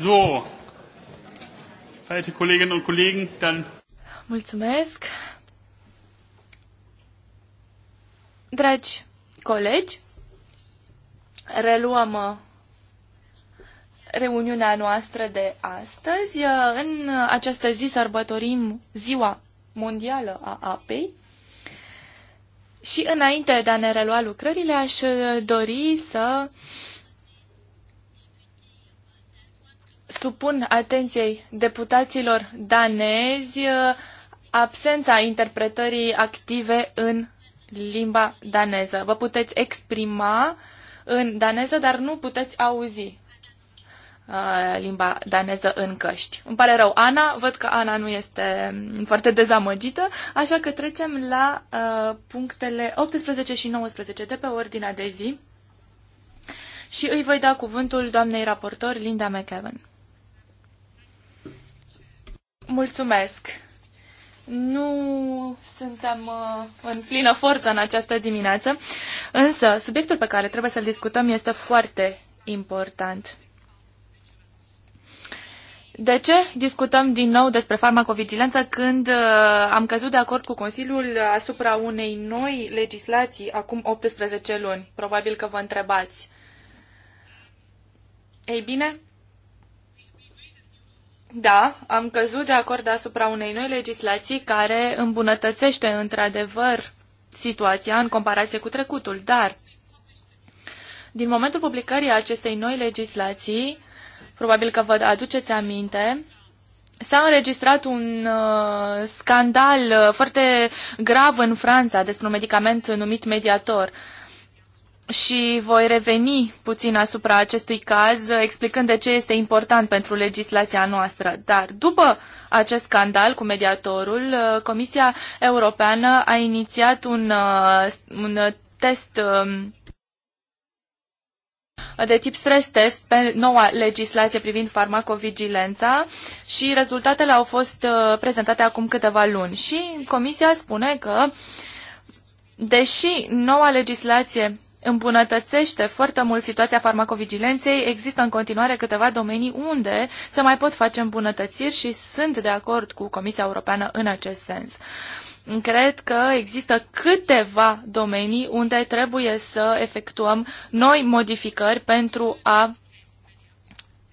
So, Kolleginnen und Kollegen, dann. Mulțumesc. Dragi colegi, reluăm uh, reuniunea noastră de astăzi. Uh, în această zi sărbătorim Ziua Mondială a Apei. Și înainte de a ne relua lucrările, aș uh, dori să uh, supun atenției deputaților danezi uh, absența interpretării active în limba daneză. Vă puteți exprima în daneză, dar nu puteți auzi uh, limba daneză în căști. Îmi pare rău, Ana, văd că Ana nu este mm, foarte dezamăgită, așa că trecem la uh, punctele 18 și 19 de pe ordinea de zi și îi voi da cuvântul doamnei raportor Linda McEvan. Mulțumesc! Nu suntem uh, în plină forță în această dimineață, însă subiectul pe care trebuie să-l discutăm este foarte important. De ce discutăm din nou despre farmacovigilență când uh, am căzut de acord cu Consiliul asupra unei noi legislații acum 18 luni? Probabil că vă întrebați. Ei bine, da, am căzut de acord asupra unei noi legislații care îmbunătățește într-adevăr situația în comparație cu trecutul, dar din momentul publicării acestei noi legislații, probabil că vă aduceți aminte, s-a înregistrat un uh, scandal uh, foarte grav în Franța despre un medicament numit mediator. Uh, și voi reveni puțin asupra acestui caz, explicând de ce este important pentru legislația noastră. Dar după acest scandal cu mediatorul, uh, Comisia Europeană a inițiat un, uh, un test um, de tip stres test pe noua legislație privind farmacovigilența și rezultatele au fost uh, prezentate acum câteva luni. Și Comisia spune că, deși noua legislație îmbunătățește foarte mult situația farmacovigilenței, există în continuare câteva domenii unde se mai pot face îmbunătățiri și sunt de acord cu Comisia Europeană în acest sens. Cred că există câteva domenii unde trebuie să efectuăm noi modificări pentru a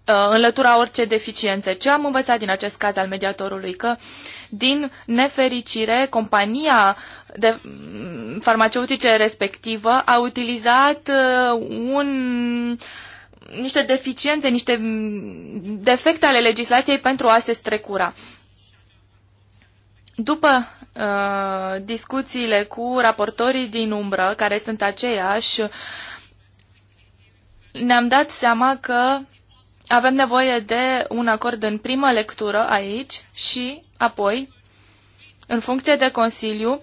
Uh, înlătura orice deficiențe. Ce am învățat din acest caz al mediatorului? Că, din nefericire, compania de mm, farmaceutice respectivă a utilizat uh, un niște deficiențe, niște mm, defecte ale legislației pentru a se strecura. După uh, discuțiile cu raportorii din umbră, care sunt aceiași, ne-am dat seama că uh, avem nevoie de un acord în primă lectură aici și apoi, în funcție de Consiliu,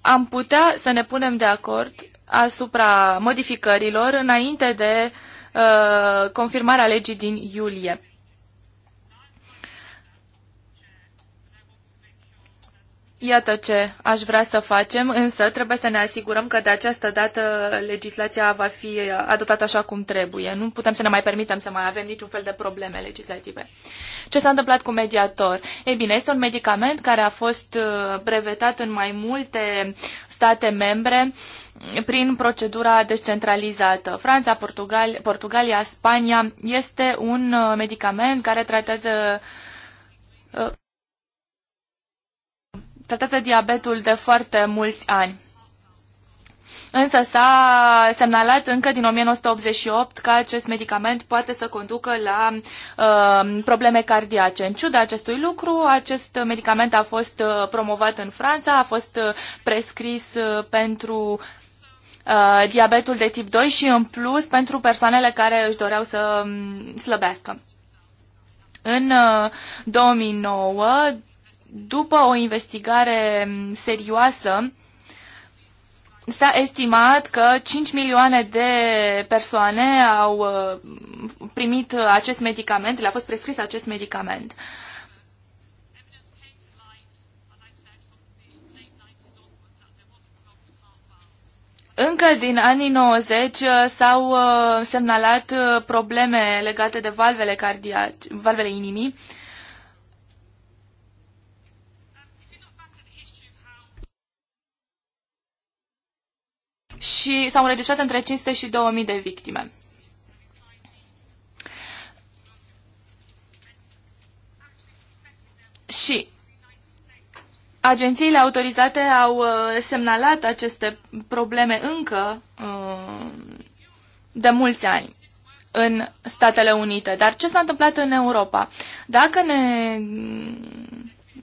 am putea să ne punem de acord asupra modificărilor înainte de uh, confirmarea legii din iulie. Iată ce aș vrea să facem, însă trebuie să ne asigurăm că de această dată legislația va fi adoptată așa cum trebuie. Nu putem să ne mai permitem să mai avem niciun fel de probleme legislative. Ce s-a întâmplat cu mediator? Ei bine, este un medicament care a fost uh, brevetat în mai multe state membre prin procedura descentralizată. Franța, Portugal, Portugalia, Spania este un uh, medicament care tratează uh, tratează diabetul de foarte mulți ani. Însă s-a semnalat încă din 1988 că acest medicament poate să conducă la uh, probleme cardiace. În ciuda acestui lucru, acest medicament a fost uh, promovat în Franța, a fost uh, prescris uh, pentru uh, diabetul de tip 2 și în plus pentru persoanele care își doreau să um, slăbească. În uh, 2009, după o investigare serioasă, s-a estimat că 5 milioane de persoane au uh, primit acest medicament, le-a fost prescris acest medicament. Încă din anii 90 uh, s-au uh, semnalat probleme legate de valvele cardiace, valvele inimii, și s-au înregistrat între 500 și 2000 de victime. Și agențiile autorizate au uh, semnalat aceste probleme încă uh, de mulți ani în Statele Unite. Dar ce s-a întâmplat în Europa? Dacă ne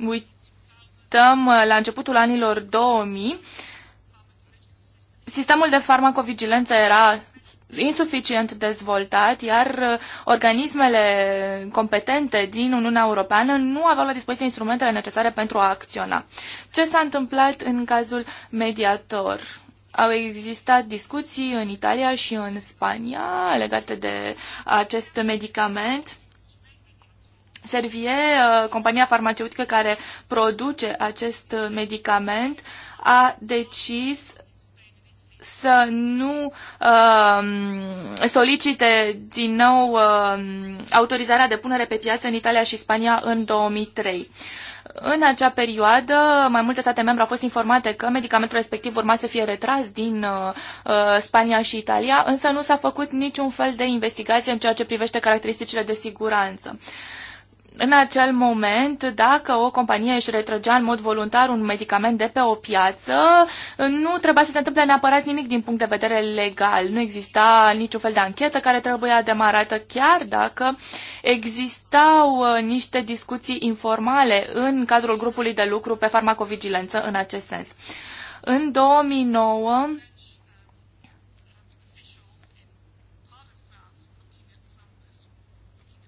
uităm la începutul anilor 2000, Sistemul de farmacovigilență era insuficient dezvoltat, iar uh, organismele competente din Uniunea Europeană nu aveau la dispoziție instrumentele necesare pentru a acționa. Ce s-a întâmplat în cazul mediator? Au existat discuții în Italia și în Spania legate de acest medicament. Servie, uh, compania farmaceutică care produce acest medicament, a decis să nu uh, solicite din nou uh, autorizarea de punere pe piață în Italia și Spania în 2003. În acea perioadă, mai multe state membre au fost informate că medicamentul respectiv urma să fie retras din uh, uh Spania și Italia, însă nu s-a făcut niciun fel de investigație în ceea ce privește caracteristicile de siguranță. Uh, în acel moment, dacă o companie își retrăgea în mod voluntar un medicament de pe o piață, nu trebuia să se întâmple neapărat nimic din punct de vedere legal. Nu exista niciun fel de anchetă care trebuia demarată, chiar dacă existau uh, niște discuții informale în cadrul grupului de lucru pe farmacovigilență în acest sens. În 2009,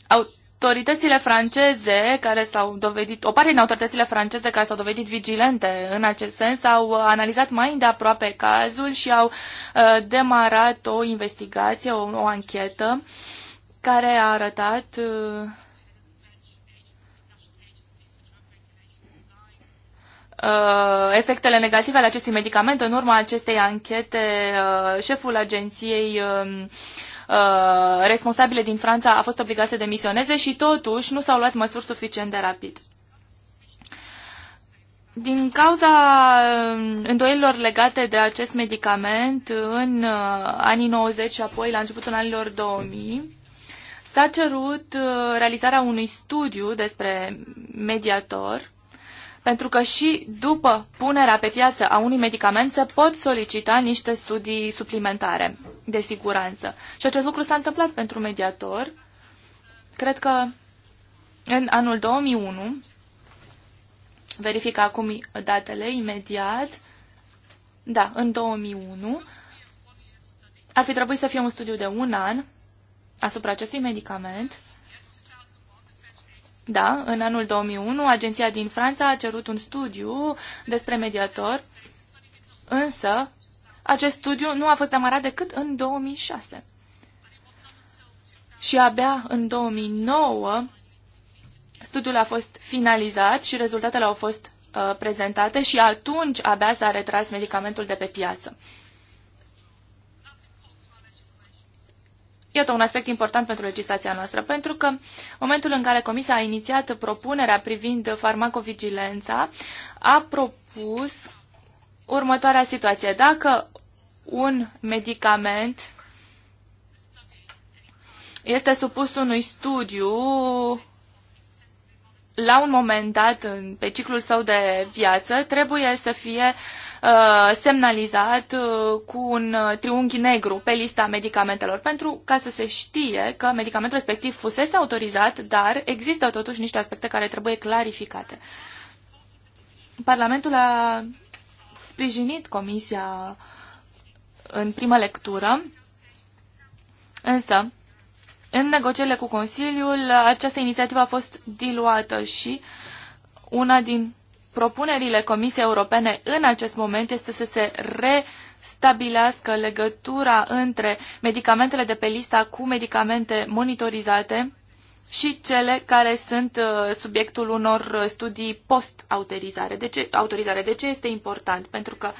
au autoritățile franceze care s-au dovedit, o parte din autoritățile franceze care s-au dovedit vigilente în acest sens, au uh, analizat mai îndeaproape cazul și au uh, demarat o investigație, o, o anchetă care a arătat uh, efectele negative ale acestui medicament. În urma acestei anchete, uh, șeful agenției um, Uh, responsabile din Franța a fost obligat să demisioneze și totuși nu s-au luat măsuri suficient de rapid. Din cauza um, îndoielilor legate de acest medicament în uh, anii 90 și apoi la începutul anilor 2000, s-a cerut uh, realizarea unui studiu despre mediator pentru că și după punerea pe piață a unui medicament se pot solicita niște studii suplimentare de siguranță. Și acest lucru s-a întâmplat pentru mediator. Cred că în anul 2001, verific acum datele imediat, da, în 2001, ar fi trebuit să fie un studiu de un an asupra acestui medicament da, în anul 2001, agenția din Franța a cerut un studiu despre mediator, însă acest studiu nu a fost demarat decât în 2006. Și abia în 2009 studiul a fost finalizat și rezultatele au fost uh, prezentate și atunci abia s-a retras medicamentul de pe piață. Iată un aspect important pentru legislația noastră, pentru că în momentul în care Comisia a inițiat propunerea privind farmacovigilența, a propus următoarea situație. Dacă un medicament este supus unui studiu la un moment dat, pe ciclul său de viață, trebuie să fie uh, Uh, semnalizat uh, cu un uh, triunghi negru pe lista medicamentelor, pentru ca să se știe că medicamentul respectiv fusese autorizat, dar există totuși niște aspecte care trebuie clarificate. Parlamentul a sprijinit Comisia în prima lectură, însă în negocierile cu Consiliul această inițiativă a fost diluată și una din propunerile Comisiei Europene în acest moment este să se restabilească legătura între medicamentele de pe lista cu medicamente monitorizate și cele care sunt uh, subiectul unor uh, studii post-autorizare. De ce, autorizare. De ce este important? Pentru că uh,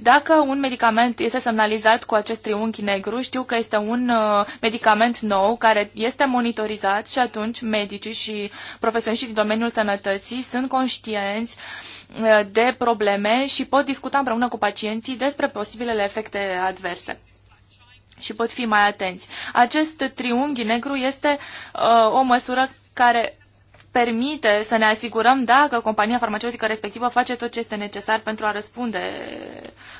dacă un medicament este semnalizat cu acest triunghi negru, știu că este un uh, medicament nou care este monitorizat și atunci medicii și profesioniștii din domeniul sănătății sunt conștienți uh, de probleme și pot discuta împreună cu pacienții despre posibilele efecte adverse și pot fi mai atenți. Acest triunghi negru este uh, o măsură care permite să ne asigurăm dacă compania farmaceutică respectivă face tot ce este necesar pentru a răspunde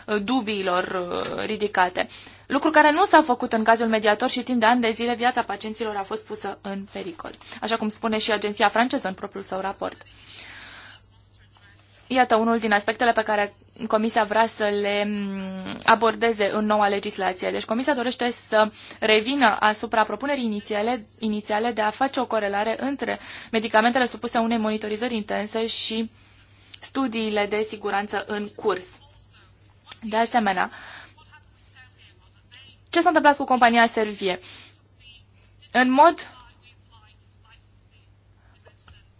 uh, dubiilor uh, ridicate. Lucru care nu s-a făcut în cazul mediator și timp de ani de zile viața pacienților a fost pusă în pericol, așa cum spune și agenția franceză în propriul său raport. Iată unul din aspectele pe care Comisia vrea să le mm, abordeze în noua legislație. Deci Comisia dorește să revină asupra propunerii inițiale, inițiale de a face o corelare între medicamentele supuse unei monitorizări intense și studiile de siguranță în curs. De asemenea, ce s-a întâmplat cu compania Servie? În mod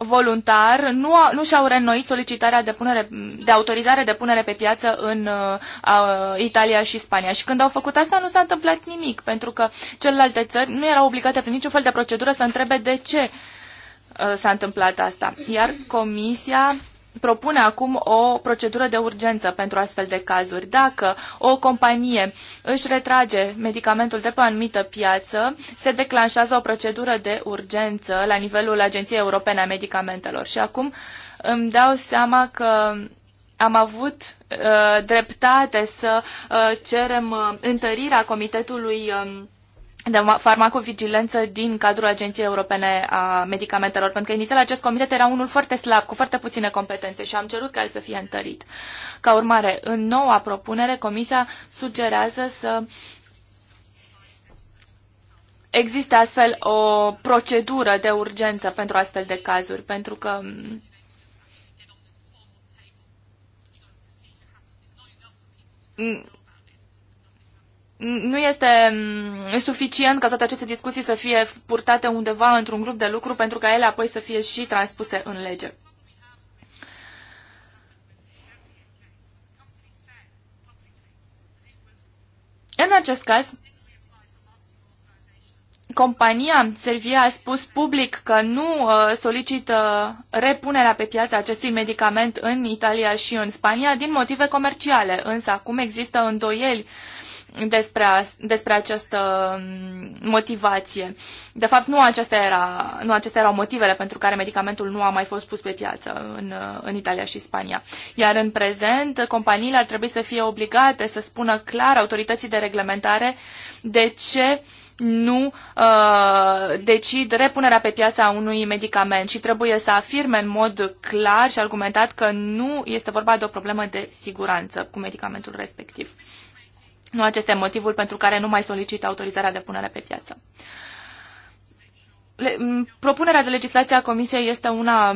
voluntar nu, a, nu și-au reînnoit solicitarea de, punere, de autorizare de punere pe piață în uh, uh, Italia și Spania. Și când au făcut asta, nu s-a întâmplat nimic, pentru că celelalte țări nu erau obligate prin niciun fel de procedură să întrebe de ce uh, s-a întâmplat asta. Iar Comisia propune acum o procedură de urgență pentru astfel de cazuri. Dacă o companie își retrage medicamentul de pe o anumită piață, se declanșează o procedură de urgență la nivelul Agenției Europene a Medicamentelor. Și acum îmi dau seama că am avut uh, dreptate să uh, cerem uh, întărirea Comitetului uh, de farmacovigilență din cadrul Agenției Europene a Medicamentelor, pentru că inițial acest comitet era unul foarte slab, cu foarte puține competențe și am cerut ca el să fie întărit. Ca urmare, în noua propunere, Comisia sugerează să există astfel o procedură de urgență pentru astfel de cazuri, pentru că nu este mm, suficient ca toate aceste discuții să fie purtate undeva într-un grup de lucru pentru ca ele apoi să fie și transpuse în lege. În acest caz, compania Servia a spus public că nu uh, solicită repunerea pe piață acestui medicament în Italia și în Spania din motive comerciale, însă acum există îndoieli uh, despre, despre această um, motivație. De fapt, nu acestea, era, nu acestea erau motivele pentru care medicamentul nu a mai fost pus pe piață în, uh, în Italia și Spania. Iar în prezent, companiile ar trebui să fie obligate să spună clar autorității de reglementare de ce nu uh, decid repunerea pe piața unui medicament și trebuie să afirme în mod clar și argumentat că nu este vorba de o problemă de siguranță cu medicamentul respectiv. Nu acesta e motivul pentru care nu mai solicită autorizarea de punere pe piață. Le, propunerea de legislație a Comisiei este una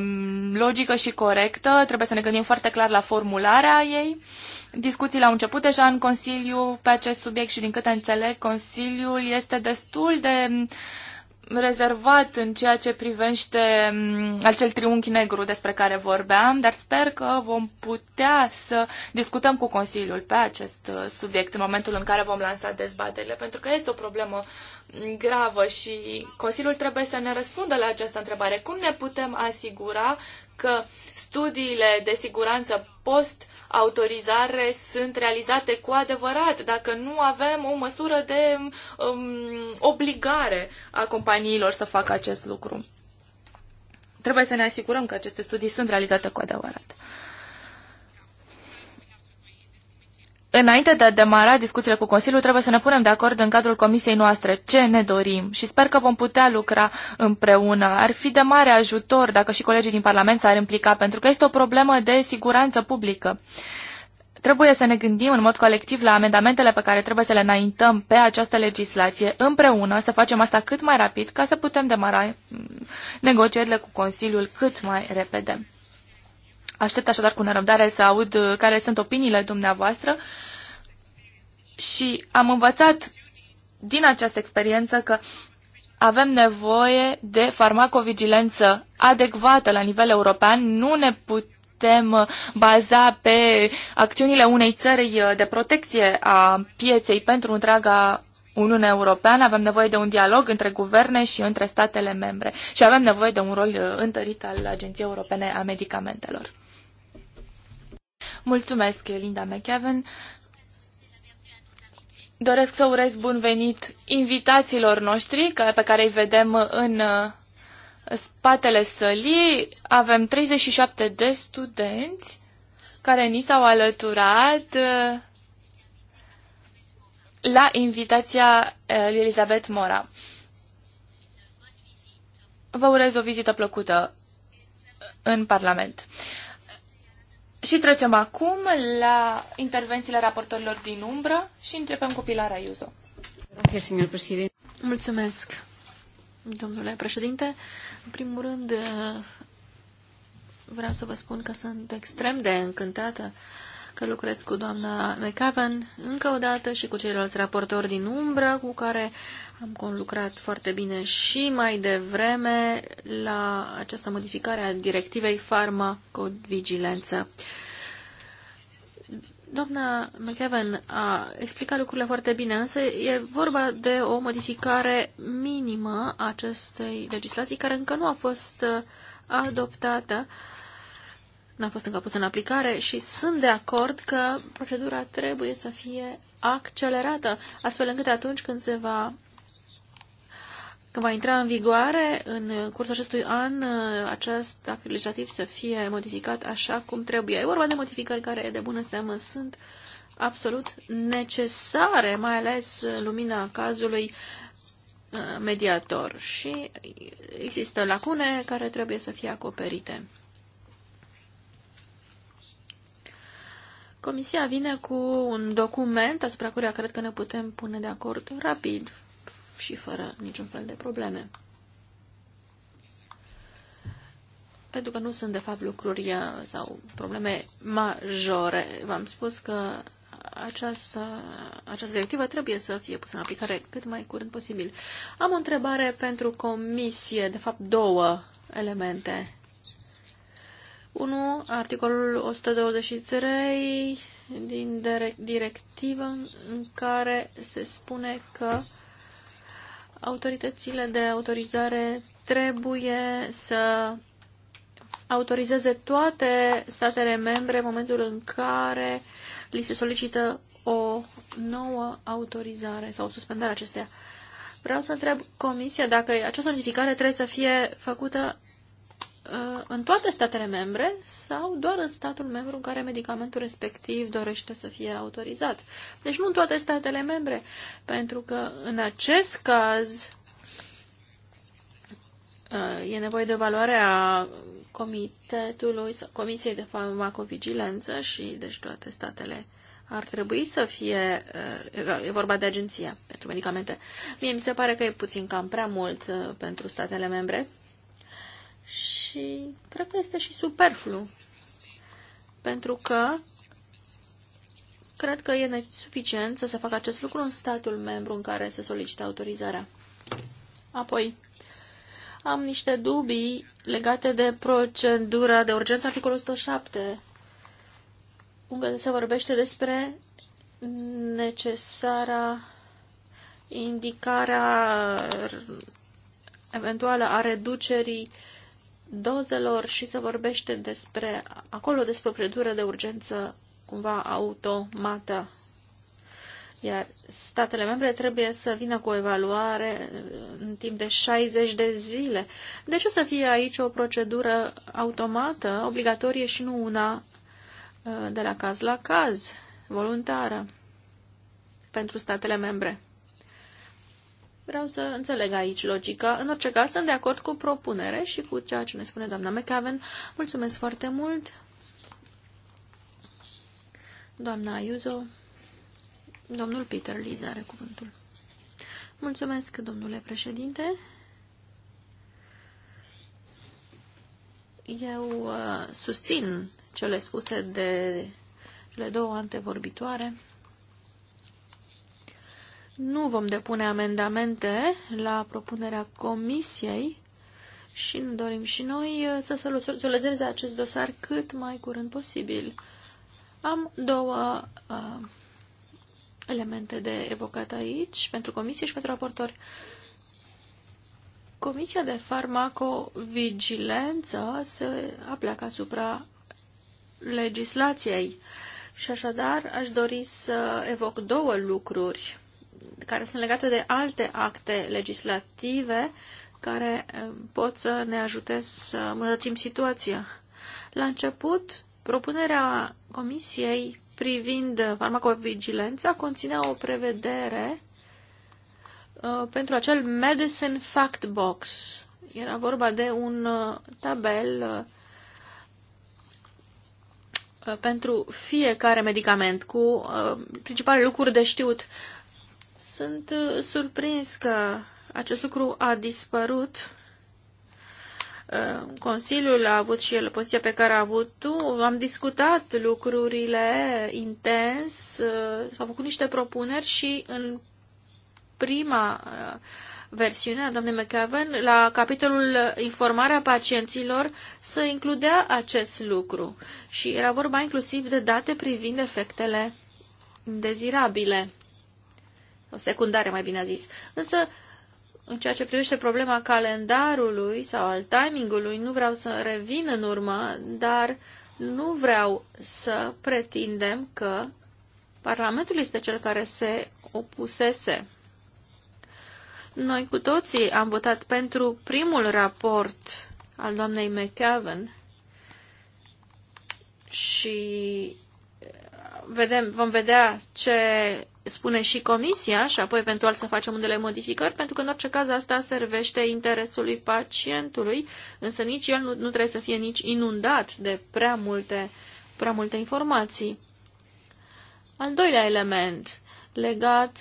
logică și corectă, trebuie să ne gândim foarte clar la formularea ei. Discuțiile au început deja în Consiliu pe acest subiect și din câte înțeleg, Consiliul este destul de rezervat în ceea ce privește mm, acel triunghi negru despre care vorbeam, dar sper că vom putea să discutăm cu Consiliul pe acest uh, subiect în momentul în care vom lansa dezbaterile, pentru că este o problemă mm, gravă și Consiliul trebuie să ne răspundă la această întrebare. Cum ne putem asigura că studiile de siguranță post autorizare sunt realizate cu adevărat, dacă nu avem o măsură de um, obligare a companiilor să facă acest lucru. Trebuie să ne asigurăm că aceste studii sunt realizate cu adevărat. înainte de a demara discuțiile cu Consiliul, trebuie să ne punem de acord în cadrul comisiei noastre ce ne dorim și sper că vom putea lucra împreună. Ar fi de mare ajutor dacă și colegii din Parlament s-ar implica, pentru că este o problemă de siguranță publică. Trebuie să ne gândim în mod colectiv la amendamentele pe care trebuie să le înaintăm pe această legislație împreună, să facem asta cât mai rapid ca să putem demara mm, negocierile cu Consiliul cât mai repede. Aștept așadar cu nerăbdare să aud uh, care sunt opiniile dumneavoastră și am învățat din această experiență că avem nevoie de farmacovigilență adecvată la nivel european. Nu ne putem uh, baza pe acțiunile unei țări uh, de protecție a pieței pentru întreaga Uniunea Europeană. Avem nevoie de un dialog între guverne și între statele membre și avem nevoie de un rol întărit al Agenției Europene a Medicamentelor. Mulțumesc, Linda McKevin. Doresc să urez bun venit invitațiilor noștri pe care îi vedem în uh, spatele sălii. Avem 37 de studenți care ni s-au alăturat uh, la invitația uh, lui Elizabeth Mora. Vă urez o vizită plăcută în Parlament. Și trecem acum la intervențiile raportorilor din umbră și începem cu Pilar Ayuso. Mulțumesc, domnule președinte. În primul rând, vreau să vă spun că sunt extrem de încântată că lucrez cu doamna McAven încă o dată și cu ceilalți raportori din umbră cu care am conlucrat foarte bine și mai devreme la această modificare a directivei farmacovigilență. Doamna McEwen a explicat lucrurile foarte bine, însă e vorba de o modificare minimă a acestei legislații care încă nu a fost adoptată. Uh, n-a fost încă pus în aplicare și sunt de acord că procedura trebuie să fie accelerată, astfel încât atunci când se va când va intra în vigoare în cursul acestui an acest act legislativ să fie modificat așa cum trebuie. E vorba de modificări care, de bună seamă, sunt absolut necesare, mai ales lumina cazului uh, mediator și există lacune care trebuie să fie acoperite. Comisia vine cu un document asupra căruia cred că ne putem pune de acord rapid și fără niciun fel de probleme. Pentru că nu sunt, de fapt, lucruri uh, sau probleme majore. V-am spus că această, această directivă trebuie să fie pusă în aplicare cât mai curând posibil. Am o întrebare pentru comisie, de fapt două elemente. 1. Articolul 123 din directivă în care se spune că autoritățile de autorizare trebuie să autorizeze toate statele membre în momentul în care li se solicită o nouă autorizare sau suspendarea acesteia. Vreau să întreb Comisia dacă această notificare trebuie să fie făcută Uh, în toate statele membre sau doar în statul membru în care medicamentul respectiv dorește să fie autorizat. Deci nu în toate statele membre, pentru că în acest caz uh, e nevoie de valoarea comitetului sau comisiei de farmacovigilență și deci toate statele ar trebui să fie, uh, e vorba de agenția pentru medicamente. Mie mi se pare că e puțin cam prea mult pentru statele membre și cred că este și superflu, pentru că cred că e suficient să se facă acest lucru în statul membru în care se solicită autorizarea. Apoi, am niște dubii legate de procedura de urgență, articolul 107, unde se vorbește despre necesara indicarea eventuală a reducerii uh, dozelor și se vorbește despre, acolo despre o predură de urgență cumva automată. Iar statele membre trebuie să vină cu o evaluare în timp de 60 de zile. De deci ce să fie aici o procedură automată, obligatorie și nu una uh, de la caz la caz, voluntară pentru statele membre. Vreau să înțeleg aici logica. În orice caz, sunt de acord cu propunere și cu ceea ce ne spune doamna McAven. Mulțumesc foarte mult. Doamna Ayuso, domnul Peter Liza are cuvântul. Mulțumesc, domnule președinte. Eu uh, susțin cele spuse de cele două antevorbitoare. vorbitoare. Nu vom depune amendamente la propunerea comisiei și ne dorim și noi uh, să soluționeze acest dosar cât mai curând posibil. Am două uh, elemente de evocat aici, pentru comisie și pentru raportori. Comisia de farmacovigilență se apleacă asupra legislației și așadar aș dori să evoc două lucruri care sunt legate de alte acte legislative care eh, pot să ne ajute să îmbunătățim situația. La început, propunerea Comisiei privind farmacovigilența conținea o prevedere eh, pentru acel medicine fact box. Era vorba de un eh, tabel pentru fiecare medicament cu principalele lucruri de știut. Sunt uh, surprins că acest lucru a dispărut. Uh, Consiliul a avut și el poziția pe care a avut tu. Am discutat lucrurile intens, uh, s-au făcut niște propuneri și în prima versiune a doamnei McAven, la capitolul informarea pacienților, să includea acest lucru. Și era vorba inclusiv de date privind efectele dezirabile secundare mai bine zis. Însă, în ceea ce privește problema calendarului sau al timingului, nu vreau să revin în urmă, dar nu vreau să pretindem că Parlamentul este cel care se opusese. Noi cu toții am votat pentru primul raport al doamnei McAvan și vedem, vom vedea ce spune și Comisia și apoi eventual să facem unele modificări, pentru că în orice caz asta servește interesului pacientului, însă nici el nu, nu trebuie să fie nici inundat de prea multe, prea multe informații. Al doilea element legat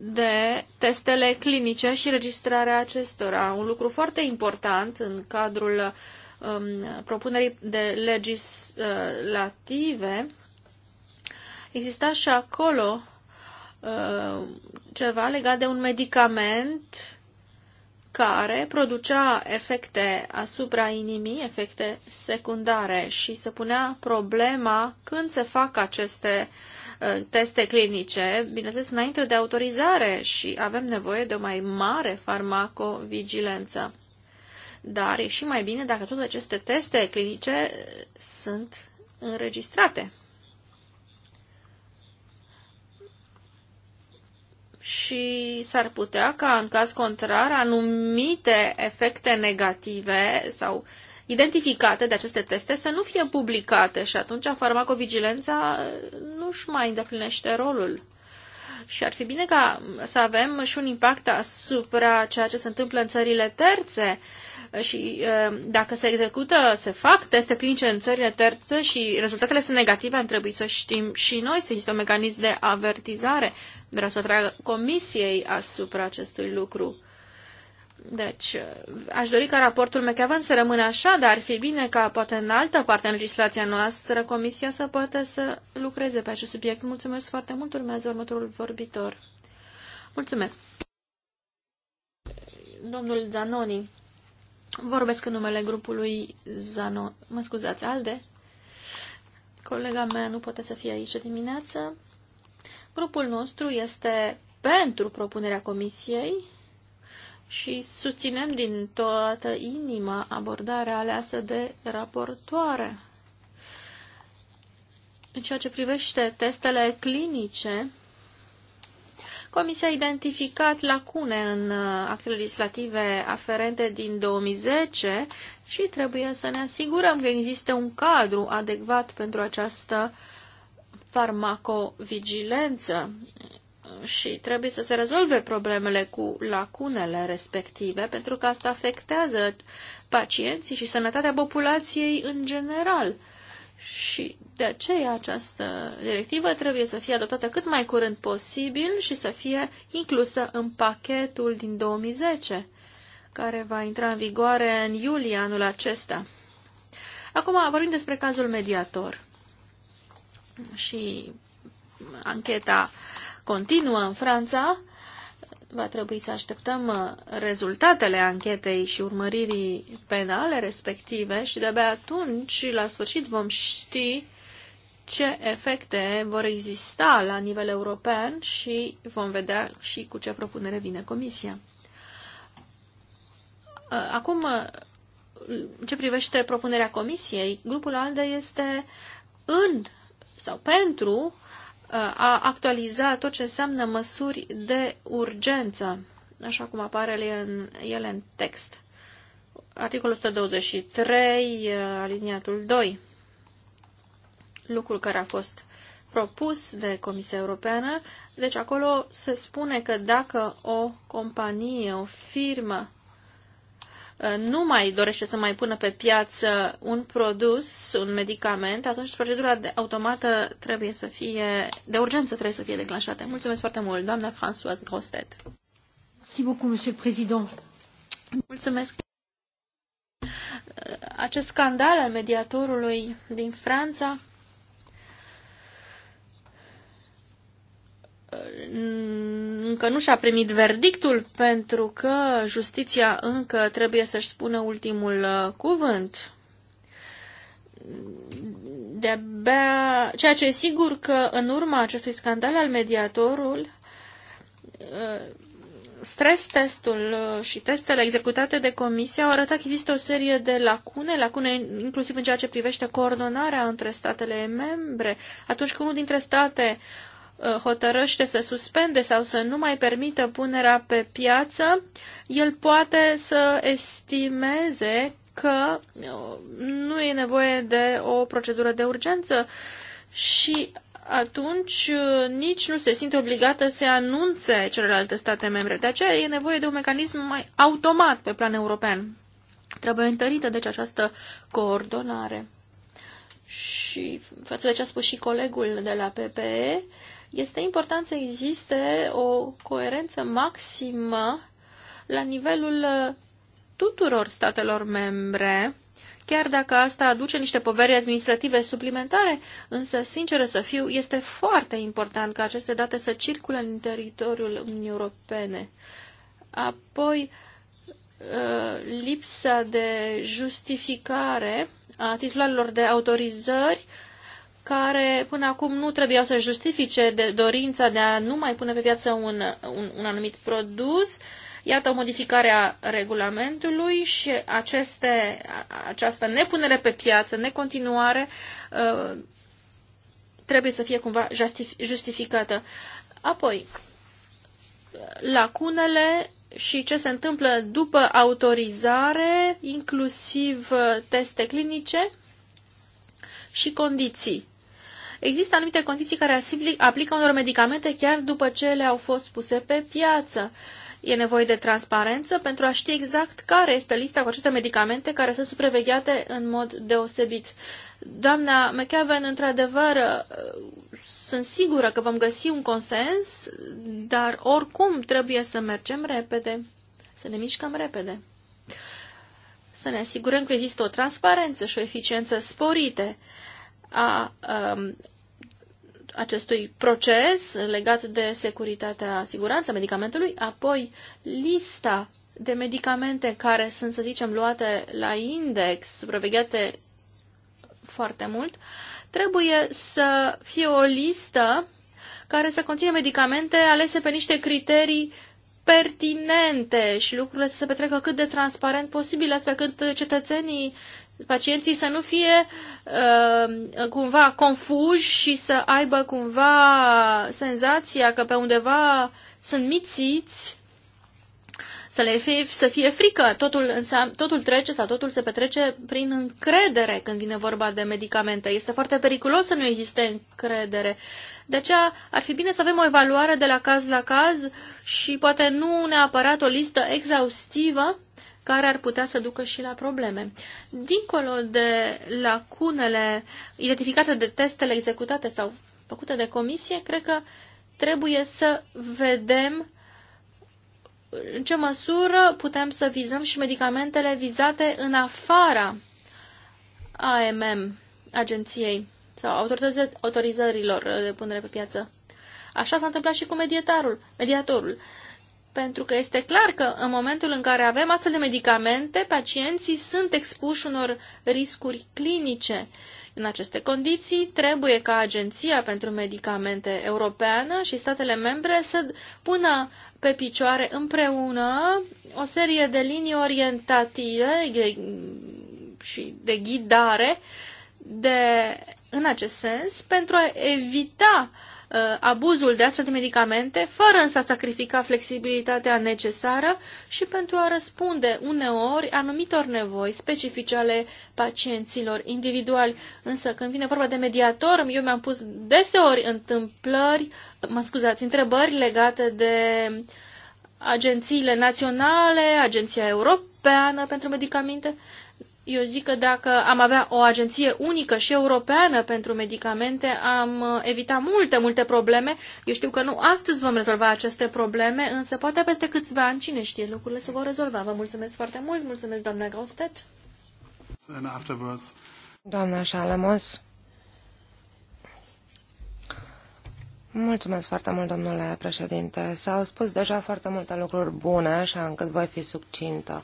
de testele clinice și registrarea acestora. Un lucru foarte important în cadrul um, propunerii de legislative exista și acolo Uh, ceva legat de un medicament care producea efecte asupra inimii, efecte secundare și se punea problema când se fac aceste uh, teste clinice, bineînțeles înainte de autorizare și avem nevoie de o mai mare farmacovigilență. Dar e și mai bine dacă toate aceste teste clinice sunt înregistrate. și s-ar putea ca, în caz contrar, anumite efecte negative sau identificate de aceste teste să nu fie publicate și atunci farmacovigilența nu își mai îndeplinește rolul. Și ar fi bine ca să avem și un impact asupra ceea ce se întâmplă în țările terțe și dacă se execută, se fac teste clinice în țările terțe și rezultatele sunt negative, am trebuit să știm și noi să există un mecanism de avertizare Vreau să atrag comisiei asupra acestui lucru. Deci, aș dori ca raportul McEwan să rămână așa, dar ar fi bine ca, poate în altă parte în legislația noastră, Comisia să poată să lucreze pe acest subiect. Mulțumesc foarte mult. Urmează următorul vorbitor. Mulțumesc. Domnul Zanoni. Vorbesc în numele grupului Zanoni. Mă scuzați, Alde. Colega mea nu poate să fie aici dimineață. Grupul nostru este pentru propunerea Comisiei și susținem din toată inima abordarea aleasă de raportoare. În ceea ce privește testele clinice, Comisia a identificat lacune în uh, actele legislative aferente din 2010 și trebuie să ne asigurăm că există un cadru adecvat pentru această farmacovigilență și trebuie să se rezolve problemele cu lacunele respective, pentru că asta afectează pacienții și sănătatea populației în general. Și de aceea această directivă trebuie să fie adoptată cât mai curând posibil și să fie inclusă în pachetul din 2010, care va intra în vigoare în iulie anul acesta. Acum vorbim despre cazul mediator și ancheta continuă în Franța. Va trebui să așteptăm uh, rezultatele anchetei și urmăririi penale respective și de-abia atunci, la sfârșit, vom ști ce efecte vor exista la nivel european și vom vedea și cu ce propunere vine Comisia. Uh, acum, uh, ce privește propunerea Comisiei, grupul ALDE este în sau pentru uh, a actualiza tot ce înseamnă măsuri de urgență, așa cum apare în, ele în text. Articolul 123, uh, aliniatul 2, lucrul care a fost propus de Comisia Europeană. Deci acolo se spune că dacă o companie, o firmă Uh, nu mai dorește să mai pună pe piață un produs, un medicament, atunci procedura de automată trebuie să fie, de urgență trebuie să fie declanșată. Mulțumesc foarte mult, doamna Françoise Grostet. beaucoup, monsieur le président. Mulțumesc. Uh, acest scandal al mediatorului din Franța încă nu și-a primit verdictul pentru că justiția încă trebuie să-și spună ultimul uh, cuvânt. De-abia... Ceea ce e sigur că în urma acestui scandal al mediatorul, uh, stres testul uh, și testele executate de comisie au arătat că există o serie de lacune, lacune inclusiv în ceea ce privește coordonarea între statele membre. Atunci când unul dintre state uh, Uh, hotărăște să suspende sau să nu mai permită punerea pe piață, el poate să estimeze că uh, nu e nevoie de o procedură de urgență și atunci uh, nici nu se simte obligată să anunțe celelalte state membre. De aceea e nevoie de un mecanism mai automat pe plan european. Trebuie întărită, deci, această coordonare. Și față de ce a spus și colegul de la PPE, uh, este important să existe o coerență maximă la nivelul tuturor statelor membre, chiar dacă asta aduce niște poveri administrative suplimentare, însă, sinceră să fiu, este foarte important ca aceste date să circule în teritoriul Uniunii Europene. Apoi, uh, lipsa de justificare a titlurilor de autorizări care până acum nu trebuiau să justifice de dorința de a nu mai pune pe piață un, un, un anumit produs. Iată o modificare a regulamentului și aceste, această nepunere pe piață, necontinuare, uh, trebuie să fie cumva justificată. Apoi, lacunele și ce se întâmplă după autorizare, inclusiv teste clinice și condiții. Există anumite condiții care aplică unor medicamente chiar după ce le au fost puse pe piață. E nevoie de transparență pentru a ști exact care este lista cu aceste medicamente care sunt supravegheate în mod deosebit. Doamna McKeven, într-adevăr, uh, sunt sigură că vom găsi un consens, dar oricum trebuie să mergem repede, să ne mișcăm repede. Să ne asigurăm că există o transparență și o eficiență sporite a um, acestui proces legat de securitatea, siguranța medicamentului, apoi lista de medicamente care sunt, să zicem, luate la index, supravegheate foarte mult, trebuie să fie o listă care să conține medicamente alese pe niște criterii pertinente și lucrurile să se petreacă cât de transparent posibil, astfel cât cetățenii pacienții să nu fie uh, cumva confuși și să aibă cumva senzația că pe undeva sunt mițiți, să le fie, să fie frică. Totul, totul trece sau totul se petrece prin încredere când vine vorba de medicamente. Este foarte periculos să nu existe încredere. De aceea ar fi bine să avem o evaluare de la caz la caz și poate nu neapărat o listă exhaustivă, care ar putea să ducă și la probleme. Dincolo de lacunele identificate de testele executate sau făcute de comisie, cred că trebuie să vedem în ce măsură putem să vizăm și medicamentele vizate în afara AMM, agenției sau autorizărilor de punere pe piață. Așa s-a întâmplat și cu mediatorul pentru că este clar că în momentul în care avem astfel de medicamente, pacienții sunt expuși unor riscuri clinice. În aceste condiții, trebuie ca Agenția pentru Medicamente Europeană și statele membre să pună pe picioare împreună o serie de linii orientative și de ghidare de, în acest sens pentru a evita uh, Uh, abuzul de astfel de medicamente, fără însă a sacrifica flexibilitatea necesară și pentru a răspunde uneori anumitor nevoi specifice ale pacienților individuali. Însă când vine vorba de mediator, eu mi-am pus deseori întâmplări, mă scuzați, întrebări legate de agențiile naționale, Agenția Europeană pentru Medicamente, eu zic că dacă am avea o agenție unică și europeană pentru medicamente, am uh, evita multe, multe probleme. Eu știu că nu astăzi vom rezolva aceste probleme, însă poate peste câțiva ani, cine știe, lucrurile se vor rezolva. Vă mulțumesc foarte mult, mulțumesc doamna Gaustet. Doamna Shalemos. Mulțumesc foarte mult, domnule președinte. S-au spus deja foarte multe lucruri bune, așa încât voi fi succintă.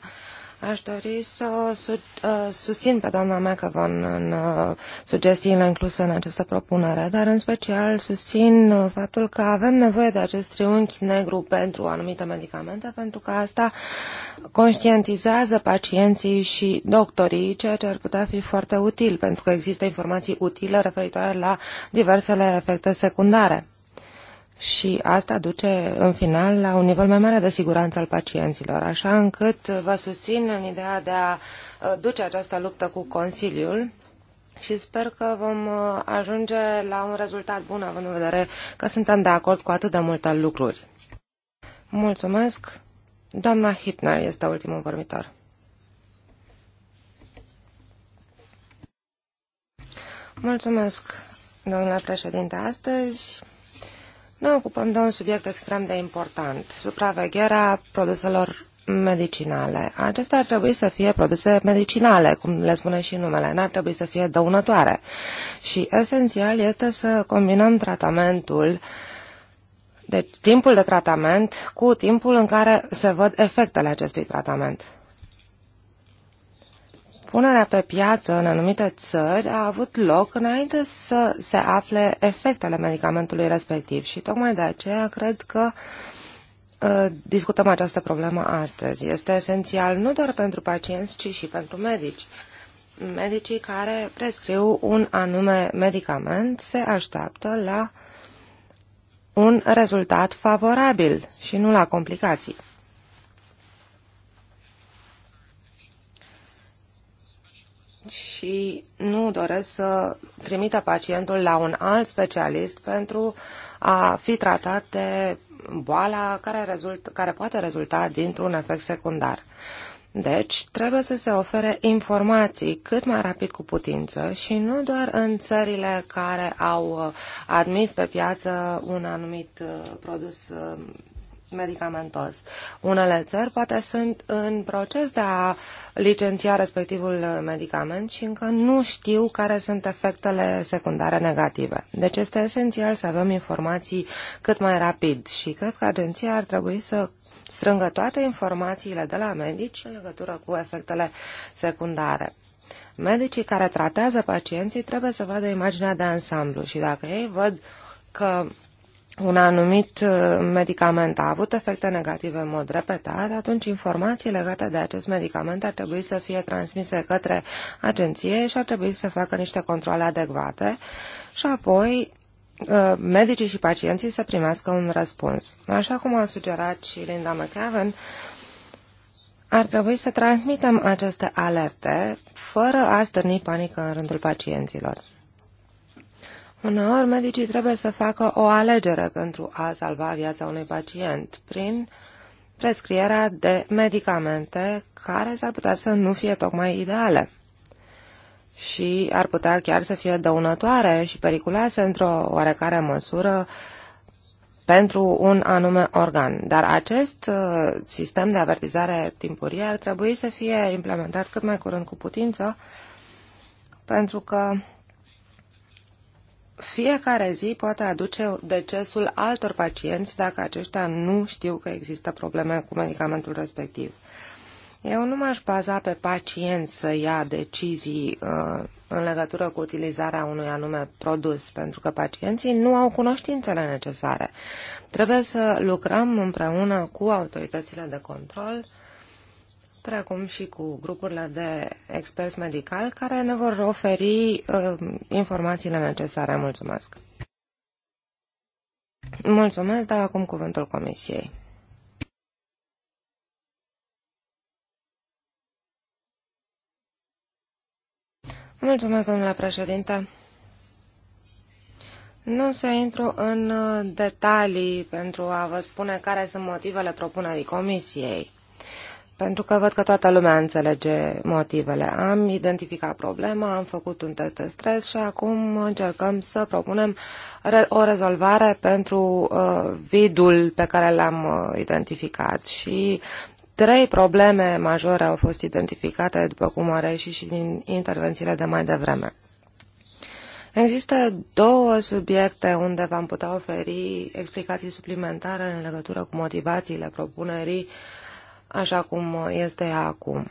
Aș dori să o uh, susțin pe doamna McAvon în uh, sugestiile incluse în această propunere, dar în special susțin uh, faptul că avem nevoie de acest triunghi negru pentru anumite medicamente, pentru că asta conștientizează pacienții și doctorii, ceea ce ar putea fi foarte util, pentru că există informații utile referitoare la diversele efecte secundare și asta duce în final la un nivel mai mare de siguranță al pacienților, așa încât vă susțin în ideea de a uh, duce această luptă cu Consiliul și sper că vom uh, ajunge la un rezultat bun, având în vedere că suntem de acord cu atât de multe lucruri. Mulțumesc. Doamna Hipner este ultimul vorbitor. Mulțumesc, domnule președinte. Astăzi ne ocupăm de un subiect extrem de important, supravegherea produselor medicinale. Acestea ar trebui să fie produse medicinale, cum le spune și numele, n-ar trebui să fie dăunătoare. Și esențial este să combinăm tratamentul, deci timpul de tratament, cu timpul în care se văd efectele acestui tratament punerea pe piață în anumite țări a avut loc înainte să se afle efectele medicamentului respectiv și tocmai de aceea cred că uh, discutăm această problemă astăzi. Este esențial nu doar pentru pacienți, ci și pentru medici. Medicii care prescriu un anume medicament se așteaptă la un rezultat favorabil și nu la complicații. și nu doresc să trimită pacientul la un alt specialist pentru a fi tratat de boala care, rezult, care poate rezulta dintr-un efect secundar. Deci, trebuie să se ofere informații cât mai rapid cu putință și nu doar în țările care au uh, admis pe piață un anumit uh, produs uh, medicamentos. Unele țări poate sunt în proces de a licenția respectivul medicament și încă nu știu care sunt efectele secundare negative. Deci este esențial să avem informații cât mai rapid și cred că agenția ar trebui să strângă toate informațiile de la medici în legătură cu efectele secundare. Medicii care tratează pacienții trebuie să vadă imaginea de ansamblu și dacă ei văd că un anumit uh, medicament a avut efecte negative în mod repetat, atunci informații legate de acest medicament ar trebui să fie transmise către agenție și ar trebui să facă niște controle adecvate și apoi uh, medicii și pacienții să primească un răspuns. Așa cum a sugerat și Linda McAven, ar trebui să transmitem aceste alerte fără a stârni panică în rândul pacienților. Uneori, medicii trebuie să facă o alegere pentru a salva viața unui pacient prin prescrierea de medicamente care s-ar putea să nu fie tocmai ideale și ar putea chiar să fie dăunătoare și periculoase într-o oarecare măsură pentru un anume organ. Dar acest uh, sistem de avertizare timpurie ar trebui să fie implementat cât mai curând cu putință, pentru că fiecare zi poate aduce decesul altor pacienți dacă aceștia nu știu că există probleme cu medicamentul respectiv. Eu nu m-aș baza pe pacient să ia decizii uh, în legătură cu utilizarea unui anume produs, pentru că pacienții nu au cunoștințele necesare. Trebuie să lucrăm împreună cu autoritățile de control uh, precum și cu grupurile de experți medicali care ne vor oferi uh, informațiile necesare. Mulțumesc! Mulțumesc, dar acum cuvântul Comisiei. Mulțumesc, domnule președinte. Nu se intru în uh, detalii pentru a vă spune care sunt motivele propunerii Comisiei pentru că văd că toată lumea înțelege motivele. Am identificat problema, am făcut un test de stres și acum încercăm să propunem o rezolvare pentru uh, vidul pe care l-am uh, identificat și trei probleme majore au fost identificate, după cum a reieșit și din intervențiile de mai devreme. Există două subiecte unde v-am putea oferi explicații suplimentare în legătură cu motivațiile propunerii uh, așa cum este ea acum.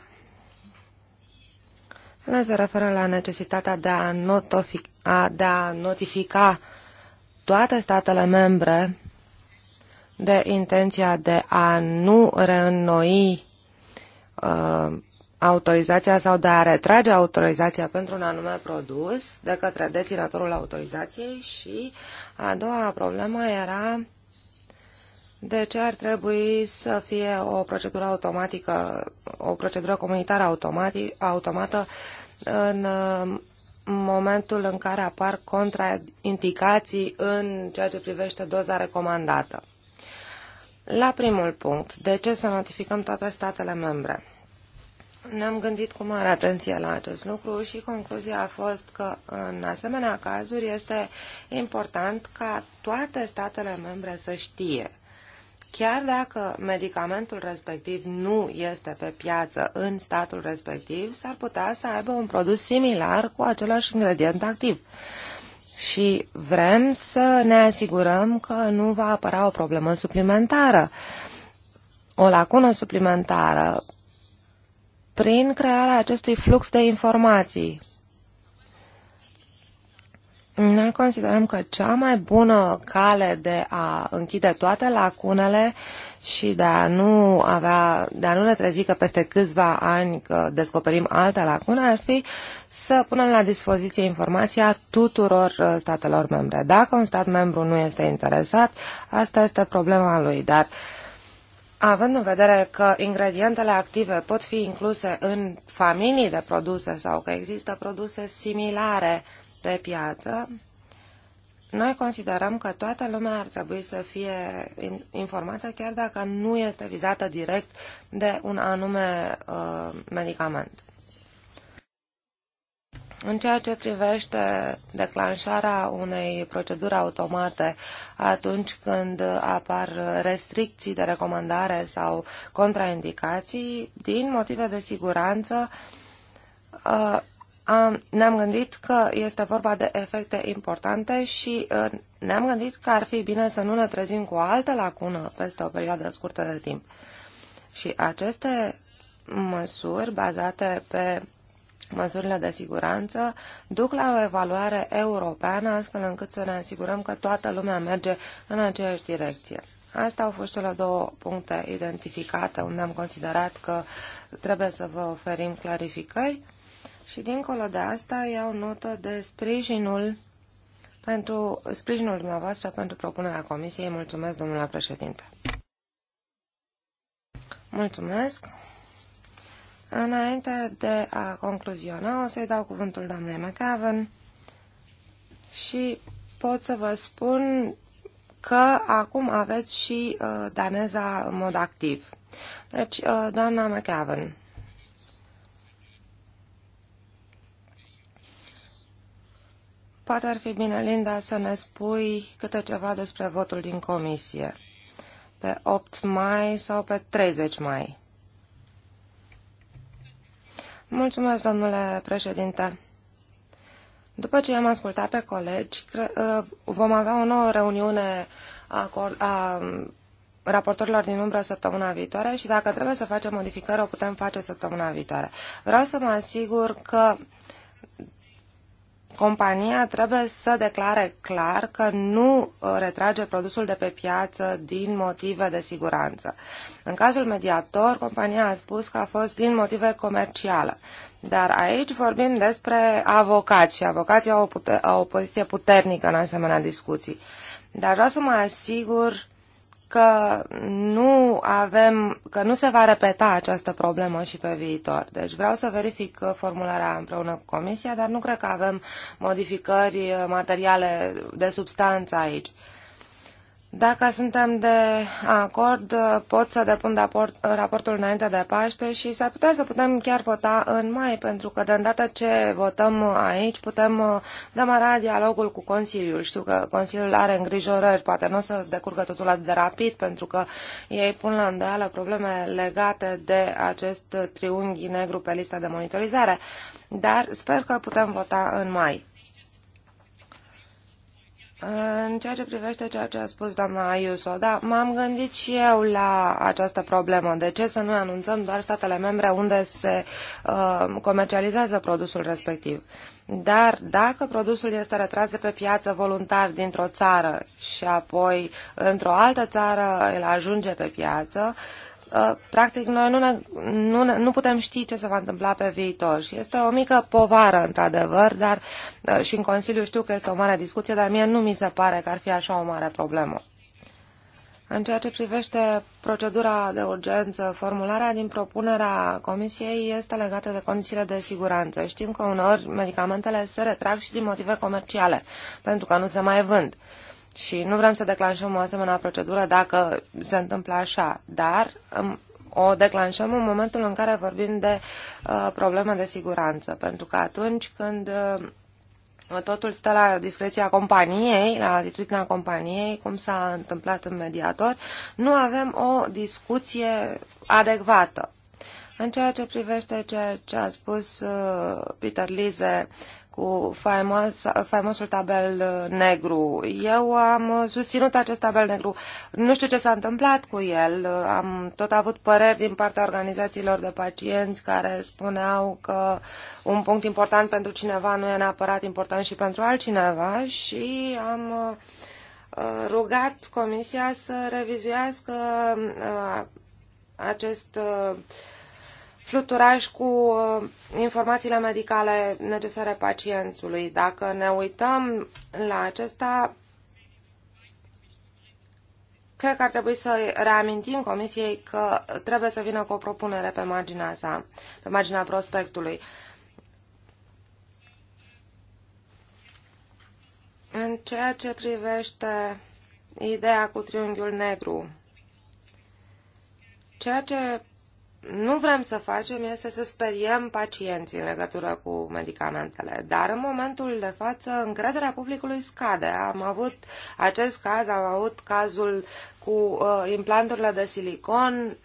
Ele se referă la necesitatea de a, a, de a notifica toate statele membre de intenția de a nu reînnoi uh, autorizația sau de a retrage autorizația pentru un anume produs de către deținătorul autorizației și a doua problemă era de ce ar trebui să fie o procedură automatică, o procedură comunitară automată în uh, momentul în care apar contraindicații în ceea ce privește doza recomandată. La primul punct, de ce să notificăm toate statele membre? Ne-am gândit cu mare atenție la acest lucru și concluzia a fost că în asemenea cazuri este important ca toate statele membre să știe Chiar dacă medicamentul respectiv nu este pe piață în statul respectiv, s-ar putea să aibă un produs similar cu același ingredient activ. Și vrem să ne asigurăm că nu va apăra o problemă suplimentară, o lacună suplimentară, prin crearea acestui flux de informații noi considerăm că cea mai bună cale de a închide toate lacunele și de a nu, avea, de a nu ne trezi că peste câțiva ani că descoperim alte lacune ar fi să punem la dispoziție informația tuturor uh, statelor membre. Dacă un stat membru nu este interesat, asta este problema lui, dar Având în vedere că ingredientele active pot fi incluse în familii de produse sau că există produse similare uh, pe piață, noi considerăm că toată lumea ar trebui să fie informată chiar dacă nu este vizată direct de un anume uh, medicament. În ceea ce privește declanșarea unei proceduri automate atunci când apar restricții de recomandare sau contraindicații, din motive de siguranță, uh, ne-am gândit că este vorba de efecte importante și uh, ne-am gândit că ar fi bine să nu ne trezim cu o altă lacună peste o perioadă scurtă de timp. Și aceste măsuri bazate pe măsurile de siguranță duc la o evaluare europeană astfel încât să ne asigurăm că toată lumea merge în aceeași direcție. Astea au fost cele două puncte identificate unde am considerat că trebuie să vă oferim clarificări și dincolo de asta iau notă de sprijinul pentru sprijinul dumneavoastră pentru propunerea comisiei. Mulțumesc, domnule președinte. Mulțumesc. Înainte de a concluziona, o să-i dau cuvântul doamnei McAven și pot să vă spun că acum aveți și uh, daneza în mod activ. Deci, uh, doamna McAven. Poate ar fi bine, Linda, să ne spui câte ceva despre votul din comisie. Pe 8 mai sau pe 30 mai? Mulțumesc, domnule președinte. După ce am ascultat pe colegi, ă, vom avea o nouă reuniune a, a raportorilor din umbră săptămâna viitoare și dacă trebuie să facem modificări, o putem face săptămâna viitoare. Vreau să mă asigur că uh, compania trebuie să declare clar că nu uh, retrage produsul de pe piață din motive de siguranță. În cazul mediator, compania a spus că a fost din motive comerciale. Dar aici vorbim despre avocați și avocații au o, pute- au o poziție puternică în asemenea discuții. Dar vreau să mă asigur că nu avem, că nu se va repeta această problemă și pe viitor. Deci vreau să verific uh, formularea împreună cu Comisia, dar nu cred că avem modificări uh, materiale de substanță aici. Dacă suntem de acord, pot să depun raportul înainte de Paște și s-ar putea să putem chiar vota în mai, pentru că de îndată ce votăm aici, putem uh, demara dialogul cu Consiliul. Știu că Consiliul are îngrijorări, poate nu o să decurgă totul atât de rapid, pentru că ei pun la îndoială probleme legate de acest triunghi negru pe lista de monitorizare, dar sper că putem vota în mai. În ceea ce privește ceea ce a spus doamna Ayuso, da, m-am gândit și eu la această problemă. De ce să nu anunțăm doar statele membre unde se uh, comercializează produsul respectiv? Dar dacă produsul este retras de pe piață voluntar dintr-o țară și apoi într-o altă țară îl ajunge pe piață, uh, Uh, practic, noi nu, ne, nu, nu putem ști ce se va întâmpla pe viitor și este o mică povară, într-adevăr, dar uh, și în Consiliu știu că este o mare discuție, dar mie nu mi se pare că ar fi așa o mare problemă. În ceea ce privește procedura de urgență, formularea din propunerea Comisiei este legată de condițiile de siguranță. Știm că uneori medicamentele se retrag și din motive comerciale, pentru că nu se mai vând. Uh, și nu vrem să declanșăm o asemenea procedură dacă se întâmplă așa, dar um, o declanșăm în momentul în care vorbim de uh, probleme de siguranță, pentru că atunci când uh, totul stă la discreția companiei, la atitudinea companiei, cum s-a întâmplat în mediator, nu avem o discuție adecvată. În ceea ce privește ceea ce a spus uh, Peter Lize cu faimos, faimosul tabel uh, negru. Eu am uh, susținut acest tabel negru. Nu știu ce s-a întâmplat cu el. Uh, am tot avut păreri din partea organizațiilor de pacienți care spuneau că un punct important pentru cineva nu e neapărat important și pentru altcineva și am rugat Comisia să revizuiască acest uh, fluturaj cu uh, informațiile medicale necesare pacientului. Dacă ne uităm la acesta, cred că ar trebui să reamintim Comisiei că trebuie să vină cu o propunere pe marginea sa, pe marginea prospectului. În ceea ce privește ideea cu triunghiul negru, ceea ce nu vrem să facem este să speriem pacienții în legătură cu medicamentele, dar în momentul de față încrederea publicului scade. Am avut acest caz, am avut cazul cu uh, implanturile de silicon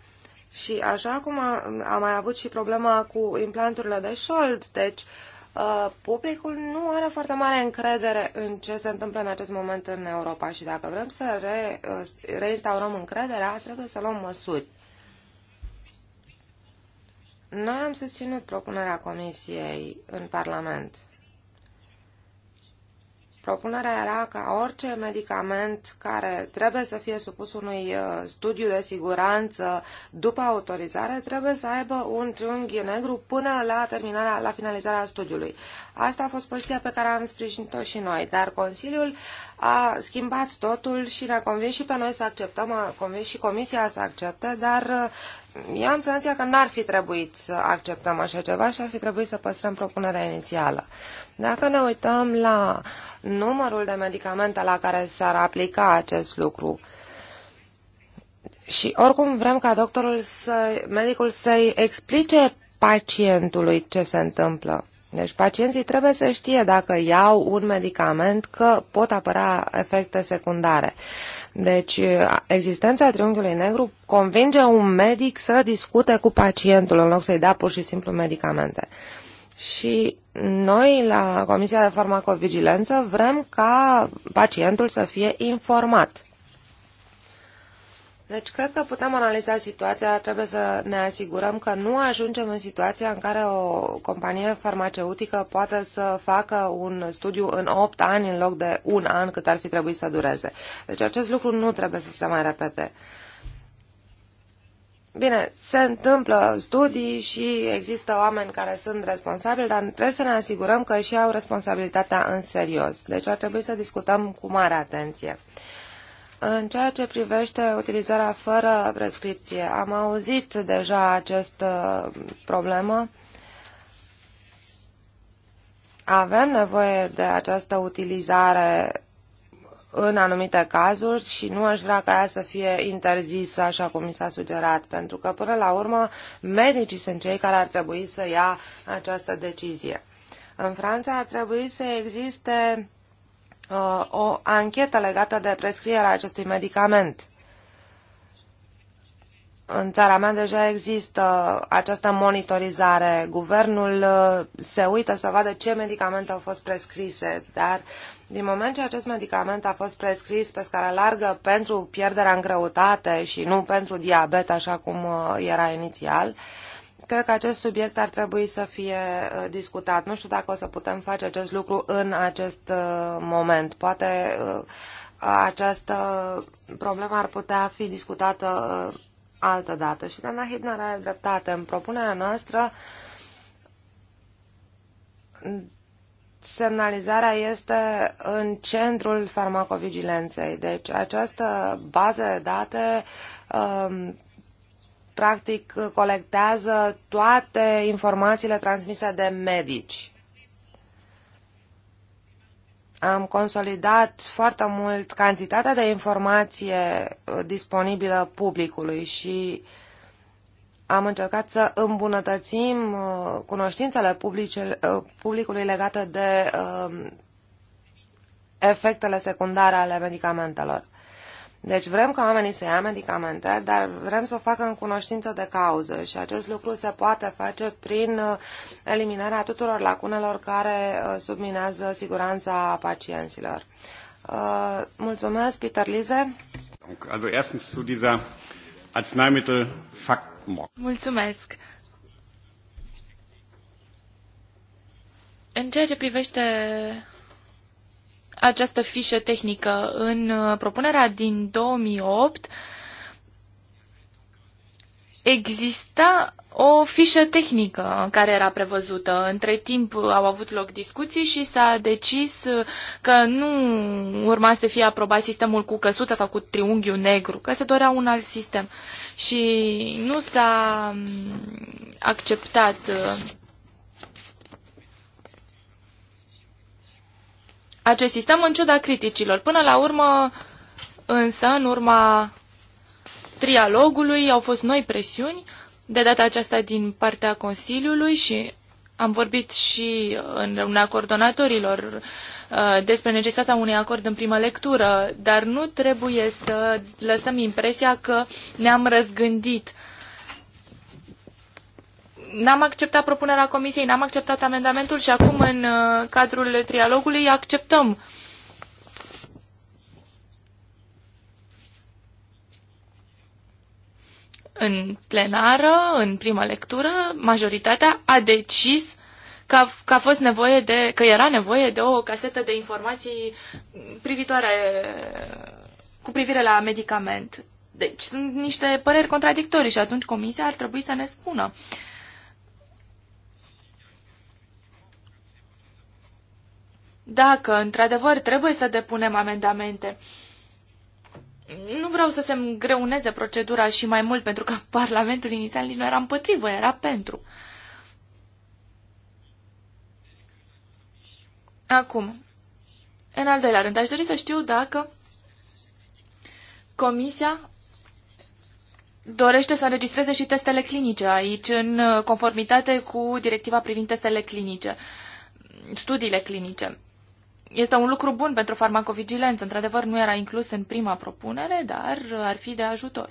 și așa cum am, am mai avut și problema cu implanturile de șold, deci uh, publicul nu are foarte mare încredere în ce se întâmplă în acest moment în Europa și dacă vrem să re, uh, reinstaurăm încrederea, trebuie să luăm măsuri. Noi am susținut propunerea Comisiei în Parlament. Propunerea era ca orice medicament care trebuie să fie supus unui uh, studiu de siguranță după autorizare trebuie să aibă un triunghi negru până la terminarea, la finalizarea studiului. Asta a fost poziția pe care am sprijinit-o și noi, dar Consiliul a schimbat totul și ne-a convins și pe noi să acceptăm, a convins și Comisia să accepte, dar uh, eu am senzația că n-ar fi trebuit să acceptăm așa ceva și ar fi trebuit să păstrăm propunerea inițială. Dacă ne uităm la numărul de medicamente la care s-ar aplica acest lucru, și oricum vrem ca doctorul să, medicul să-i explice pacientului ce se întâmplă. Deci pacienții trebuie să știe dacă iau un medicament că pot apărea efecte secundare. Deci uh, existența triunghiului negru convinge un medic să discute cu pacientul în loc să-i dea pur și simplu medicamente. Și noi la Comisia de Farmacovigilență vrem ca pacientul să fie informat deci cred că putem analiza situația, trebuie să ne asigurăm că nu ajungem în situația în care o companie farmaceutică poate să facă un studiu în 8 ani în loc de un an cât ar fi trebuit să dureze. Deci acest lucru nu trebuie să se mai repete. Bine, se întâmplă studii și există oameni care sunt responsabili, dar trebuie să ne asigurăm că și au responsabilitatea în serios. Deci ar trebui să discutăm cu mare atenție. În ceea ce privește utilizarea fără prescripție, am auzit deja această problemă. Avem nevoie de această utilizare în anumite cazuri și nu aș vrea ca ea să fie interzisă așa cum mi s-a sugerat, pentru că până la urmă medicii sunt cei care ar trebui să ia această decizie. În Franța ar trebui să existe uh, o anchetă legată de prescrierea acestui medicament. În țara mea deja există această monitorizare. Guvernul uh, se uită să vadă ce medicamente au fost prescrise, dar din moment ce acest medicament a fost prescris pe scară largă pentru pierderea în greutate și nu pentru diabet, așa cum uh, era inițial, uh, cred că acest subiect ar trebui să fie uh, discutat. Nu știu dacă o să putem face acest lucru în acest uh, moment. Poate uh, această problemă ar putea fi discutată altă dată. Și doamna Hidner are dreptate. În propunerea noastră semnalizarea este în centrul farmacovigilenței. Deci această bază de date practic uh, colectează toate informațiile transmise de medici. Am consolidat foarte mult cantitatea de informație uh, disponibilă publicului și am încercat să îmbunătățim uh, cunoștințele publice, publicului legate de efectele secundare ale medicamentelor. Deci vrem ca oamenii să ia medicamente, dar vrem să o facă în cunoștință de cauză și acest lucru se poate face prin uh, eliminarea tuturor lacunelor care uh, subminează siguranța pacienților. Uh, mulțumesc, Peter Lize. Also erstens zu dieser Arzneimittelfaktenmord. Mulțumesc. În ceea ce privește această fișă tehnică. În uh, propunerea din 2008 exista o fișă tehnică care era prevăzută. Între timp au avut loc discuții și s-a decis uh, că nu urma să fie aprobat sistemul cu căsuța sau cu triunghiul negru, că se dorea un alt sistem. Și nu s-a mm, acceptat uh, acest sistem în ciuda criticilor. Până la urmă, însă, în urma trialogului au fost noi presiuni, de data aceasta din partea Consiliului și am vorbit și uh, în reuniunea coordonatorilor uh, despre necesitatea unui acord în primă lectură, dar nu trebuie să lăsăm impresia că ne-am răzgândit n-am acceptat propunerea comisiei, n-am acceptat amendamentul și acum în uh, cadrul trialogului acceptăm. În plenară, în prima lectură, majoritatea a decis că a, că a fost nevoie de, că era nevoie de o casetă de informații privitoare cu privire la medicament. Deci sunt niște păreri contradictorii și atunci comisia ar trebui să ne spună uh, dacă într-adevăr trebuie să depunem amendamente, nu vreau să se greuneze procedura și mai mult, pentru că Parlamentul inițial nici nu era împotrivă, era pentru. Acum, în al doilea rând, aș dori să știu dacă Comisia dorește să înregistreze și testele clinice aici, în conformitate cu directiva privind testele clinice, studiile clinice este un lucru bun pentru farmacovigilență. Într-adevăr, nu era inclus în prima propunere, dar ar fi de ajutor.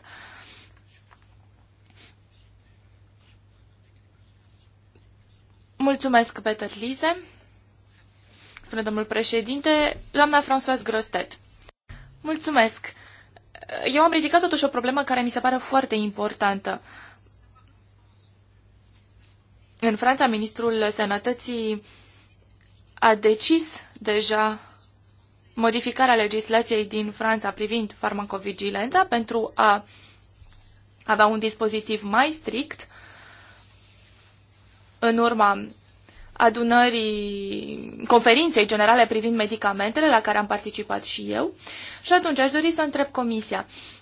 Mulțumesc, Peter Lise. Spune domnul președinte, doamna Françoise Grostet. Mulțumesc. Eu am ridicat totuși o problemă care mi se pare foarte importantă. În Franța, ministrul Sănătății a decis deja modificarea legislației din Franța privind farmacovigilența pentru a avea un dispozitiv mai strict în urma adunării conferinței generale privind medicamentele la care am participat și eu. Și atunci aș dori să întreb comisia. Uh,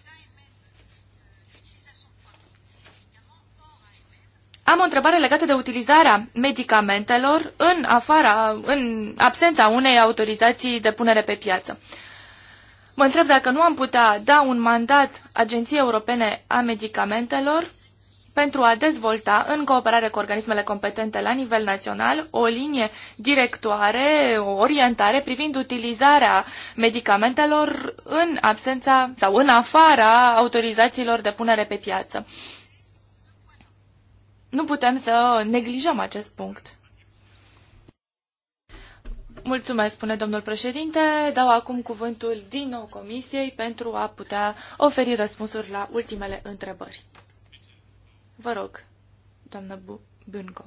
Am o întrebare legată de utilizarea medicamentelor în afara, în absența unei autorizații de punere pe piață. Mă întreb dacă nu am putea da un mandat Agenției Europene a Medicamentelor pentru a dezvolta, în cooperare cu organismele competente la nivel național, o linie directoare, o orientare privind utilizarea medicamentelor în absența sau în afara autorizațiilor de punere pe piață nu putem să neglijăm acest punct. Mulțumesc, spune domnul președinte. Dau acum cuvântul din nou comisiei pentru a putea oferi răspunsuri la ultimele întrebări. Vă rog, doamnă Bunco.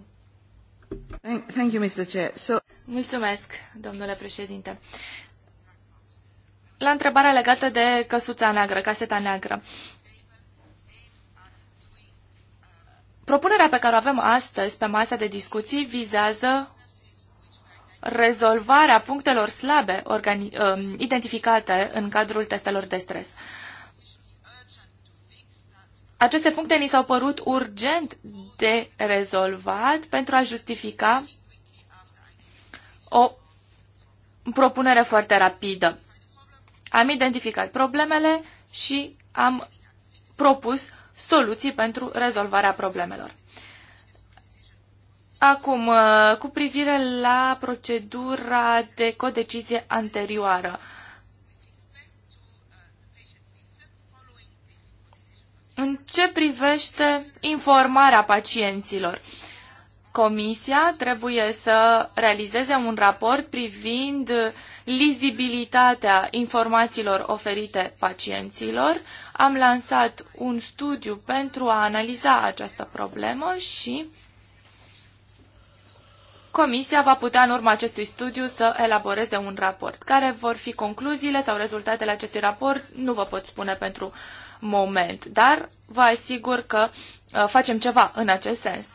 Thank you, Mr. Chair. So... Mulțumesc, domnule președinte. La întrebarea legată de căsuța neagră, caseta neagră, Propunerea pe care o avem astăzi pe masa de discuții vizează rezolvarea punctelor slabe um, identificate în cadrul testelor de stres. Aceste puncte ni s-au părut urgent de rezolvat pentru a justifica o propunere foarte rapidă. Am identificat problemele și am propus soluții pentru rezolvarea problemelor. Acum, uh, cu privire la procedura de codecizie anterioară. În ce privește informarea pacienților? Comisia trebuie să realizeze un raport privind lizibilitatea informațiilor oferite pacienților, am lansat un studiu pentru a analiza această problemă și Comisia va putea în urma acestui studiu să elaboreze un raport. Care vor fi concluziile sau rezultatele acestui raport, nu vă pot spune pentru moment, dar vă asigur că uh, facem ceva în acest sens.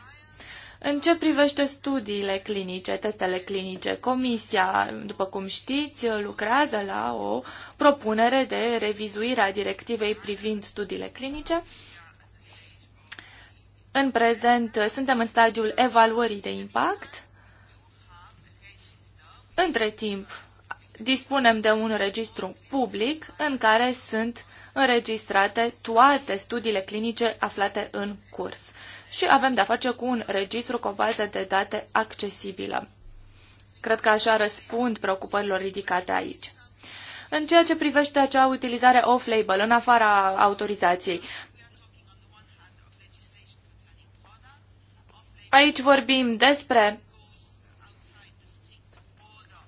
În ce privește studiile clinice, testele clinice, Comisia, după cum știți, lucrează la o propunere de revizuire a directivei privind studiile clinice. În prezent suntem în stadiul evaluării de impact. Între timp, dispunem de un registru public în care sunt înregistrate toate studiile clinice aflate în curs și avem de-a face cu un registru cu o bază de date accesibilă. Cred că așa răspund preocupărilor ridicate aici. În ceea ce privește acea utilizare off-label, în afara autorizației, aici vorbim despre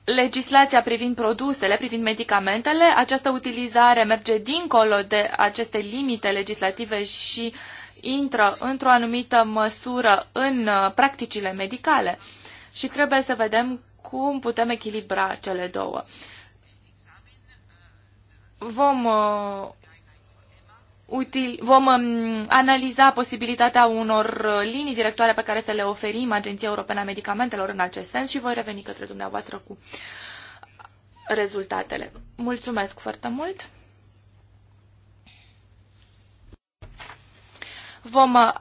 legislația privind produsele, privind medicamentele, această utilizare merge dincolo de aceste limite legislative și intră într-o anumită măsură în uh, practicile medicale și trebuie să vedem cum putem echilibra cele două. Vom, uh, util, vom um, analiza posibilitatea unor uh, linii directoare pe care să le oferim Agenției Europene a Medicamentelor în acest sens și voi reveni către dumneavoastră cu rezultatele. Mulțumesc foarte mult! Vom uh,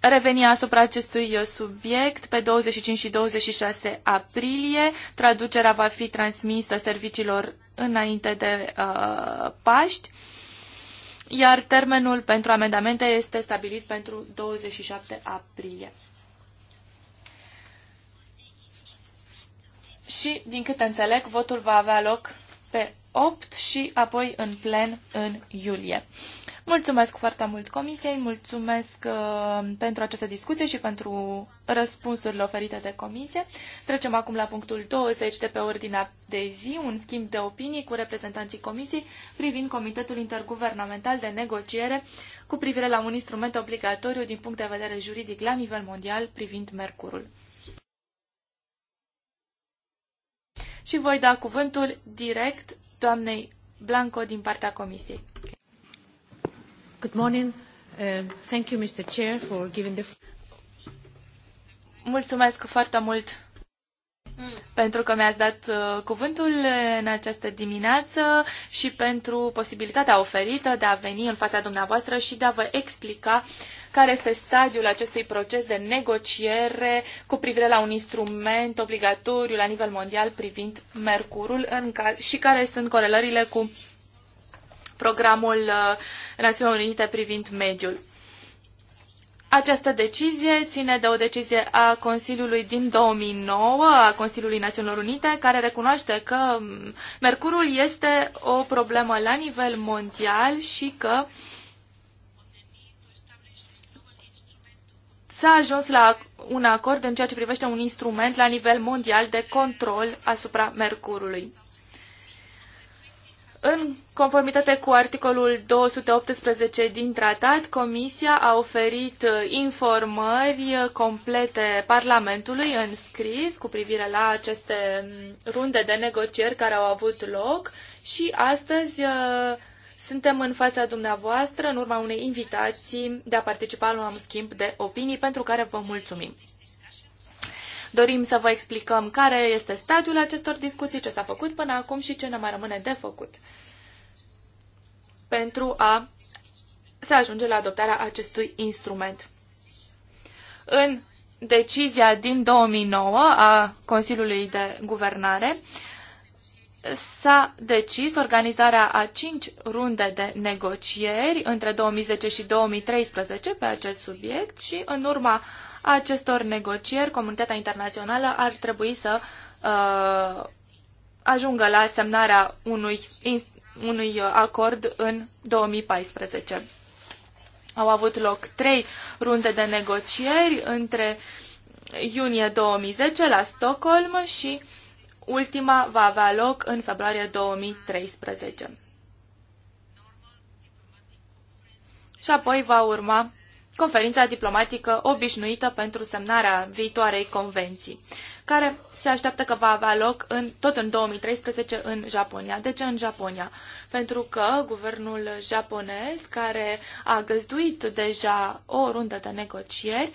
reveni asupra acestui uh, subiect pe 25 și 26 aprilie. Traducerea va fi transmisă serviciilor înainte de uh, Paști, iar termenul pentru amendamente este stabilit pentru 27 aprilie. Și, din câte înțeleg, votul va avea loc pe 8 și apoi în plen în iulie. Mulțumesc foarte mult comisiei, mulțumesc uh, pentru această discuție și pentru răspunsurile oferite de comisie. Trecem acum la punctul 20 de pe ordinea de zi, un schimb de opinii cu reprezentanții comisiei privind Comitetul Interguvernamental de Negociere cu privire la un instrument obligatoriu din punct de vedere juridic la nivel mondial privind Mercurul. Și voi da cuvântul direct doamnei Blanco din partea comisiei. Good morning. Uh, thank you, Mr. Chair, for giving the... Mulțumesc foarte mult pentru că mi-ați dat uh, cuvântul în această dimineață și pentru posibilitatea oferită de a veni în fața dumneavoastră și de a vă explica care este stadiul acestui proces de negociere cu privire la un instrument obligatoriu la nivel mondial privind mercurul în și care sunt corelările cu programul uh, Națiunilor Unite privind mediul. Această decizie ține de o decizie a Consiliului din 2009, a Consiliului Națiunilor Unite, care recunoaște că mm, mercurul este o problemă la nivel mondial și că s-a ajuns la un acord în ceea ce privește un instrument la nivel mondial de control asupra mercurului. În conformitate cu articolul 218 din tratat, Comisia a oferit uh, informări uh, complete Parlamentului în scris cu privire la aceste um, runde de negocieri care au avut loc și astăzi uh, suntem în fața dumneavoastră în urma unei invitații de a participa la un schimb de opinii pentru care vă mulțumim. Dorim să vă explicăm care este stadiul acestor discuții, ce s-a făcut până acum și ce ne mai rămâne de făcut pentru a se ajunge la adoptarea acestui instrument. În decizia din 2009 a Consiliului de Guvernare s-a decis organizarea a cinci runde de negocieri între 2010 și 2013 pe acest subiect și în urma acestor negocieri, comunitatea internațională ar trebui să uh, ajungă la semnarea unui, unui acord în 2014. Au avut loc trei runde de negocieri între iunie 2010 la Stockholm și ultima va avea loc în februarie 2013. Și apoi va urma conferința diplomatică obișnuită pentru semnarea viitoarei convenții, care se așteaptă că va avea loc în, tot în 2013 în Japonia. De ce în Japonia? Pentru că guvernul japonez, care a găzduit deja o rundă de negocieri,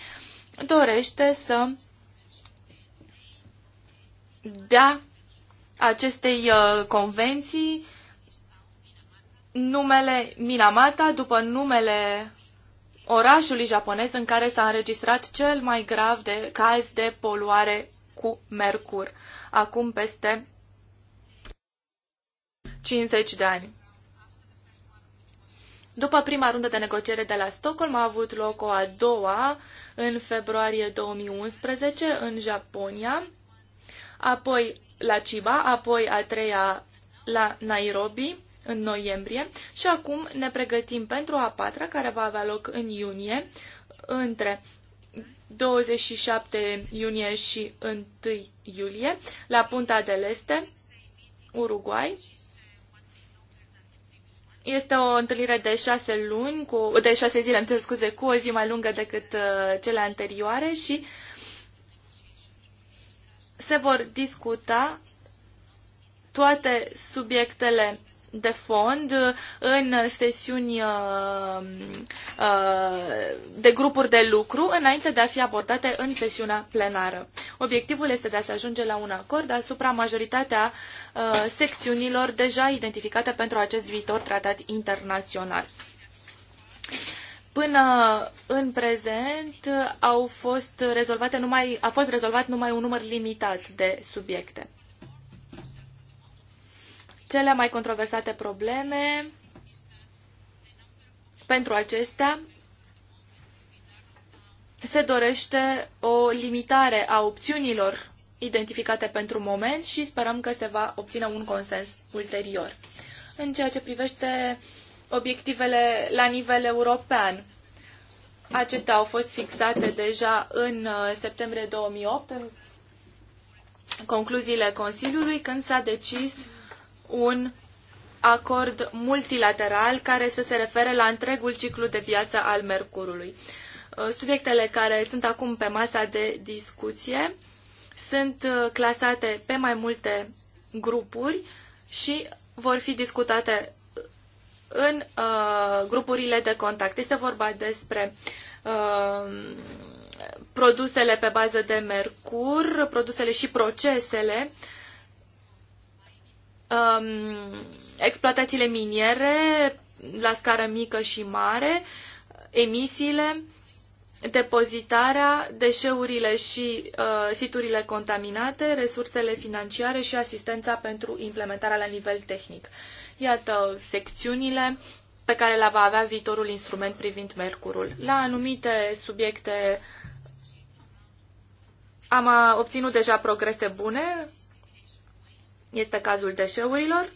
dorește să dea acestei uh, convenții numele Minamata după numele orașului japonez în care s-a înregistrat cel mai grav de caz de poluare cu mercur, acum peste 50 de ani. După prima rundă de negociere de la Stockholm a avut loc o a doua în februarie 2011 în Japonia, apoi la Chiba, apoi a treia la Nairobi în noiembrie și acum ne pregătim pentru a patra, care va avea loc în iunie, între 27 iunie și 1 iulie, la Punta del Este, Uruguay. Este o întâlnire de șase luni, cu, de șase zile, îmi cer scuze, cu o zi mai lungă decât uh, cele anterioare și se vor discuta toate subiectele de fond uh, în sesiuni uh, uh, de grupuri de lucru înainte de a fi abordate în sesiunea plenară. Obiectivul este de a se ajunge la un acord asupra majoritatea secțiunilor deja identificate pentru acest viitor tratat internațional. Până în prezent au fost rezolvate numai, a fost rezolvat numai un număr limitat de subiecte. Cele mai controversate probleme pentru acestea se dorește o limitare a opțiunilor identificate pentru moment și sperăm că se va obține un consens ulterior. În ceea ce privește obiectivele la nivel european, acestea au fost fixate deja în uh, septembrie 2008 în concluziile Consiliului când s-a decis un acord multilateral care să se refere la întregul ciclu de viață al Mercurului. Uh, subiectele care sunt acum pe masa de discuție sunt uh, clasate pe mai multe grupuri și vor fi discutate uh, în uh, grupurile de contact. Este vorba despre uh, produsele pe bază de mercur, produsele și procesele uh, um, exploatațiile miniere la scară mică și mare, emisiile, depozitarea, deșeurile și uh, siturile contaminate, resursele financiare și asistența pentru implementarea la nivel tehnic. Iată secțiunile pe care le va avea viitorul instrument privind Mercurul. La anumite subiecte am uh, obținut deja progrese bune, este cazul deșeurilor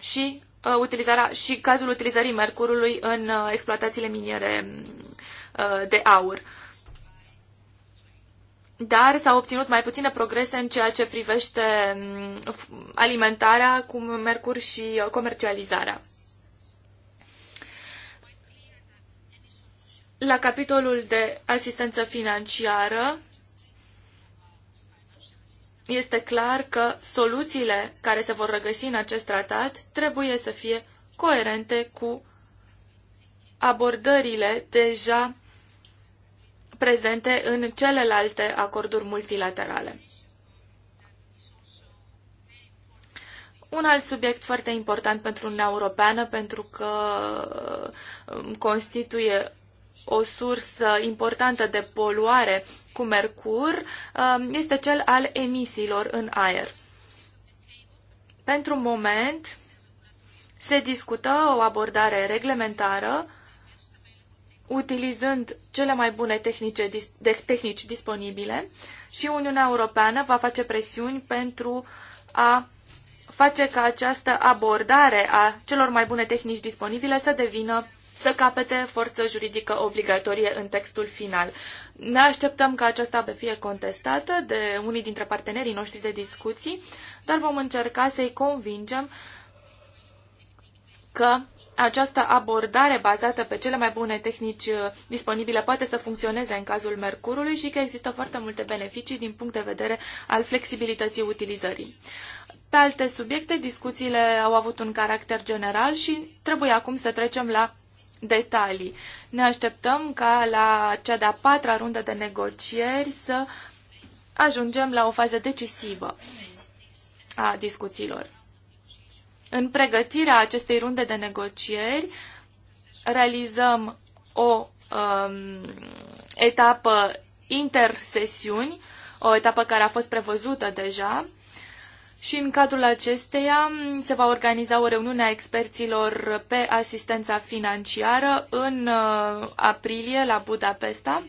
și, uh, utilizarea, și cazul utilizării mercurului în uh, exploatațiile miniere uh, de aur. Dar s-au obținut mai puține progrese în ceea ce privește mm, alimentarea cu mercur și uh, comercializarea. La capitolul de asistență financiară, este clar că soluțiile care se vor regăsi în acest tratat trebuie să fie coerente cu abordările deja prezente în celelalte acorduri multilaterale. Un alt subiect foarte important pentru Uniunea Europeană, pentru că um, constituie o sursă importantă de poluare cu mercur um, este cel al emisiilor în aer. Pentru moment se discută o abordare reglementară utilizând cele mai bune tehnice, tehnici disponibile și Uniunea Europeană va face presiuni pentru a face ca această abordare a celor mai bune tehnici disponibile să devină să capete forță juridică obligatorie în textul final. Ne așteptăm ca aceasta să fie contestată de unii dintre partenerii noștri de discuții, dar vom încerca să-i convingem că această abordare bazată pe cele mai bune tehnici uh, disponibile poate să funcționeze în cazul mercurului și că există foarte multe beneficii din punct de vedere al flexibilității utilizării. Pe alte subiecte, discuțiile au avut un caracter general și trebuie acum să trecem la detalii. Ne așteptăm ca la cea de-a patra rundă de negocieri să ajungem la o fază decisivă a discuțiilor. În pregătirea acestei runde de negocieri realizăm o um, etapă intersesiuni, o etapă care a fost prevăzută deja și în cadrul acesteia se va organiza o reuniune a experților pe asistența financiară în uh, aprilie la Budapesta.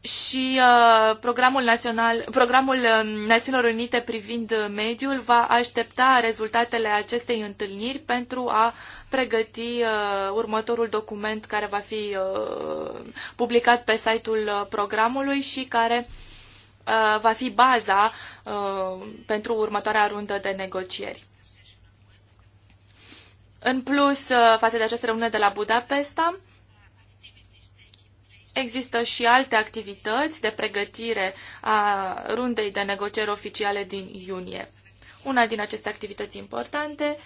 Și uh, programul, național, programul um, Națiunilor Unite privind uh, mediul va aștepta rezultatele acestei întâlniri pentru a pregăti uh, următorul document care va fi uh, publicat pe site-ul uh, programului și care uh, Uh, va fi baza uh, pentru următoarea rundă de negocieri. În plus, uh, față de această reuniune de la Budapesta, există și alte activități de pregătire a rundei de negocieri oficiale din iunie. Una din aceste activități importante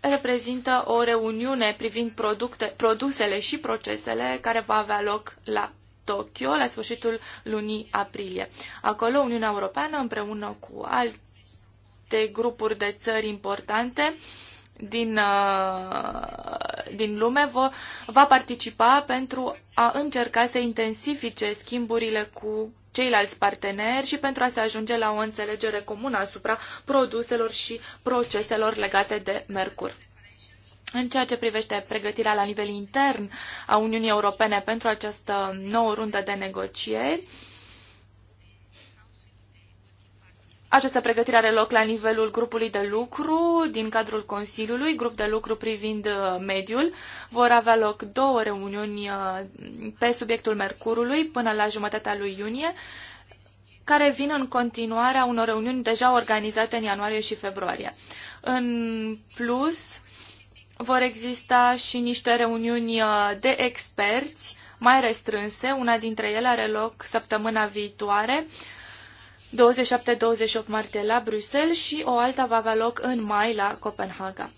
reprezintă o reuniune privind producte, produsele și procesele care va avea loc la Tokyo la sfârșitul lunii aprilie. Acolo Uniunea Europeană împreună cu alte grupuri de țări importante din, uh, din lume va, va participa pentru a încerca să intensifice schimburile cu ceilalți parteneri și pentru a se ajunge la o înțelegere comună asupra produselor și proceselor legate de Mercur. În ceea ce privește pregătirea la nivel intern a Uniunii Europene pentru această nouă rundă de negocieri, această pregătire are loc la nivelul grupului de lucru din cadrul Consiliului, grup de lucru privind uh, mediul. Vor avea loc două reuniuni uh, pe subiectul Mercurului până la jumătatea lui iunie, care vin în continuarea unor reuniuni deja organizate în ianuarie și februarie. În plus, vor exista și niște reuniuni uh, de experți mai restrânse. Una dintre ele are loc săptămâna viitoare, 27-28 martie la Bruxelles și o alta va avea loc în mai la Copenhaga.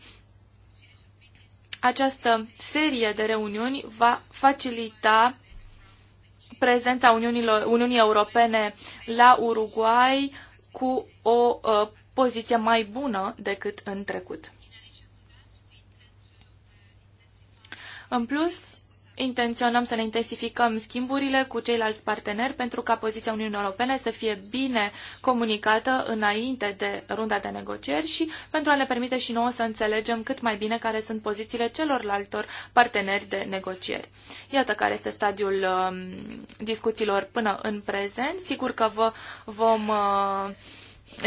Această serie de reuniuni va facilita prezența Uniunilor, Uniunii Europene la Uruguay cu o uh, poziție mai bună decât în trecut. În plus, intenționăm să ne intensificăm schimburile cu ceilalți parteneri pentru ca poziția Uniunii Europene să fie bine comunicată înainte de runda de negocieri și pentru a ne permite și nouă să înțelegem cât mai bine care sunt pozițiile celorlaltor parteneri de negocieri. Iată care este stadiul uh, discuțiilor până în prezent. Sigur că vă vom uh,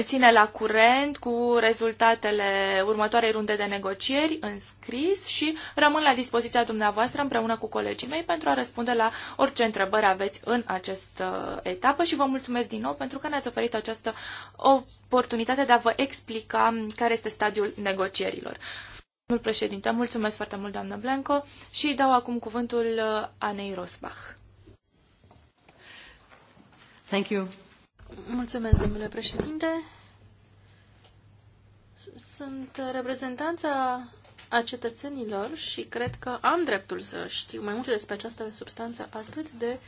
ține la curent cu rezultatele următoarei runde de negocieri în scris și rămân la dispoziția dumneavoastră împreună cu colegii mei pentru a răspunde la orice întrebări aveți în această uh, etapă și vă mulțumesc din nou pentru că ne-ați oferit această oportunitate de a vă explica care este stadiul negocierilor. Domnul președinte, mulțumesc foarte mult, doamnă Blanco, și dau acum cuvântul uh, Anei Rosbach. Thank you. Mulțumesc, domnule președinte. Sunt reprezentanța a cetățenilor și cred că am dreptul să știu mai multe despre această substanță atât de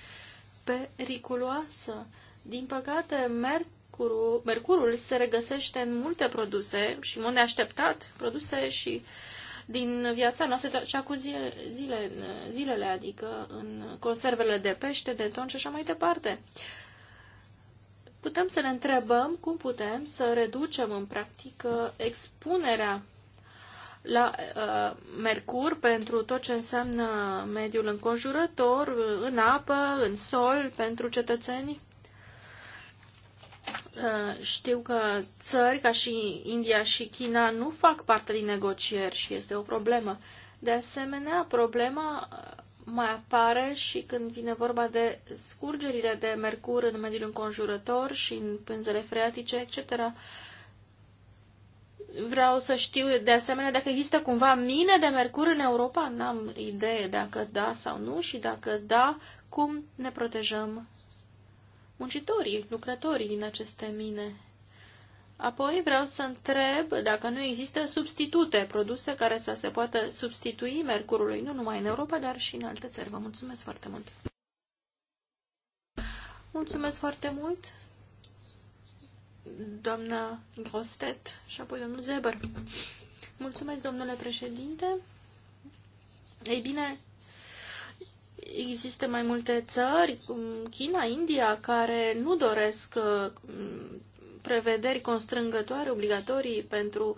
periculoasă. Din păcate, mercurul, mercurul se regăsește în multe produse și, în mod neașteptat, produse și din viața noastră, cea cu zile, zile, zilele, adică în conservele de pește, de ton și așa mai departe. Uh, putem să ne întrebăm cum putem să reducem în practică expunerea la uh, mercur pentru tot ce înseamnă mediul înconjurător, în apă, în sol, pentru cetățeni. Uh, știu că țări ca și India și China nu fac parte din negocieri și este o problemă. De asemenea, problema mai apare și când vine vorba de scurgerile de mercur în mediul înconjurător și în pânzele freatice, etc. Vreau să știu, de asemenea, dacă există cumva mine de mercur în Europa. N-am idee dacă da sau nu și dacă da, cum ne protejăm muncitorii, lucrătorii din aceste mine. Apoi vreau să întreb dacă nu există substitute, produse care să se poată substitui mercurului, nu numai în Europa, dar și în alte țări. Vă mulțumesc foarte mult! Mulțumesc foarte mult, doamna Grostet și apoi domnul Zeber. Mulțumesc, domnule președinte. Ei bine, există mai multe țări, cum China, India, care nu doresc uh, prevederi constrângătoare, obligatorii pentru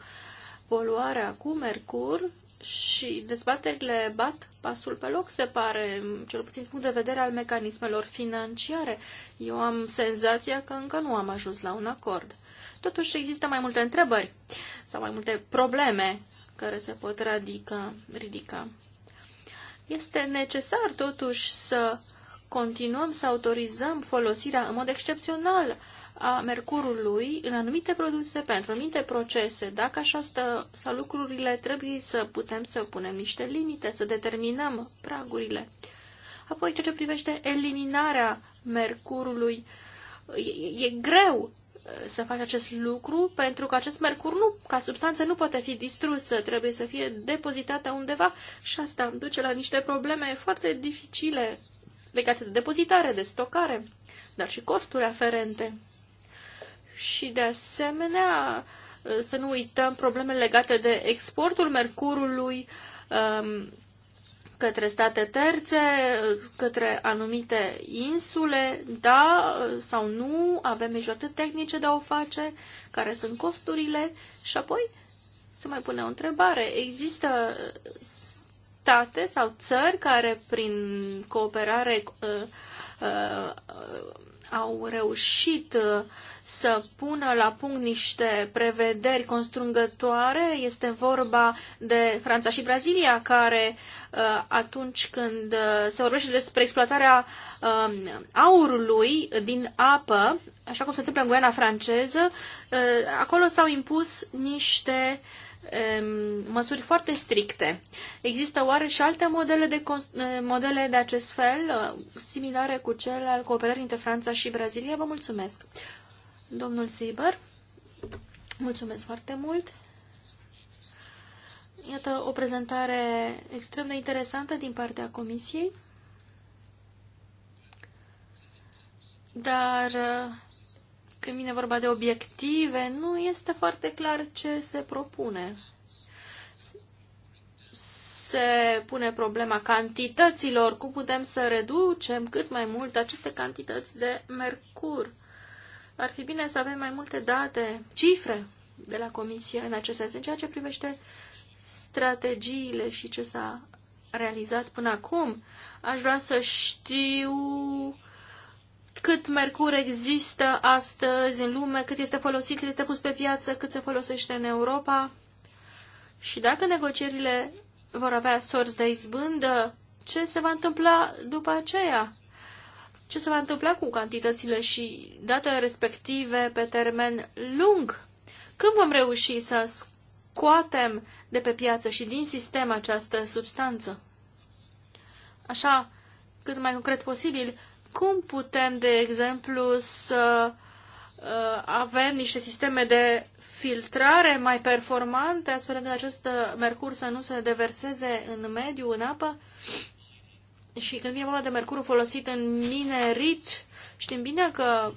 poluarea cu mercur și dezbaterile bat pasul pe loc, se pare, cel puțin din punct de vedere al mecanismelor financiare. Eu am senzația că încă nu am ajuns la un acord. Totuși există mai multe întrebări sau mai multe probleme care se pot radica, ridica. Este necesar totuși să continuăm să autorizăm folosirea în mod excepțional a mercurului în anumite produse, pentru anumite procese. Dacă așa stă, sau lucrurile, trebuie să putem să punem niște limite, să determinăm pragurile. Apoi, ceea ce privește eliminarea mercurului, e, e greu uh, să faci acest lucru, pentru că acest mercur, nu, ca substanță, nu poate fi distrusă, trebuie să fie depozitată undeva și asta duce la niște probleme foarte dificile legate de depozitare, de stocare, dar și costuri aferente și de asemenea să nu uităm problemele legate de exportul mercurului um, către state terțe, către anumite insule, da sau nu, avem mijloace tehnice de a o face, care sunt costurile și apoi se mai pune o întrebare. Există state sau țări care prin cooperare uh, uh, au reușit uh, să pună la punct niște prevederi constrângătoare. Este vorba de Franța și Brazilia, care uh, atunci când uh, se vorbește despre exploatarea um, aurului din apă, așa cum se întâmplă în Guiana franceză, acolo s-au impus niște uh, măsuri foarte stricte. Există oare și alte modele de, eh, modele de acest fel, eh, similare cu cel al cooperării între Franța și Brazilia? Vă mulțumesc. Domnul Sieber, mulțumesc foarte mult. Iată o prezentare extrem de interesantă din partea Comisiei. Dar eh, când vine vorba de obiective, nu este foarte clar ce se propune. Se pune problema cantităților, cum putem să reducem cât mai mult aceste cantități de mercur. Ar fi bine să avem mai multe date, cifre de la Comisie în acest sens, în ceea ce privește strategiile și ce s-a realizat până acum. Aș vrea să știu cât mercur există astăzi în lume, cât este folosit, cât este pus pe piață, cât se folosește în Europa. Și dacă negocierile vor avea sorți de izbândă, ce se va întâmpla după aceea? Ce se va întâmpla cu cantitățile și datele respective pe termen lung? Când vom reuși să scoatem de pe piață și din sistem această substanță? Așa, cât mai concret posibil, cum putem, de exemplu, să uh, avem niște sisteme de filtrare mai performante, astfel încât acest mercur să nu se deverseze în mediu, în apă? Și când vine vorba de mercurul folosit în minerit, știm bine că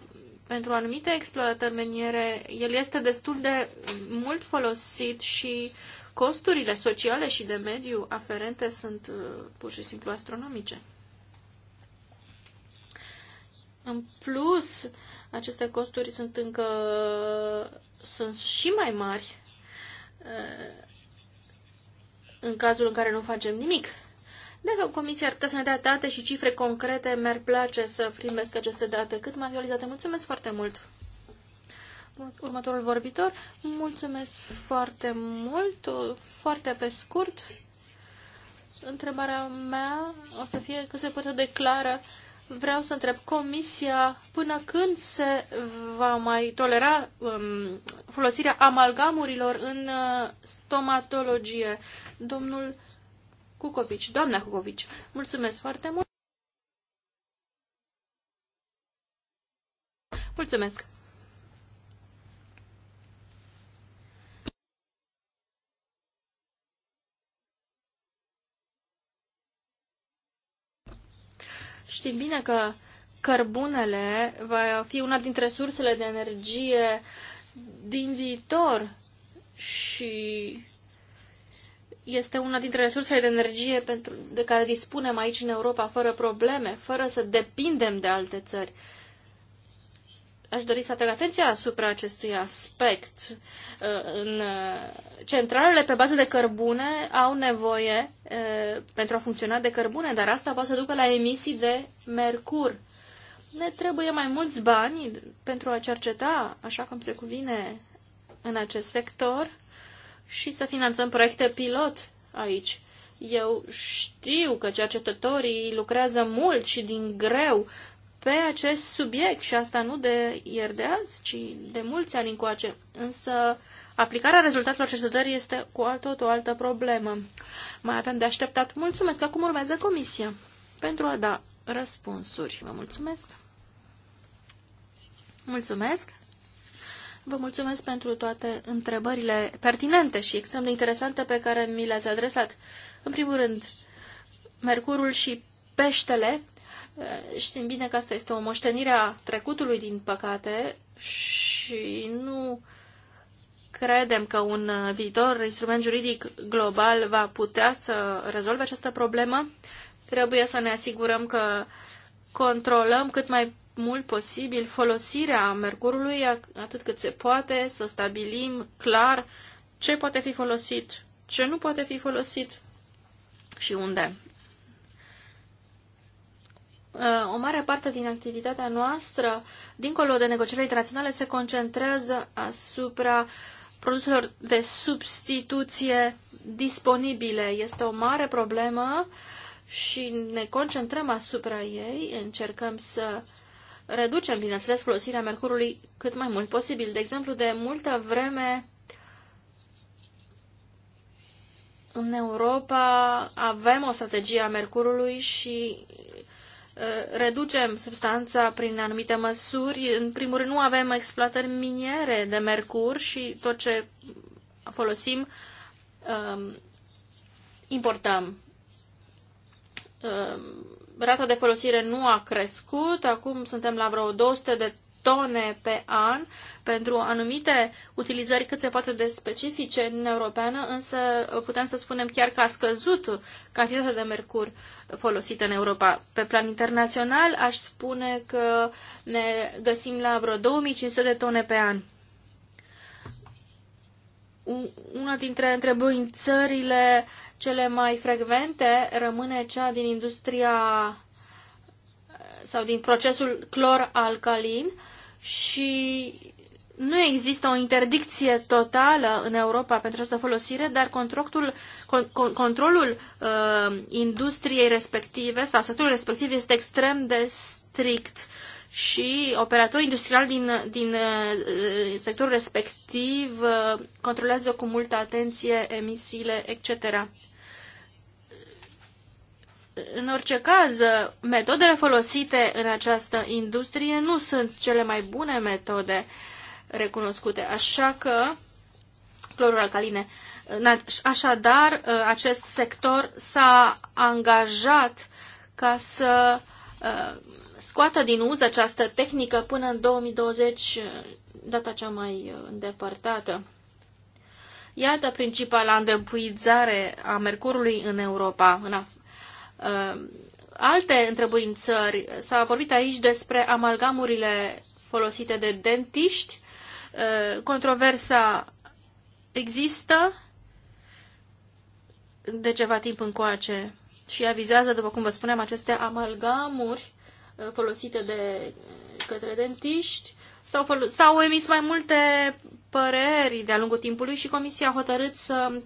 pentru anumite exploatări miniere el este destul de mult folosit și costurile sociale și de mediu aferente sunt uh, pur și simplu astronomice. În plus, aceste costuri sunt încă sunt și mai mari eh, în cazul în care nu facem nimic. Dacă Comisia ar putea să ne dea date și cifre concrete, mi-ar place să primesc aceste date cât mai realizate. Mulțumesc foarte mult! Următorul vorbitor, mulțumesc foarte mult, foarte pe scurt. Întrebarea mea o să fie cât se poate declară vreau să întreb Comisia până când se va mai tolera um, folosirea amalgamurilor în uh, stomatologie. Domnul Cucovici, doamna Cucovici, mulțumesc foarte mult. Mulțumesc. Știm bine că cărbunele va fi una dintre sursele de energie din viitor și este una dintre resursele de energie pentru, de care dispunem aici în Europa fără probleme, fără să depindem de alte țări. Aș dori să atrag atenția asupra acestui aspect. Uh, în uh, centralele pe bază de cărbune au nevoie uh, pentru a funcționa de cărbune, dar asta poate să ducă la emisii de mercur. Ne trebuie mai mulți bani pentru a cerceta, așa cum se cuvine, în acest sector și să finanțăm proiecte pilot aici. Eu știu că cercetătorii lucrează mult și din greu pe acest subiect și asta nu de ieri de azi, ci de mulți ani încoace. Însă aplicarea rezultatelor cercetării este cu alt, tot o altă problemă. Mai avem de așteptat. Mulțumesc. Acum urmează comisia pentru a da răspunsuri. Vă mulțumesc. Mulțumesc. Vă mulțumesc pentru toate întrebările pertinente și extrem de interesante pe care mi le-ați adresat. În primul rând, Mercurul și peștele Știm bine că asta este o moștenire a trecutului, din păcate, și nu credem că un viitor instrument juridic global va putea să rezolve această problemă. Trebuie să ne asigurăm că controlăm cât mai mult posibil folosirea mercurului, atât cât se poate, să stabilim clar ce poate fi folosit, ce nu poate fi folosit și unde. Uh, o mare parte din activitatea noastră, dincolo de negocierile internaționale, se concentrează asupra produselor de substituție disponibile. Este o mare problemă și ne concentrăm asupra ei, încercăm să reducem, bineînțeles, folosirea mercurului cât mai mult posibil. De exemplu, de multă vreme în Europa avem o strategie a mercurului și Eh, reducem substanța prin anumite măsuri. În primul rând, nu avem exploatări miniere de mercur și tot ce folosim ehm, importăm. Ehm, rata de folosire nu a crescut, acum suntem la vreo 200 de tone pe an pentru anumite utilizări cât se poate de specifice în Europeană, însă putem să spunem chiar că a scăzut cantitatea de mercur folosită în Europa. Pe plan internațional aș spune că ne găsim la vreo 2500 de tone pe an una dintre întrebări țările cele mai frecvente rămâne cea din industria sau din procesul clor-alcalin și nu există o interdicție totală în Europa pentru această folosire, dar controlul, con, controlul uh, industriei respective sau sectorului respectiv este extrem de strict și operatorii industriali din, din uh, sectorul respectiv uh, controlează cu multă atenție emisiile, etc. În orice caz, metodele folosite în această industrie nu sunt cele mai bune metode recunoscute, așa că clorul alcaline. Așadar, acest sector s-a angajat ca să uh, scoată din uz această tehnică până în 2020, uh, data cea mai uh, îndepărtată. Iată principala îndepuizare a mercurului în Europa, în Ehm, alte întrebuințări. S-a vorbit aici despre amalgamurile folosite de dentiști. Ehm, controversa există de ceva timp încoace și avizează, după cum vă spuneam, aceste amalgamuri ehm, folosite de către dentiști. S-au, s-au emis mai multe păreri de-a lungul timpului și Comisia a hotărât să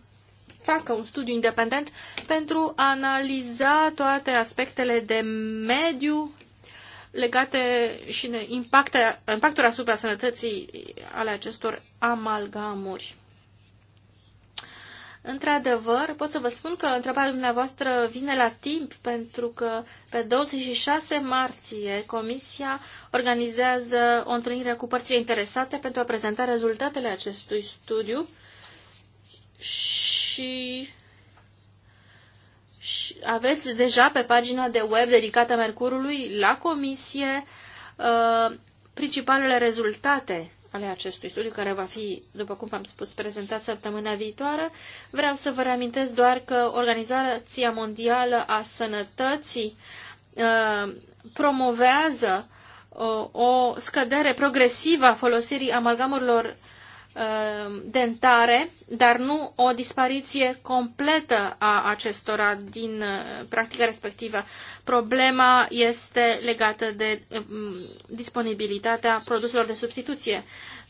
facă un studiu independent pentru a analiza toate aspectele de mediu legate și de impacte, impactul asupra sănătății ale acestor amalgamuri. Într-adevăr, pot să vă spun că întrebarea dumneavoastră vine la timp, pentru că pe 26 martie Comisia organizează o întâlnire cu părțile interesate pentru a prezenta rezultatele acestui studiu și, și aveți deja pe pagina de web dedicată Mercurului la comisie uh, principalele rezultate ale acestui studiu, care va fi, după cum v-am spus, prezentat săptămâna viitoare. Vreau să vă reamintesc doar că Organizația Mondială a Sănătății uh, promovează uh, o scădere progresivă a folosirii amalgamurilor Uh, dentare, dar nu o dispariție completă a acestora din uh, practica respectivă. Problema este legată de uh, disponibilitatea produselor de substituție,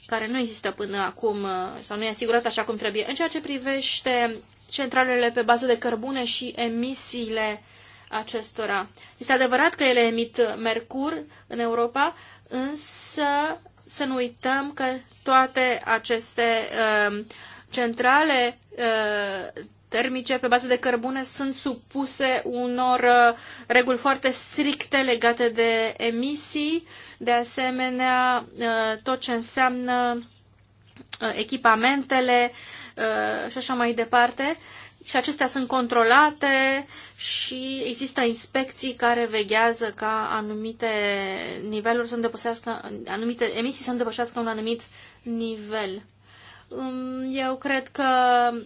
care nu există până acum sau nu e asigurată așa cum trebuie. În ceea ce privește centralele pe bază de cărbune și emisiile acestora. Este adevărat că ele emit mercur în Europa, însă să nu uităm că toate aceste uh, centrale uh, termice pe bază de cărbune sunt supuse unor uh, reguli foarte stricte legate de emisii, de asemenea uh, tot ce înseamnă uh, echipamentele uh, și așa mai departe și acestea sunt controlate și există inspecții care veghează ca anumite niveluri să depășească, anumite emisii să depășească un anumit nivel. Eu cred că uh,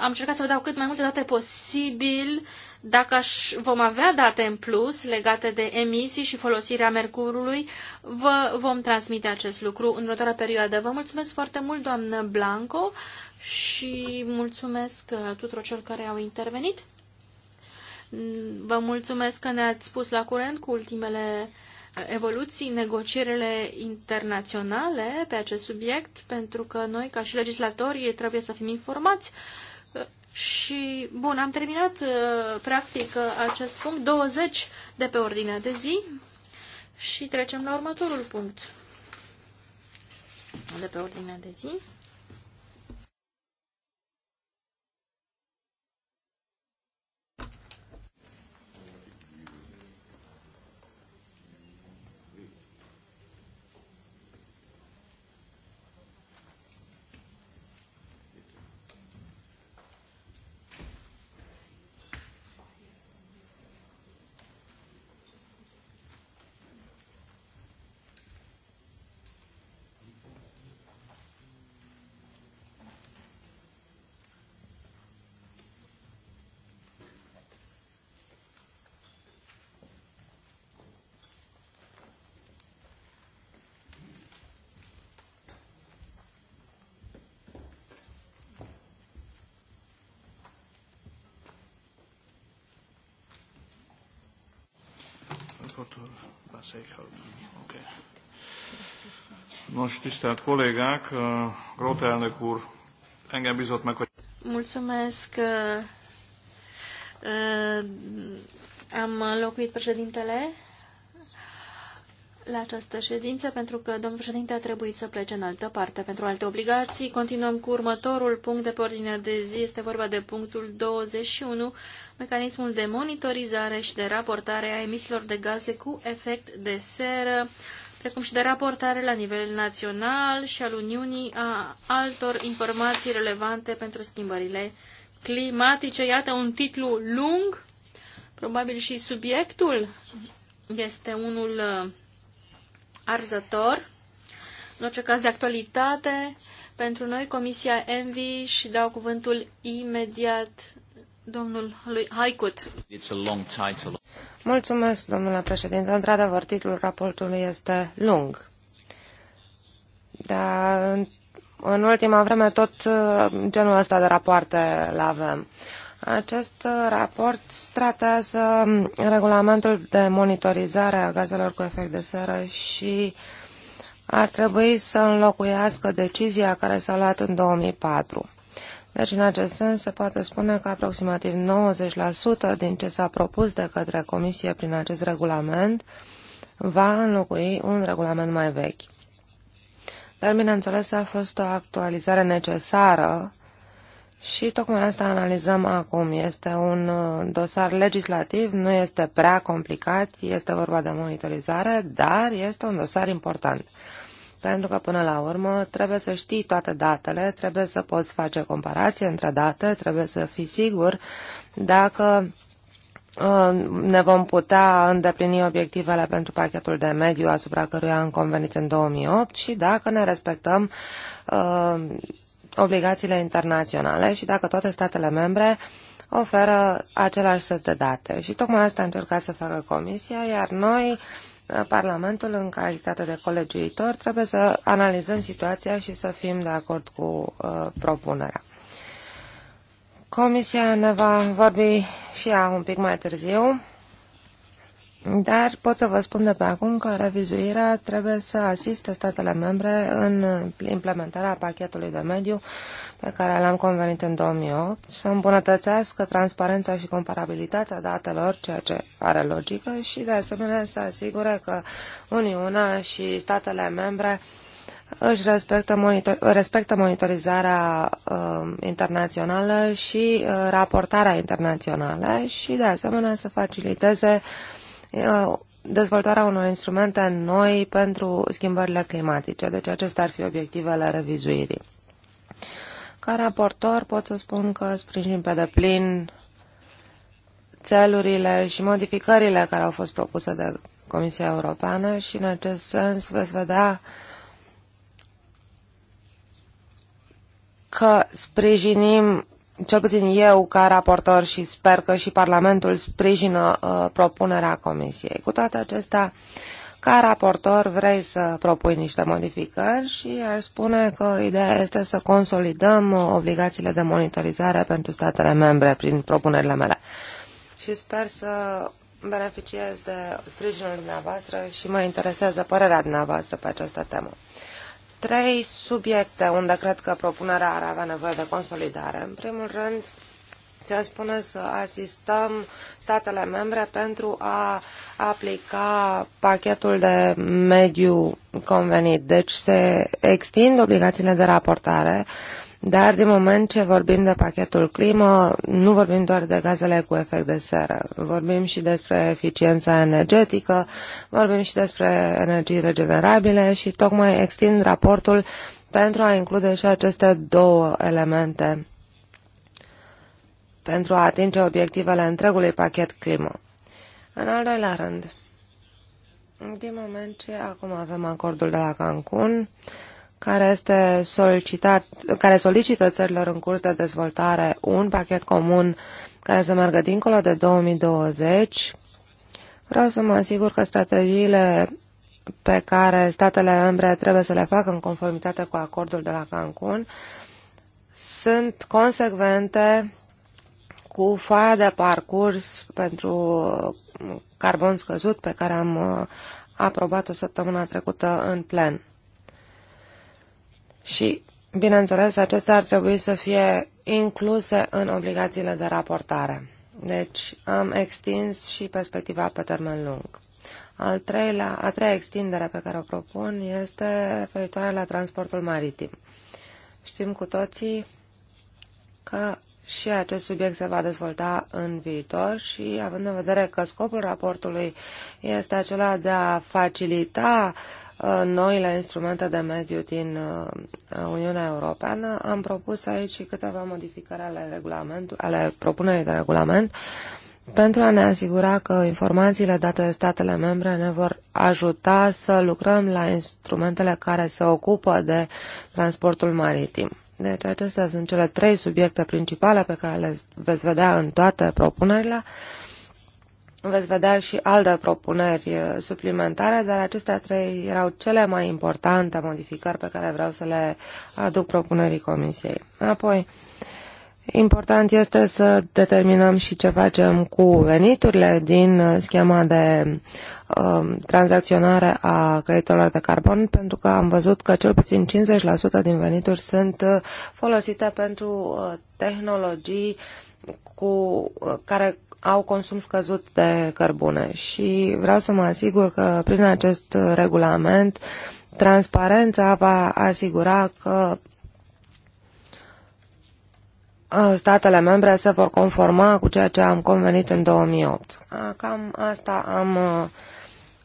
am încercat să vă dau cât mai multe date posibil dacă vom avea date în plus legate de emisii și folosirea mercurului, vă vom transmite acest lucru în următoarea perioadă. Vă mulțumesc foarte mult, doamnă Blanco, și mulțumesc uh, tuturor celor care au intervenit. Vă mulțumesc că ne-ați spus la curent cu ultimele uh, evoluții, negocierile internaționale pe acest subiect, pentru că noi, ca și legislatorii, trebuie să fim informați uh, și, bun, am terminat uh, practic uh, acest punct 20 de pe ordinea de zi și trecem la următorul punct de pe ordinea de zi. raportul Okay. Nos, tisztelt kollégák, Gróta elnök úr engem bizott meg, hogy... Mulțumesc. Uh, uh, am locuit președintele la această ședință, pentru că domnul președinte a trebuit să plece în altă parte pentru alte obligații. Continuăm cu următorul punct de pe ordinea de zi. Este vorba de punctul 21, mecanismul de monitorizare și de raportare a emisiilor de gaze cu efect de seră, precum și de raportare la nivel național și al Uniunii a altor informații relevante pentru schimbările climatice. Iată un titlu lung, probabil și subiectul este unul uh, arzător, în orice caz de actualitate, pentru noi Comisia Envi și dau cuvântul imediat domnului Haicut. It's a long title. Mulțumesc, domnule președinte. Într-adevăr, titlul raportului este lung. Dar în ultima vreme tot uh, genul ăsta de rapoarte l avem. Acest raport tratează regulamentul de monitorizare a gazelor cu efect de seră și ar trebui să înlocuiască decizia care s-a luat în 2004. Deci, în acest sens, se poate spune că aproximativ 90% din ce s-a propus de către Comisie prin acest regulament va înlocui un regulament mai vechi. Dar, bineînțeles, a fost o actualizare necesară și tocmai asta analizăm acum. Este un uh, dosar legislativ, nu este prea complicat, este vorba de monitorizare, dar este un dosar important. Pentru că, până la urmă, trebuie să știi toate datele, trebuie să poți face comparație între date, trebuie să fii sigur dacă uh, ne vom putea îndeplini obiectivele pentru pachetul de mediu asupra căruia am convenit în 2008 și dacă ne respectăm uh, obligațiile internaționale și dacă toate statele membre oferă același set de date. Și tocmai asta a încercat să facă Comisia, iar noi, eh, Parlamentul, în calitate de colegiuitor, trebuie să analizăm situația și să fim de acord cu uh, propunerea. Comisia ne va vorbi și ea un pic mai târziu dar pot să vă spun de pe acum că revizuirea trebuie să asiste statele membre în implementarea pachetului de mediu pe care l-am convenit în 2008, să îmbunătățească transparența și comparabilitatea datelor, ceea ce are logică, și de asemenea să asigure că Uniunea și statele membre își respectă, monitor, respectă monitorizarea uh, internațională și uh, raportarea internațională și de asemenea să faciliteze uh, Uh, dezvoltarea unor instrumente noi pentru schimbările climatice. Deci acestea ar fi obiectivele revizuirii. Ca raportor pot să spun că sprijin pe deplin țelurile și modificările care au fost propuse de Comisia Europeană și în acest sens veți vedea că sprijinim cel puțin eu ca raportor și sper că și Parlamentul sprijină uh, propunerea Comisiei. Cu toate acestea, ca raportor vrei să propui niște modificări și ar spune că ideea este să consolidăm uh, obligațiile de monitorizare pentru statele membre prin propunerile mele. Și sper să beneficiez de sprijinul dumneavoastră și mă interesează părerea dumneavoastră pe această temă trei subiecte unde cred că propunerea ar avea nevoie de consolidare. În primul rând, se spune să asistăm statele membre pentru a aplica pachetul de mediu convenit. Deci se extind obligațiile de raportare uh, dar din moment ce vorbim de pachetul climă, nu vorbim doar de gazele cu efect de seră. Vorbim și despre eficiența energetică, vorbim și despre energii regenerabile și tocmai extind raportul pentru a include și aceste două elemente pentru a atinge obiectivele întregului pachet climă. În al doilea rând, din moment ce acum avem acordul de la Cancun, uh, care, este solicitat, care solicită țărilor în curs de dezvoltare un pachet comun care să meargă dincolo de 2020. Vreau să mă asigur că strategiile pe care statele membre trebuie să le facă în conformitate cu acordul de la Cancun sunt consecvente cu foaia de parcurs pentru carbon scăzut pe care am uh, aprobat o săptămână trecută în plen și, bineînțeles, acestea ar trebui să fie incluse în obligațiile de raportare. Deci am extins și perspectiva pe termen lung. Al treilea, a treia extindere pe care o propun este referitoare la transportul maritim. Știm cu toții că și acest subiect se va dezvolta în viitor și având în vedere că scopul raportului este acela de a facilita uh, Uh, noile instrumente de mediu din uh, Uniunea Europeană, am propus aici și câteva modificări ale, ale propunerii de regulament pentru a ne asigura că informațiile date de statele membre ne vor ajuta să lucrăm la instrumentele care se ocupă de transportul maritim. Deci acestea sunt cele trei subiecte principale pe care le veți vedea în toate propunerile. Uh, Veți vedea și alte propuneri uh, suplimentare, dar acestea trei erau cele mai importante modificări pe care vreau să le aduc propunerii Comisiei. Apoi, important este să determinăm și ce facem cu veniturile din uh, schema de uh, tranzacționare a creditelor de carbon, pentru că am văzut că cel puțin 50% din venituri sunt folosite pentru tehnologii cu, care au consum scăzut de cărbune și vreau să mă asigur că prin acest regulament transparența va asigura că uh, statele membre se vor conforma cu ceea ce am convenit în 2008. Cam asta am uh,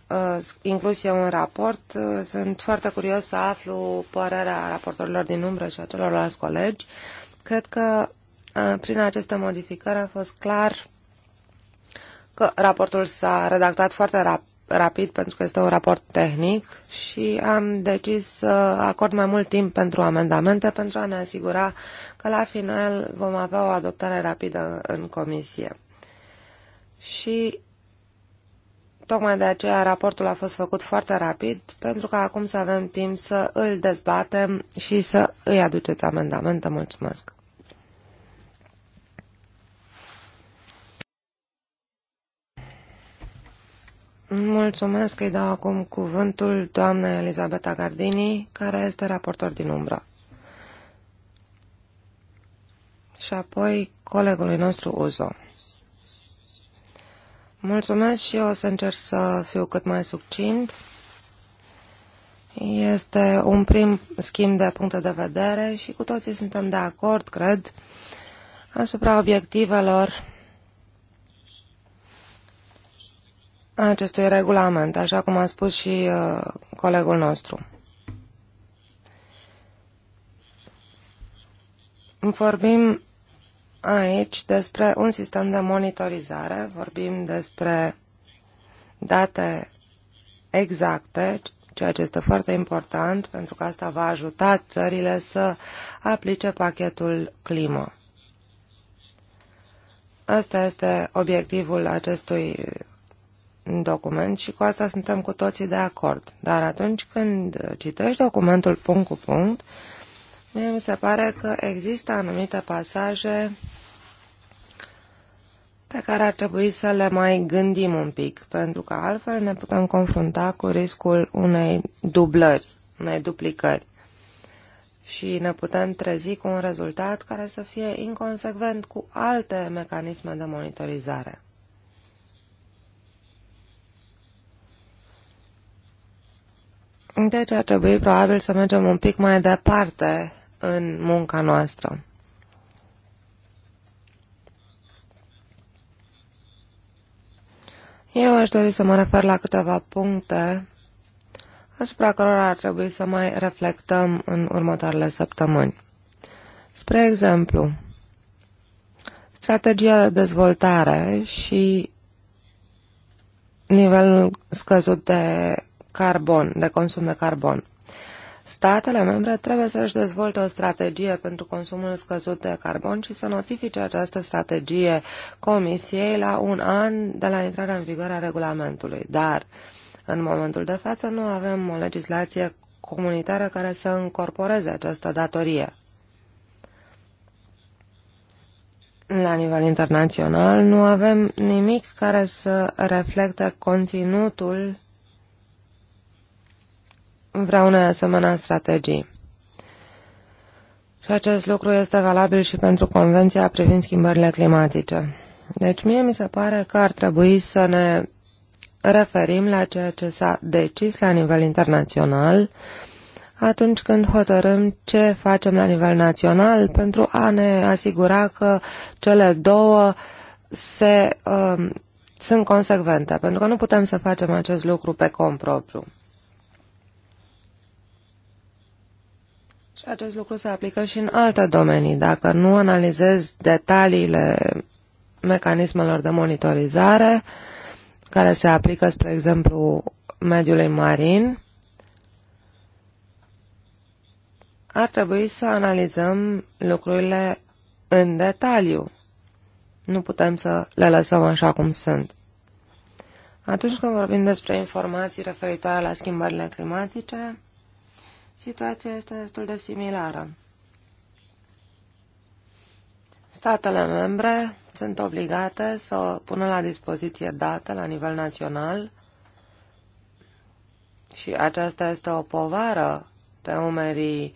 uh, inclus eu în raport. Sunt foarte curios să aflu părerea raportorilor din umbră și a celorlalți colegi. Cred că prin aceste modificări a fost clar că raportul s-a redactat foarte rap rapid pentru că este un raport tehnic și am decis să acord mai mult timp pentru amendamente pentru a ne asigura că la final vom avea o adoptare rapidă în comisie. Și Tocmai de aceea raportul a fost făcut foarte rapid, pentru că acum să avem timp să îl dezbatem și să îi aduceți amendamente. Mulțumesc! Mulțumesc, îi dau acum cuvântul doamnei Elisabeta Gardini, care este raportor din umbră. Și apoi colegului nostru Uzo. Mulțumesc și eu o să încerc să fiu cât mai succint. Este un prim schimb de puncte de vedere și cu toții suntem de acord, cred, asupra obiectivelor acestui regulament, așa cum a spus și uh, colegul nostru. Vorbim aici despre un sistem de monitorizare, vorbim despre date exacte, ceea ce este foarte important, pentru că asta va ajuta țările să aplice pachetul climă. Asta este obiectivul acestui document și cu asta suntem cu toții de acord. Dar atunci când citești documentul punct cu punct, mie mi se pare că există anumite pasaje pe care ar trebui să le mai gândim un pic, pentru că altfel ne putem confrunta cu riscul unei dublări, unei duplicări și ne putem trezi cu un rezultat care să fie inconsecvent cu alte mecanisme de monitorizare. Deci ar trebui probabil să mergem un pic mai departe în munca noastră. Eu aș dori să mă refer la câteva puncte asupra cărora ar trebui să mai reflectăm în următoarele săptămâni. Spre exemplu, strategia de dezvoltare și nivelul scăzut de carbon, de consum de carbon. Statele membre trebuie să-și dezvolte o strategie pentru consumul scăzut de carbon și să notifice această strategie Comisiei la un an de la intrarea în vigoare a regulamentului. Dar, în momentul de față, nu avem o legislație comunitară care să încorporeze această datorie. La nivel internațional, nu avem nimic care să reflecte conținutul vrea unei asemenea strategii. Și acest lucru este valabil și pentru Convenția privind schimbările climatice. Deci mie mi se pare că ar trebui să ne referim la ceea ce s-a decis la nivel internațional atunci când hotărâm ce facem la nivel național pentru a ne asigura că cele două se, uh, sunt consecvente, pentru că nu putem să facem acest lucru pe cont propriu. Și acest lucru se aplică și în alte domenii. Dacă nu analizez detaliile mecanismelor de monitorizare care se aplică, spre exemplu, mediului marin, ar trebui să analizăm lucrurile în detaliu. Nu putem să le lăsăm așa cum sunt. Atunci când vorbim despre informații referitoare la schimbările climatice, situația este destul de similară. Statele membre sunt obligate să pună la dispoziție date la nivel național și aceasta este o povară pe umerii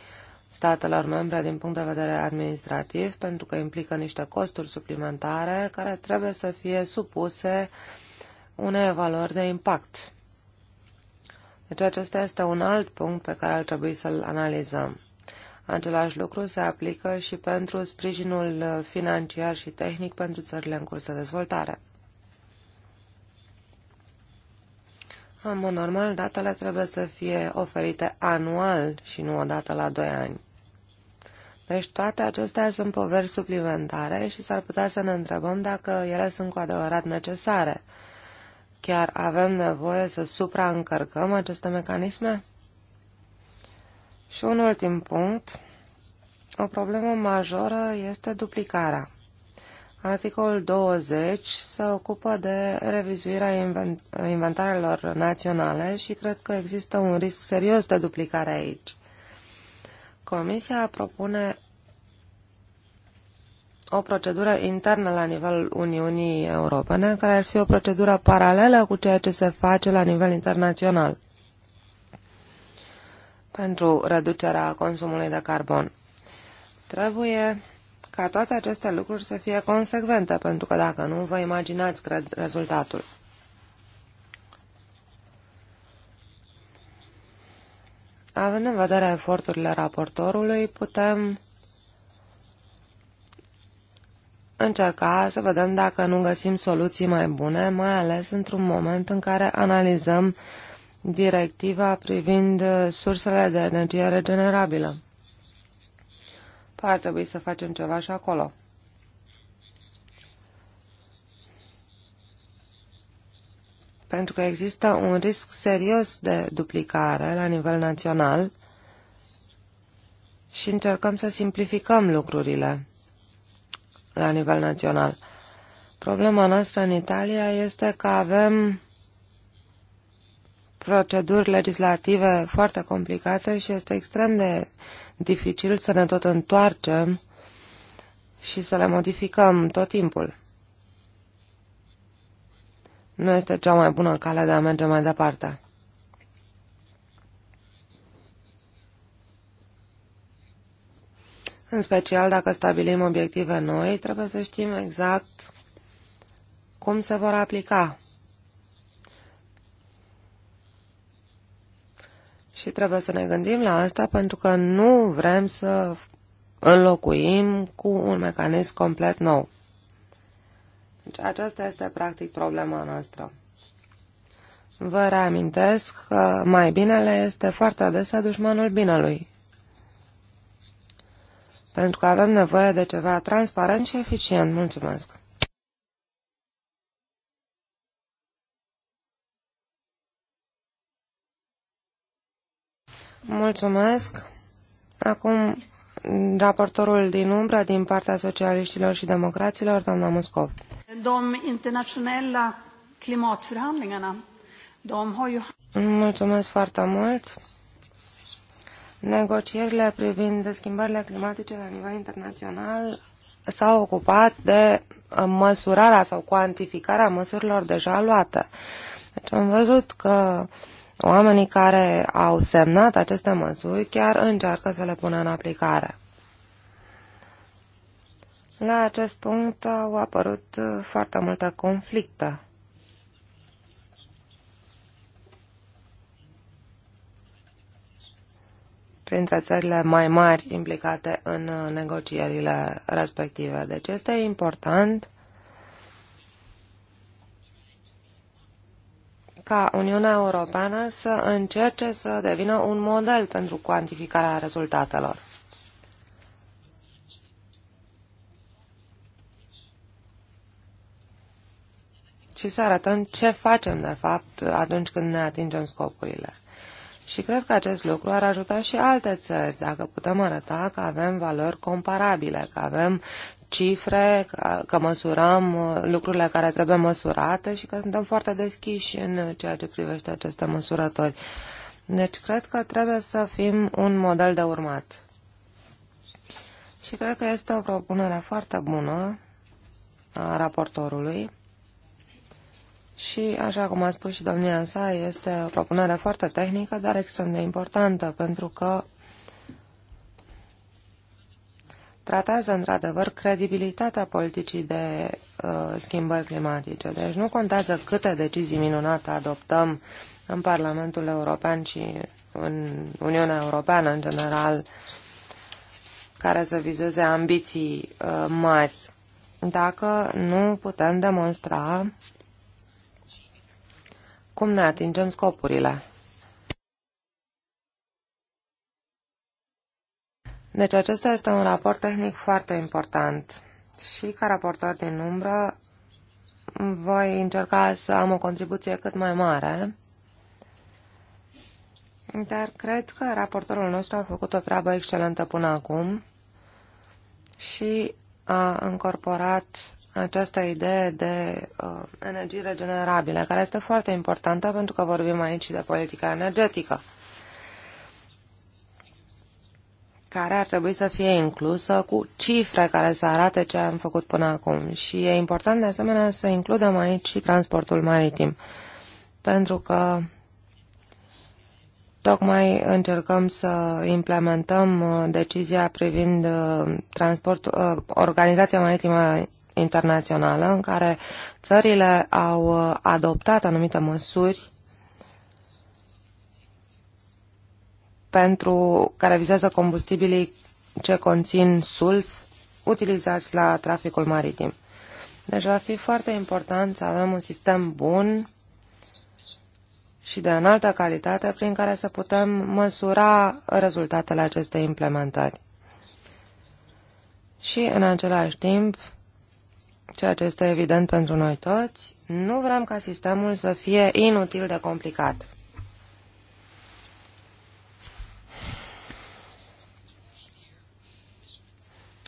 statelor membre din punct de vedere administrativ, pentru că implică niște costuri suplimentare care trebuie să fie supuse unei evaluări de impact. Deci acesta este un alt punct pe care ar trebui să-l analizăm. Același lucru se aplică și pentru sprijinul uh, financiar și tehnic pentru țările în curs de dezvoltare. În mod normal, datele trebuie să fie oferite anual și nu o dată la 2 ani. Deci toate acestea sunt poveri suplimentare și s-ar putea să ne întrebăm dacă ele sunt cu adevărat necesare Chiar avem nevoie să supraîncărcăm aceste mecanisme? Și un ultim punct. O problemă majoră este duplicarea. Articolul 20 se ocupă de revizuirea inventarelor naționale și cred că există un risc serios de duplicare aici. Comisia propune o procedură internă la nivelul Uniunii Europene, care ar fi o procedură paralelă cu ceea ce se face la nivel internațional pentru reducerea consumului de carbon. Trebuie ca toate aceste lucruri să fie consecvente, pentru că dacă nu, vă imaginați, cred, rezultatul. Având în vedere eforturile raportorului, putem încerca să vedem dacă nu găsim soluții mai bune, mai ales într-un moment în care analizăm directiva privind uh, sursele de energie regenerabilă. Ar trebui să facem ceva și acolo. Pentru că există un risc serios de duplicare la nivel național și încercăm să simplificăm lucrurile la nivel național. Problema noastră în Italia este că avem proceduri legislative foarte complicate și este extrem de dificil să ne tot întoarcem și să le modificăm tot timpul. Nu este cea mai bună cale de a merge mai departe. În special dacă stabilim obiective noi, trebuie să știm exact cum se vor aplica. Și trebuie să ne gândim la asta pentru că nu vrem să înlocuim cu un mecanism complet nou. Deci aceasta este practic problema noastră. Vă reamintesc că mai binele este foarte adesea dușmanul binelui pentru că avem nevoie de ceva transparent și eficient. Mulțumesc! Mulțumesc! Acum, raportorul din umbră din partea socialiștilor și democraților, doamna Muscov. Mulțumesc foarte mult! Negocierile privind schimbările climatice la nivel internațional s-au ocupat de măsurarea sau cuantificarea măsurilor deja luate. Deci am văzut că oamenii care au semnat aceste măsuri chiar încearcă să le pună în aplicare. La acest punct au apărut foarte multe conflicte. printre țările mai mari implicate în uh, negocierile respective. Deci este important ca Uniunea Europeană să încerce să devină un model pentru cuantificarea rezultatelor. Și să arătăm ce facem, de fapt, atunci când ne atingem scopurile. Și cred că acest lucru ar ajuta și alte țări, dacă putem arăta că avem valori comparabile, că avem cifre, că, măsurăm uh, lucrurile care trebuie măsurate și că suntem foarte deschiși în ceea ce privește aceste măsurători. Deci cred că trebuie să fim un model de urmat. Și cred că este o propunere foarte bună a raportorului și, așa cum a spus și domnia sa, este o propunere foarte tehnică, dar extrem de importantă, pentru că tratează într-adevăr credibilitatea politicii de uh, schimbări climatice. Deci nu contează câte decizii minunate adoptăm în Parlamentul European și în Uniunea Europeană în general, care să vizeze ambiții uh, mari, dacă nu putem demonstra cum ne atingem scopurile. Deci acesta este un raport tehnic foarte important și ca raportor din umbră voi încerca să am o contribuție cât mai mare, dar cred că raportorul nostru a făcut o treabă excelentă până acum și a încorporat această idee de uh, energie regenerabilă, care este foarte importantă pentru că vorbim aici de politica energetică, care ar trebui să fie inclusă cu cifre care să arate ce am făcut până acum. Și e important de asemenea să includem aici și transportul maritim, pentru că Tocmai încercăm să implementăm uh, decizia privind uh, transportul uh, Organizația Maritimă internațională în care țările au uh, adoptat anumite măsuri pentru care vizează combustibilii ce conțin sulf utilizați la traficul maritim. Deci va fi foarte important să avem un sistem bun și de înaltă calitate prin care să putem măsura rezultatele acestei implementări. Și în același timp ceea ce este evident pentru noi toți, nu vrem ca sistemul să fie inutil de complicat.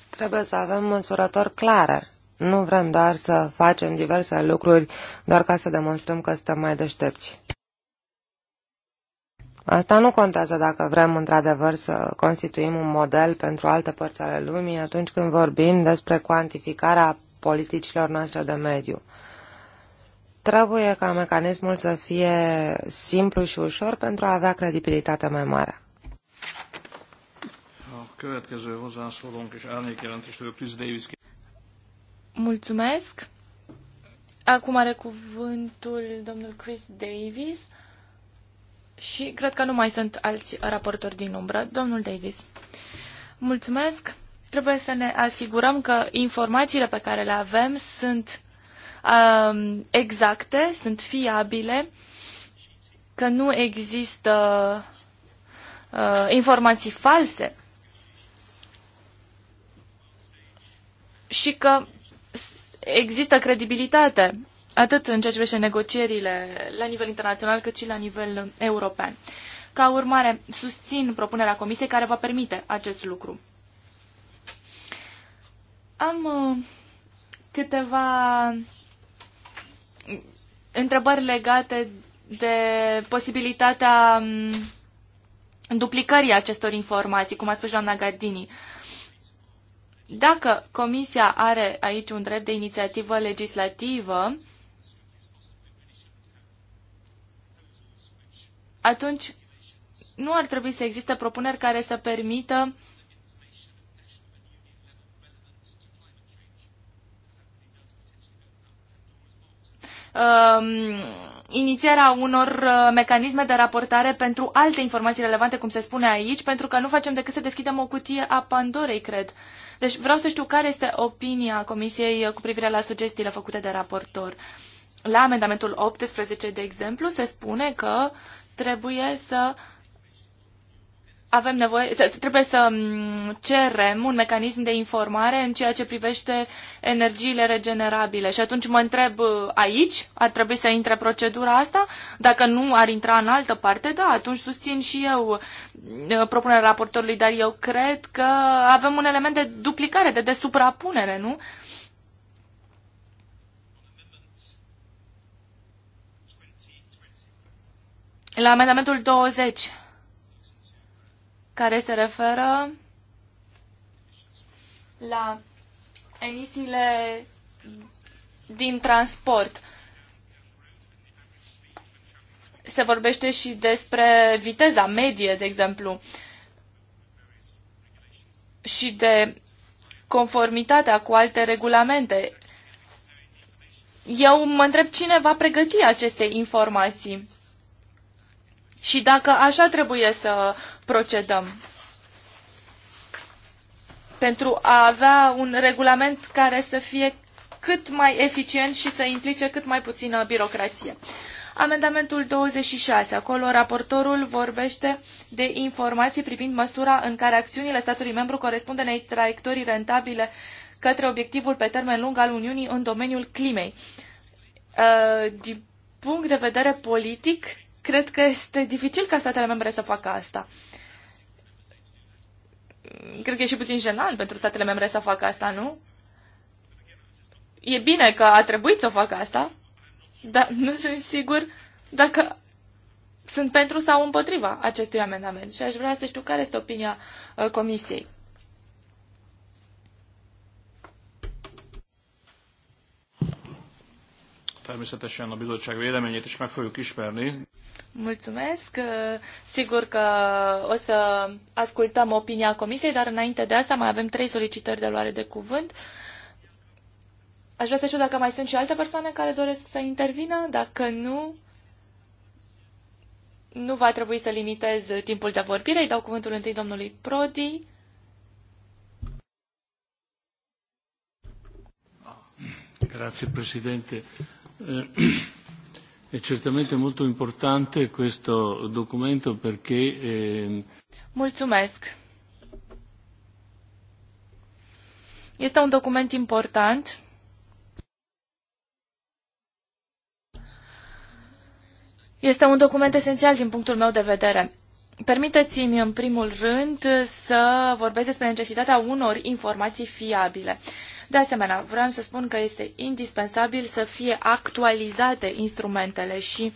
Trebuie să avem măsurători clare. Nu vrem doar să facem diverse lucruri doar ca să demonstrăm că suntem mai deștepți. Asta nu contează dacă vrem într-adevăr să constituim un model pentru alte părți ale lumii atunci când vorbim despre cuantificarea politicilor noastre de mediu. Trebuie ca mecanismul să fie simplu și ușor pentru a avea credibilitate mai mare. Mulțumesc. Acum are cuvântul domnul Chris Davis și cred că nu mai sunt alți raportori din umbră. Domnul Davis, mulțumesc. Trebuie să ne asigurăm că informațiile pe care le avem sunt um, exacte, sunt fiabile, că nu există uh, informații false și că există credibilitate atât în ceea ce privește negocierile la nivel internațional, cât și la nivel european. Ca urmare, susțin propunerea Comisiei care va permite acest lucru. Am uh, câteva mm, întrebări legate de posibilitatea mm, duplicării acestor informații, cum a spus doamna Gardini. Dacă Comisia are aici un drept de inițiativă legislativă, atunci nu ar trebui să existe propuneri care să permită um, inițierea unor uh, mecanisme de raportare pentru alte informații relevante, cum se spune aici, pentru că nu facem decât să deschidem o cutie a Pandorei, cred. Deci vreau să știu care este opinia Comisiei uh, cu privire la sugestiile făcute de raportor. La amendamentul 18, de exemplu, se spune că trebuie să avem nevoie, să, trebuie să mm, cerem un mecanism de informare în ceea ce privește energiile regenerabile. Și atunci mă întreb uh, aici, ar trebui să intre procedura asta? Dacă nu ar intra în altă parte, da, atunci susțin și eu uh, propunerea raportorului, dar eu cred că avem un element de duplicare, de, de suprapunere, nu? Uh, La amendamentul 20, care se referă la emisiile din transport. Se vorbește și despre viteza medie, de exemplu, și de conformitatea cu alte regulamente. Eu mă întreb cine va pregăti aceste informații. Și dacă așa trebuie să procedăm, pentru a avea un regulament care să fie cât mai eficient și să implice cât mai puțină birocrație. Amendamentul 26. Acolo raportorul vorbește de informații privind măsura în care acțiunile statului membru corespund unei traiectorii rentabile către obiectivul pe termen lung al Uniunii în domeniul climei. Uh, din punct de vedere politic, cred că este dificil ca statele membre să facă asta. Cred că e și puțin jenant pentru statele membre să facă asta, nu? E bine că a trebuit să facă asta, dar nu sunt sigur dacă sunt pentru sau împotriva acestui amendament. Și aș vrea să știu care este opinia uh, Comisiei. természetesen a bizottság véleményét is meg fogjuk ismerni. Mulțumesc! Sigur că o să ascultăm opinia comisiei, dar înainte de asta mai avem trei solicitări de luare de cuvânt. Aș vrea să știu dacă mai sunt și alte persoane care doresc să intervină. Dacă nu, nu va trebui să limitez timpul de vorbire. Îi dau cuvântul întâi domnului Prodi. Grazie, președinte. Eh, è certamente molto importante questo documento perché... Ehm, Mulțumesc! Este un document important Este un document esențial din punctul meu de vedere. Permiteți-mi, în primul rând, să vorbesc despre necesitatea unor informații fiabile. De asemenea, vreau să spun că este indispensabil să fie actualizate instrumentele și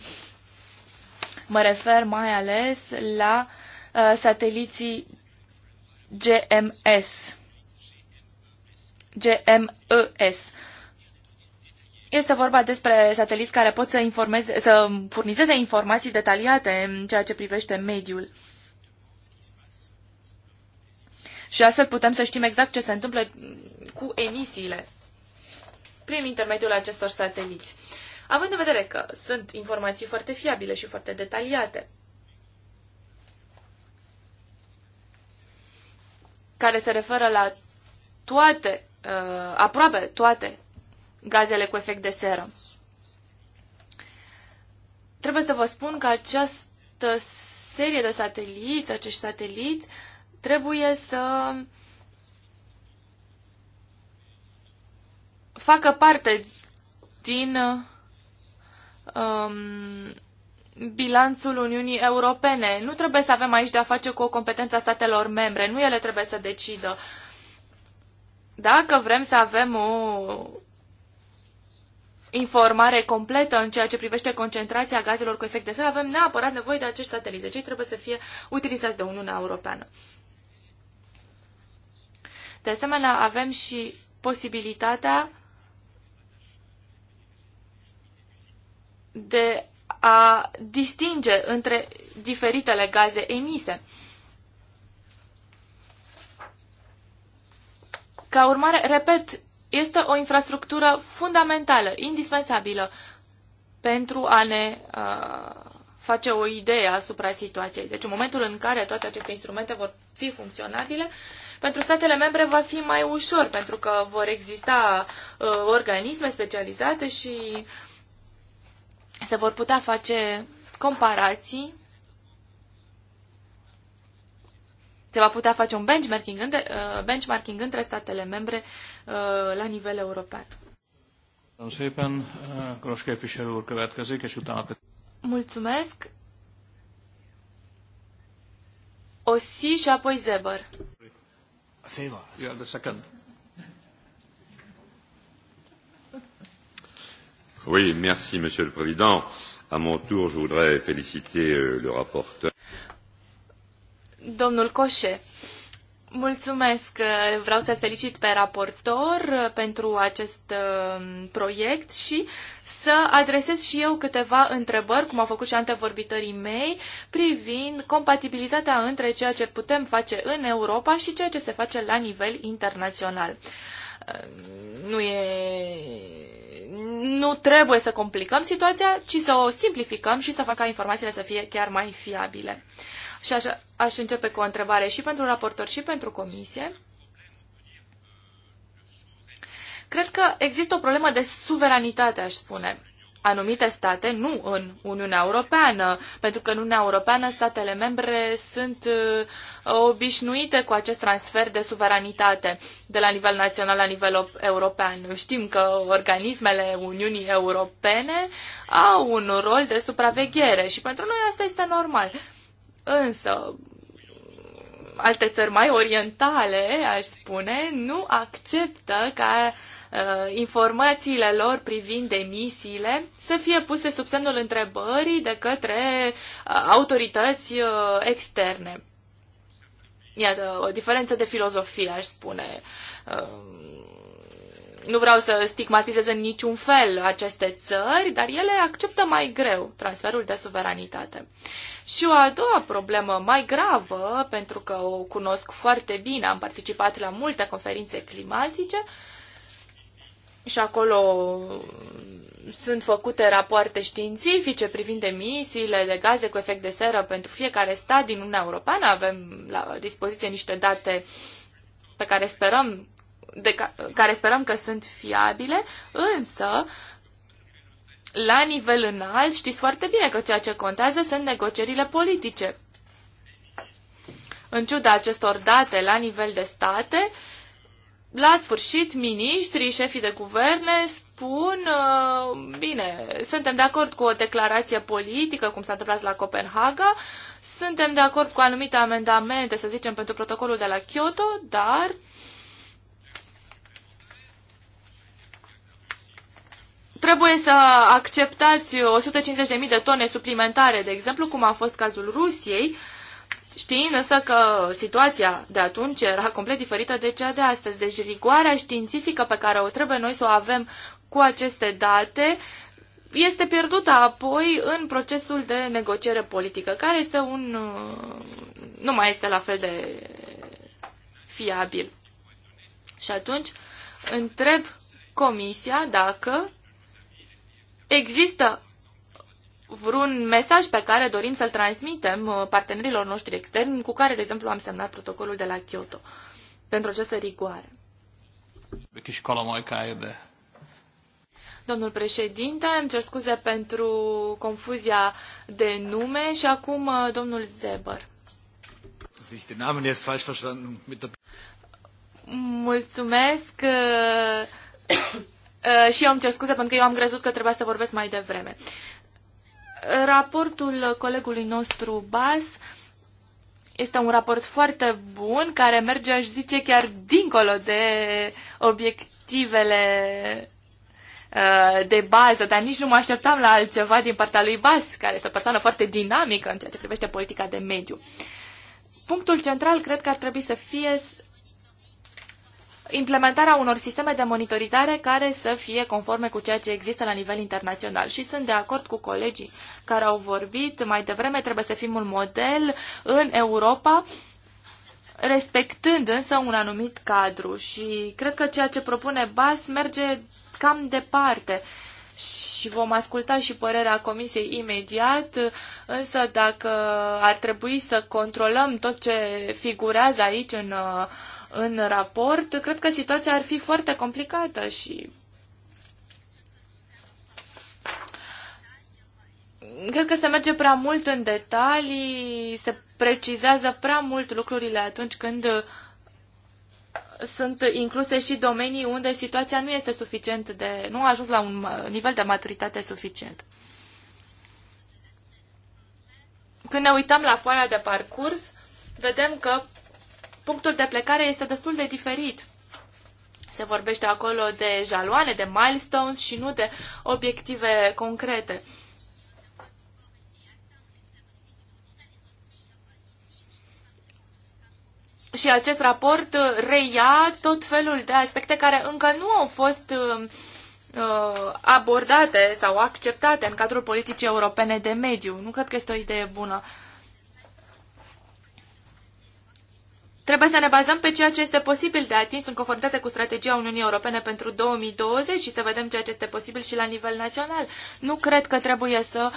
mă refer mai ales la uh, sateliții GMS. GMES. Este vorba despre sateliți care pot să, informeze, să furnizeze informații detaliate în ceea ce privește mediul și astfel putem să știm exact ce se întâmplă cu emisiile prin intermediul acestor sateliți. Având în vedere că sunt informații foarte fiabile și foarte detaliate, care se referă la toate, uh, aproape toate gazele cu efect de seră. Trebuie să vă spun că această serie de sateliți, acești sateliți, uh, trebuie să facă parte din um, bilanțul Uniunii Europene. Nu trebuie să avem aici de a face cu o competență a statelor membre, nu ele trebuie să decidă. Dacă vrem să avem o informare completă în ceea ce privește concentrația gazelor cu efect de seră, avem neapărat nevoie de acești sateliți. Deci ei trebuie să fie utilizați de Uniunea Europeană. De asemenea, avem și posibilitatea de a distinge între diferitele gaze emise. Ca urmare, repet, este o infrastructură fundamentală, indispensabilă pentru a ne uh, face o idee asupra situației. Deci în momentul în care toate aceste instrumente vor fi funcționabile, pentru statele membre va fi mai ușor, pentru că vor exista uh, organisme specializate și se vor putea face comparații. Se va putea face un benchmarking între, uh, benchmarking între statele membre uh, la nivel european. Uh, Mulțumesc! O si și apoi zebăr. Seva. Yeah, the second. Oui, merci, Monsieur le Président. À mon tour, je voudrais féliciter euh, le rapporteur. Domnul Coșe, Mulțumesc! Vreau să felicit pe raportor uh, pentru acest uh, proiect și să adresez și eu câteva întrebări, cum au făcut și antevorbitorii mei, privind compatibilitatea între ceea ce putem face în Europa și ceea ce se face la nivel internațional. Uh, nu e nu trebuie să complicăm situația, ci să o simplificăm și să facă informațiile să fie chiar mai fiabile. Uh, și aș, aș începe cu o întrebare și pentru raportor și pentru comisie. Cred că există o problemă de suveranitate, aș spune. Anumite state, nu în Uniunea Europeană, pentru că în Uniunea Europeană statele membre sunt uh, obișnuite cu acest transfer de suveranitate de la nivel național la nivel european. Știm că organismele Uniunii Europene au un rol de supraveghere și pentru noi asta este normal. Însă, alte țări mai orientale, aș spune, nu acceptă ca uh, informațiile lor privind emisiile să fie puse sub semnul întrebării de către uh, autorități uh, externe. Iată, o diferență de filozofie, aș spune. Uh, nu vreau să stigmatizez în niciun fel aceste țări, dar ele acceptă mai greu transferul de suveranitate. Și o a doua problemă mai gravă, pentru că o cunosc foarte bine, am participat la multe conferințe climatice și acolo sunt făcute rapoarte științifice privind emisiile de gaze cu efect de seră pentru fiecare stat din Uniunea Europeană. Avem la dispoziție niște date pe care sperăm de ca, care sperăm că sunt fiabile, însă la nivel înalt știți foarte bine că ceea ce contează sunt negocierile politice. În ciuda acestor date la nivel de state, la sfârșit, miniștrii, șefii de guverne spun, uh, bine, suntem de acord cu o declarație politică, cum s-a întâmplat la Copenhaga, suntem de acord cu anumite amendamente, să zicem, pentru protocolul de la Kyoto, dar uh, trebuie să acceptați 150.000 de tone suplimentare, de exemplu, cum a fost cazul Rusiei, știind însă că situația de atunci era complet diferită de cea de astăzi. Deci rigoarea științifică pe care o trebuie noi să o avem cu aceste date este pierdută apoi în procesul de negociere politică, care este un... nu mai este la fel de fiabil. Și atunci întreb Comisia dacă Există vreun mesaj pe care dorim să-l transmitem uh, partenerilor noștri externi cu care, de exemplu, am semnat protocolul de la Kyoto pentru această rigoare. Domnul președinte, îmi cer scuze pentru confuzia de nume și acum uh, domnul Zeber. Mulțumesc. Uh, Uh, și eu îmi cer scuze pentru că eu am crezut că trebuia să vorbesc mai devreme. Raportul colegului nostru Bas este un raport foarte bun care merge, aș zice, chiar dincolo de obiectivele uh, de bază, dar nici nu mă așteptam la altceva din partea lui Bas, care este o persoană foarte dinamică în ceea ce privește politica de mediu. Punctul central cred că ar trebui să fie implementarea unor sisteme de monitorizare care să fie conforme cu ceea ce există la nivel internațional. Și sunt de acord cu colegii care au vorbit mai devreme, trebuie să fim un model în Europa respectând însă un anumit cadru și cred că ceea ce propune BAS merge cam departe și vom asculta și părerea comisiei imediat, însă dacă ar trebui să controlăm tot ce figurează aici în uh, în raport, cred că situația ar fi foarte complicată și cred că se merge prea mult în detalii, se precizează prea mult lucrurile atunci când sunt incluse și domenii unde situația nu este suficient de, nu a ajuns la un nivel de maturitate suficient. Când ne uităm la foaia de parcurs, vedem că punctul de plecare este destul de diferit. Se vorbește acolo de jaloane, de milestones și nu de obiective concrete. Și acest raport reia tot felul de aspecte care încă nu au fost uh, uh, abordate sau acceptate în cadrul politicii europene de mediu. Nu cred că este o idee bună. Trebuie să ne bazăm pe ceea ce este posibil de atins în conformitate cu strategia Uniunii Europene pentru 2020 și să vedem ceea ce este posibil și la nivel național. Nu cred că trebuie să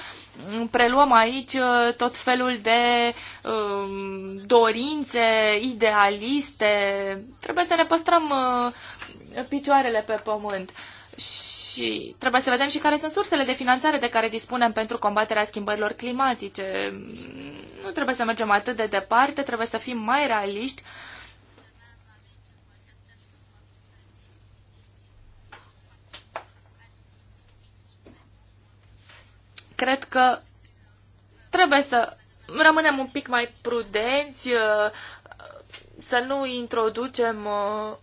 mm, preluăm aici uh, tot felul de um, dorințe idealiste. Trebuie să ne păstrăm uh, picioarele pe pământ. Și și trebuie să vedem și care sunt sursele de finanțare de care dispunem pentru combaterea schimbărilor climatice. Nu trebuie să mergem atât de departe, trebuie să fim mai realiști. Cred că trebuie să rămânem un pic mai prudenți, să nu introducem uh,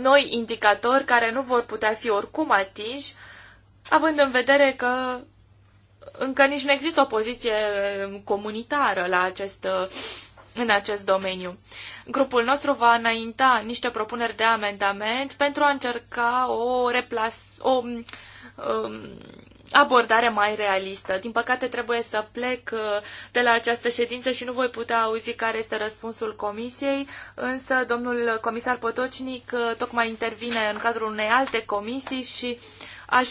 noi indicatori care nu vor putea fi oricum atinși, având în vedere că încă nici nu există o poziție uh, comunitară la acest, uh, în acest domeniu. Grupul nostru va înainta niște propuneri de amendament pentru a încerca o, replas, o um, abordare mai realistă. Din păcate trebuie să plec uh, de la această ședință și nu voi putea auzi care este răspunsul comisiei, însă domnul comisar Potocnic uh, tocmai intervine în cadrul unei alte comisii și aș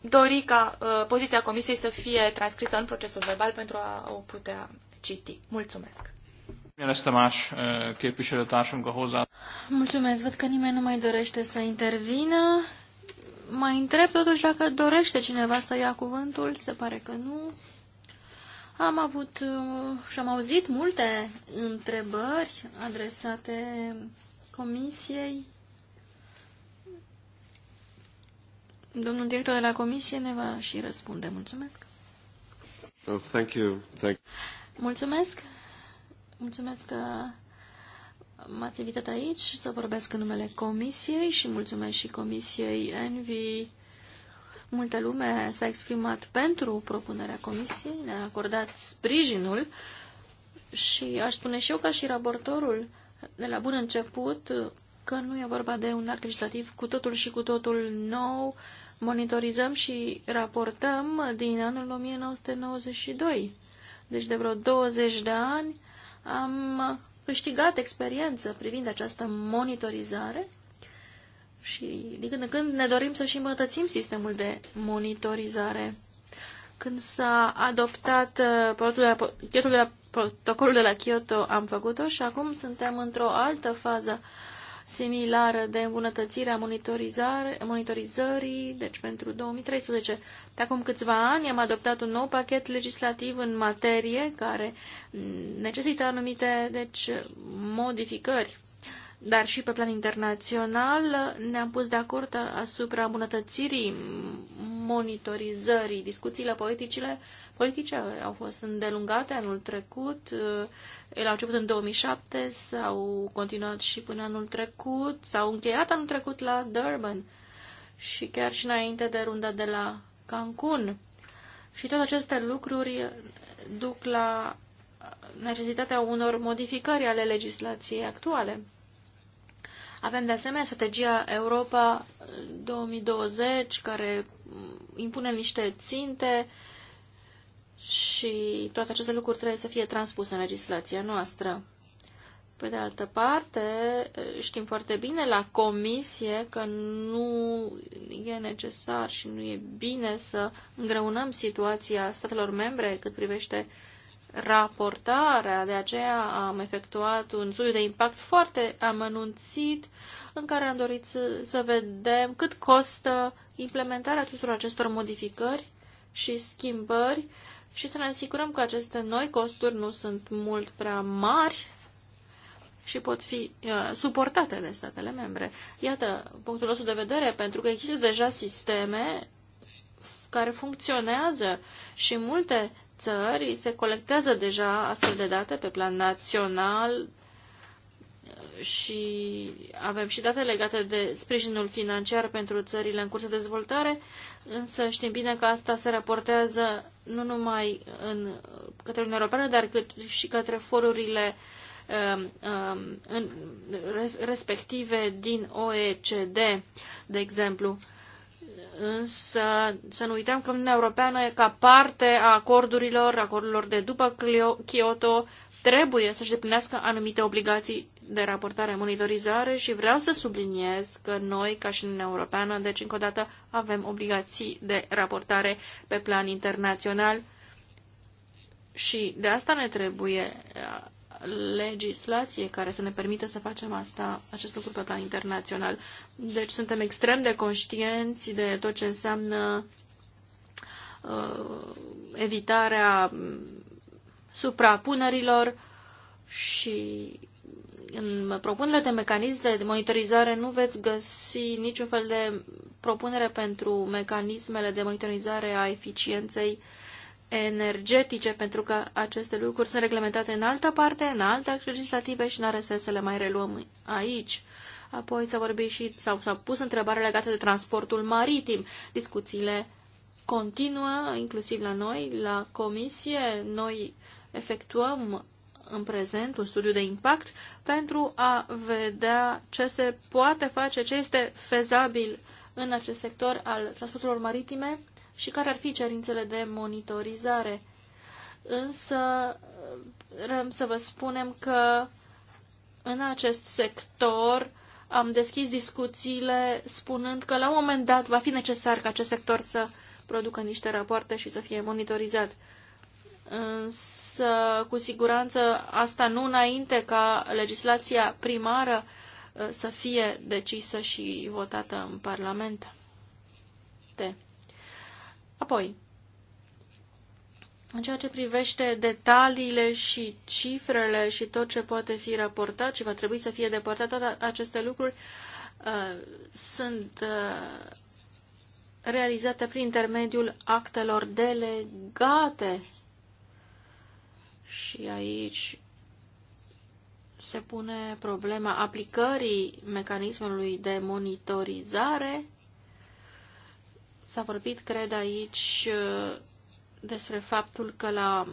dori ca uh, poziția comisiei să fie transcrisă în procesul verbal pentru a o putea citi. Mulțumesc! Mulțumesc, văd că nimeni nu mai dorește să intervină mai întreb totuși dacă dorește cineva să ia cuvântul, se pare că nu. Am avut uh, și am auzit multe întrebări adresate comisiei. Domnul director de la comisie ne va și răspunde. Mulțumesc. Oh, thank you. Thank you. Mulțumesc. Mulțumesc că m-ați invitat aici să vorbesc în numele Comisiei și mulțumesc și Comisiei Envi. Multă lume s-a exprimat pentru propunerea Comisiei, ne-a acordat sprijinul și aș spune și eu ca și raportorul de la bun început că nu e vorba de un act legislativ cu totul și cu totul nou. Monitorizăm și raportăm din anul 1992. Deci de vreo 20 de ani am câștigat experiență privind această monitorizare și din când în când ne dorim să și îmbunătățim sistemul de monitorizare. Când s-a adoptat uh, protocolul de la Kyoto, am făcut-o și acum suntem într-o altă fază similară de îmbunătățire a monitorizării, deci pentru 2013. De acum câțiva ani am adoptat un nou pachet legislativ în materie care necesită anumite deci, modificări. Dar și pe plan internațional ne-am pus de acord asupra îmbunătățirii monitorizării. Discuțiile politicile uh, politice au fost îndelungate anul trecut. Eh, ele au început în 2007, s-au continuat și până anul trecut, s-au încheiat anul trecut la Durban și chiar și înainte de runda de la Cancun. Și toate aceste lucruri duc la necesitatea unor modificări ale legislației actuale. Avem de asemenea strategia Europa 2020 eh, care mm, impune niște ținte uh, și toate aceste lucruri trebuie să fie transpuse în legislația noastră. Pe de altă parte, știm foarte bine la comisie că nu e necesar și nu e bine să îngreunăm situația statelor membre cât privește raportarea. De aceea am efectuat un studiu de impact foarte amănunțit în care am dorit să, să vedem cât costă implementarea tuturor acestor modificări și schimbări și să ne asigurăm că aceste noi costuri nu sunt mult prea mari și pot fi uh, suportate de statele membre. Iată punctul nostru de vedere, pentru că există deja sisteme care funcționează și multe țări se colectează deja astfel de date pe plan național și avem și date legate de sprijinul financiar pentru țările în curs de dezvoltare, însă știm bine că asta se raportează nu numai în, către Uniunea Europeană, dar cât și către forurile um, um, în, respective din OECD, de exemplu. Însă să nu uităm că Uniunea Europeană, ca parte a acordurilor, acordurilor de după Kyoto, trebuie să-și deplinească anumite obligații de raportare, monitorizare și vreau să subliniez că noi, ca și Uniunea Europeană, deci încă o dată avem obligații de raportare pe plan internațional și de asta ne trebuie uh, legislație care să ne permită să facem asta, acest lucru pe plan internațional. Deci suntem extrem de conștienți de tot ce înseamnă uh, evitarea mm, suprapunerilor și în propunerea de mecanism de monitorizare nu veți găsi niciun fel de propunere pentru mecanismele de monitorizare a eficienței energetice, pentru că aceste lucruri sunt reglementate în altă parte, în alte acte legislative și nu are sens să le mai reluăm aici. Apoi s-a vorbit și, sau s-a pus întrebare legată de transportul maritim. Discuțiile continuă, inclusiv la noi, la comisie. Noi efectuăm în prezent un studiu de impact pentru a vedea ce se poate face, ce este fezabil în acest sector al transporturilor maritime și care ar fi cerințele de monitorizare. Însă, vrem să vă spunem că în acest sector am deschis discuțiile spunând că la un moment dat va fi necesar ca acest sector să producă niște rapoarte și să fie monitorizat însă cu siguranță asta nu înainte ca legislația primară uh, să fie decisă și votată în Parlament. Te. Apoi, în ceea ce privește detaliile și cifrele și tot ce poate fi raportat și va trebui să fie deportat, toate aceste lucruri uh, sunt uh, realizate prin intermediul actelor delegate și aici se pune problema aplicării mecanismului de monitorizare. S-a vorbit, cred, aici uh, despre faptul că la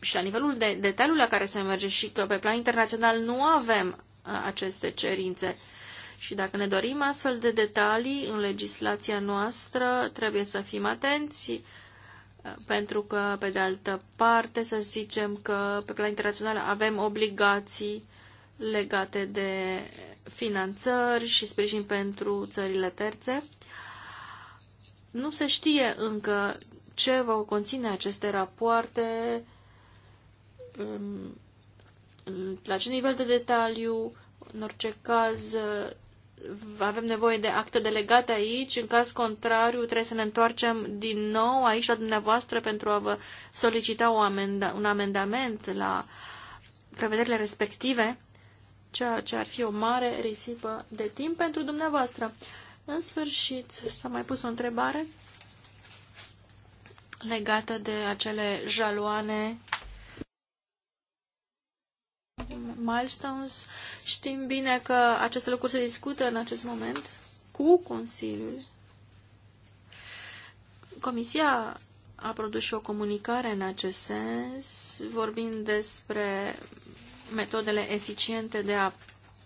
și la nivelul de detaliu la care se merge și că pe plan internațional nu avem uh, aceste cerințe. Și dacă ne dorim astfel de detalii în legislația noastră, trebuie să fim atenți pentru că, pe de altă parte, să zicem că pe plan internațional avem obligații legate de finanțări și sprijin pentru țările terțe. Nu se știe încă ce vă conține aceste rapoarte, um, la ce nivel de detaliu, în orice caz, avem nevoie de acte delegate aici, în caz contrariu trebuie să ne întoarcem din nou aici la dumneavoastră pentru a vă solicita o amenda, un amendament la prevederile respective, ceea ce ar fi o mare risipă de timp pentru dumneavoastră. În sfârșit, s-a mai pus o întrebare legată de acele jaloane milestones. Știm bine că aceste lucruri se discută în acest moment cu Consiliul. Comisia a produs și o comunicare în acest sens, vorbind despre metodele eficiente de a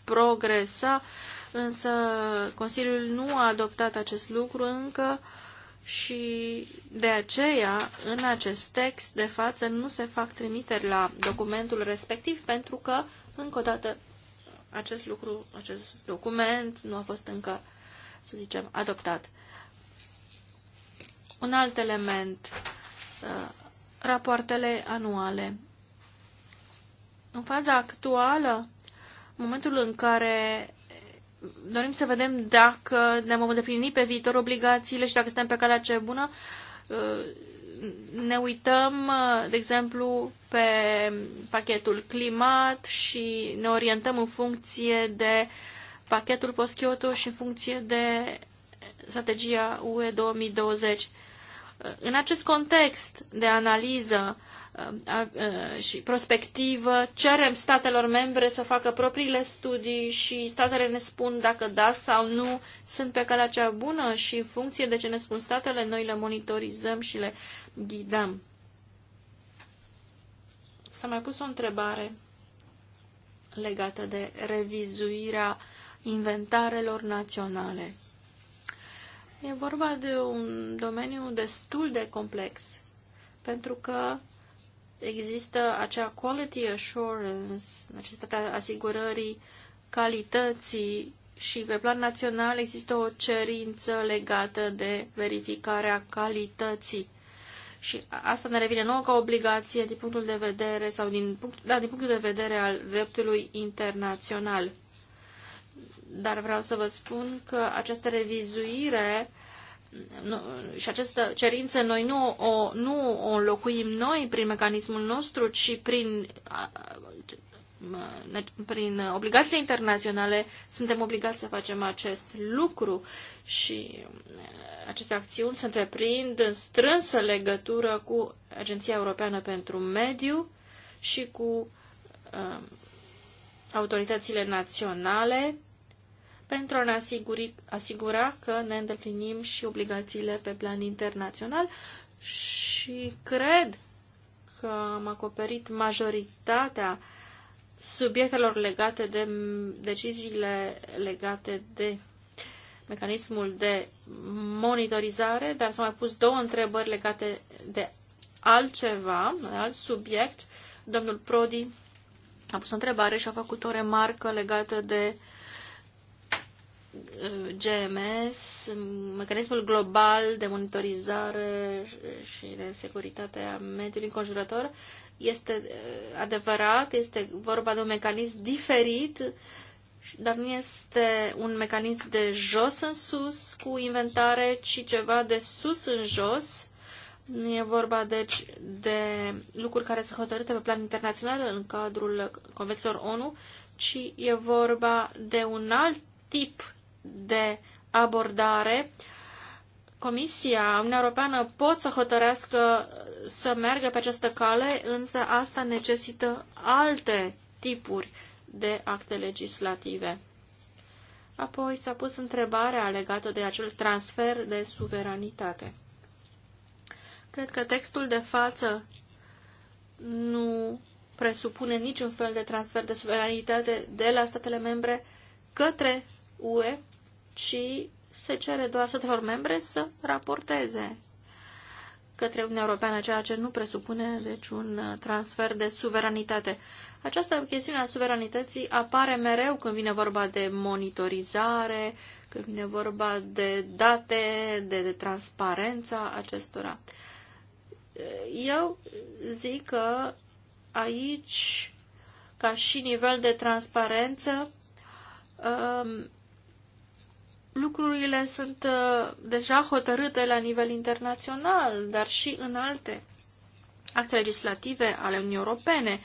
progresa, însă Consiliul nu a adoptat acest lucru încă și de aceea în acest text de față nu se fac trimiteri la documentul respectiv pentru că încă o dată, acest lucru, acest document nu a fost încă, să zicem, adoptat. Un alt element, uh, rapoartele anuale. În faza actuală, în momentul în care dorim să vedem dacă ne vom îndeplini pe viitor obligațiile și dacă suntem pe calea cea bună, uh, ne uităm, uh, de exemplu, pe pachetul climat și ne orientăm în funcție de pachetul post-Kyoto și în funcție de strategia UE 2020. Uh, în acest context de analiză, și prospectivă, cerem statelor membre să facă propriile studii și statele ne spun dacă da sau nu sunt pe calea cea bună și în funcție de ce ne spun statele, noi le monitorizăm și le ghidăm. S-a mai pus o întrebare legată de revizuirea inventarelor naționale. E vorba de un domeniu destul de complex, pentru că există acea quality assurance, necesitatea asigurării calității și pe plan național există o cerință legată de verificarea calității. Și asta ne revine nouă ca obligație din punctul de vedere sau din, punct, da, din punctul de vedere al dreptului internațional. Dar vreau să vă spun că această revizuire nu, și această cerință noi nu o, nu o înlocuim noi prin mecanismul nostru, ci prin, prin obligațiile internaționale suntem obligați să facem acest lucru și aceste acțiuni se întreprind în strânsă legătură cu Agenția Europeană pentru Mediu și cu uh, autoritățile naționale pentru a ne asiguri, asigura că ne îndeplinim și obligațiile pe plan internațional și cred că am acoperit majoritatea subiectelor legate de deciziile legate de mecanismul de monitorizare, dar s-au mai pus două întrebări legate de altceva, de alt subiect. Domnul Prodi a pus o întrebare și a făcut o remarcă legată de uh, GMS, mecanismul global de monitorizare și de securitate a mediului înconjurător, este uh, adevărat, este vorba de un mecanism diferit, dar nu este un mecanism de jos în sus cu inventare, ci ceva de sus în jos. Nu e vorba, deci, de lucruri care sunt hotărâte pe plan internațional în cadrul Convențiilor ONU, ci e vorba de un alt tip de abordare, Comisia, Uniunea Europeană pot să hotărească să meargă pe această cale, însă asta necesită alte tipuri de acte legislative. Apoi s-a pus întrebarea legată de acel transfer de suveranitate. Cred că textul de față nu presupune niciun fel de transfer de suveranitate de la statele membre către UE, ci se cere doar statelor membre să raporteze către Uniunea Europeană, ceea ce nu presupune deci un transfer de suveranitate. Această chestiune a suveranității apare mereu când vine vorba de monitorizare, când vine vorba de date, de, de transparența acestora. Eu zic că aici, ca și nivel de transparență, um, lucrurile sunt uh, deja hotărâte la nivel internațional, dar și în alte acte legislative ale Uniunii Europene,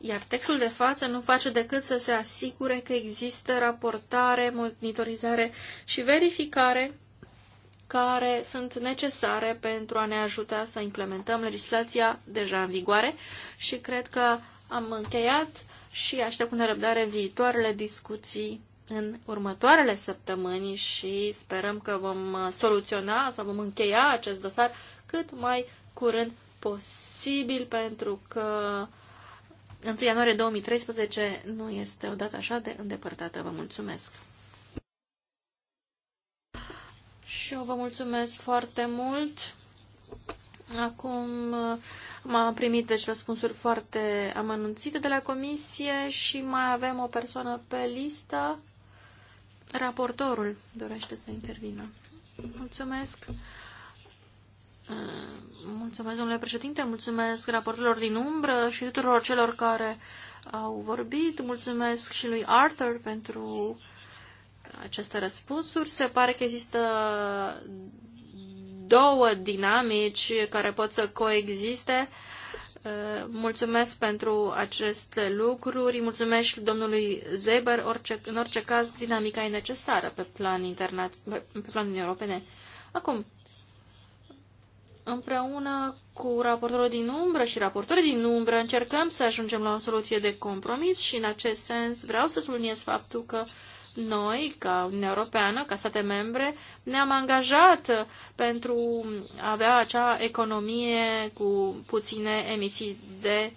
iar textul de față nu face decât să se asigure că există raportare, monitorizare și verificare care sunt necesare pentru a ne ajuta să implementăm legislația deja în vigoare și cred că am încheiat și aștept cu nerăbdare viitoarele discuții în următoarele săptămâni și sperăm că vom uh, soluționa sau vom încheia acest dosar cât mai curând posibil, pentru că 1 ianuarie 2013 nu este o dată așa de îndepărtată. Vă mulțumesc! Și eu vă mulțumesc foarte mult! Acum uh, am primit deci răspunsuri foarte amănunțite de la comisie și mai avem o persoană pe listă. Raportorul dorește să intervină. Mulțumesc. Uh, mulțumesc, domnule președinte, mulțumesc raportorilor din umbră și tuturor celor care au vorbit. Mulțumesc și lui Arthur pentru aceste răspunsuri. Se pare că există două dinamici care pot să coexiste Mulțumesc pentru aceste lucruri, mulțumesc și domnului Zeber, orice, în orice caz dinamica e necesară pe plan, internațional pe plan europene. Acum, împreună cu raportorul din umbră și raportorii din umbră încercăm să ajungem la o soluție de compromis și în acest sens vreau să subliniez faptul că uh, noi, ca Uniunea Europeană, ca state membre, ne-am angajat pentru a avea acea economie cu puține emisii de,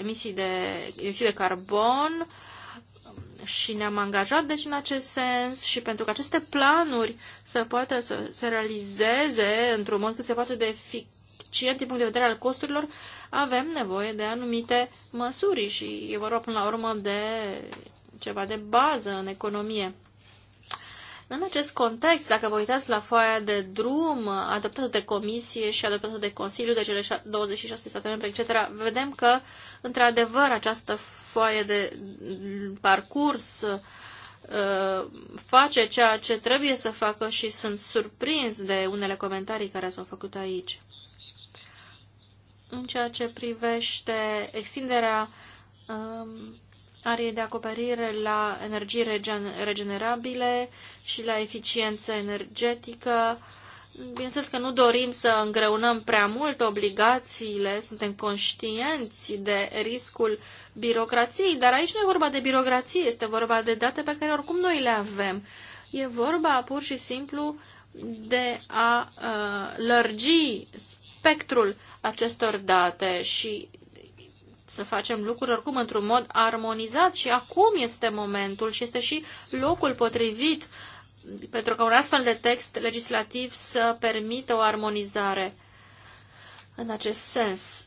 emisii de emisii de carbon și ne-am angajat deci în acest sens și pentru că aceste planuri să poată să se realizeze într-un mod cât se poate de eficace eficient din punct de vedere al costurilor, avem nevoie de anumite măsuri și e vorba până la urmă de ceva de bază în economie. În acest context, dacă vă uitați la foaia de drum adoptată de Comisie și adoptată de Consiliu de cele 26 state membre, etc., vedem că, într-adevăr, această foaie de parcurs uh, face ceea ce trebuie să facă și sunt surprins de unele comentarii care s-au făcut aici. În ceea ce privește extinderea um, arie de acoperire la energii regenerabile și la eficiență energetică. Bineînțeles că nu dorim să îngreunăm prea mult obligațiile, suntem conștienți de riscul birocrației, dar aici nu e vorba de birocrație, este vorba de date pe care oricum noi le avem. E vorba pur și simplu de a uh, lărgi spectrul acestor date și să facem lucruri oricum într-un mod armonizat și acum este momentul și este și locul potrivit pentru că un astfel de text legislativ să permită o armonizare în acest sens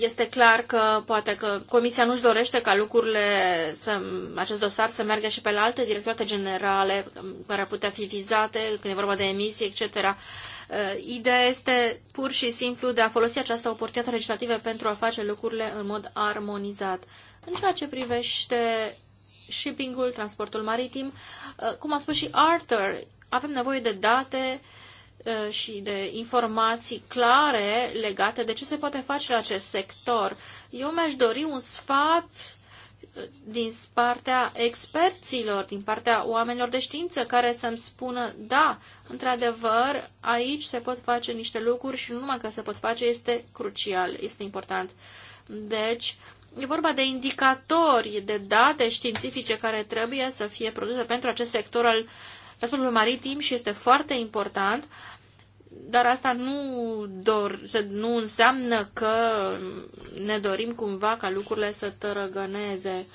este clar că poate că Comisia nu-și dorește ca lucrurile, să, acest dosar să meargă și pe la alte directorate generale care ar putea fi vizate când e vorba de emisii, etc. Uh, ideea este pur și simplu de a folosi această oportunitate legislativă pentru a face lucrurile în mod armonizat. În ceea ce privește shipping-ul, transportul maritim, uh, cum a spus și Arthur, avem nevoie de date uh, Uh, și de informații clare legate de ce se poate face la acest sector. Eu mi-aș dori un sfat uh, din partea experților, din partea oamenilor de știință care să-mi spună, da, într-adevăr, aici se pot face niște lucruri și nu numai că se pot face, este crucial, este important. Deci, e vorba de indicatori, de date științifice care trebuie să fie produse pentru acest sector al uh, transportul maritim și este foarte important, dar asta nu, dor, nu înseamnă că ne dorim cumva ca lucrurile să tărăgăneze.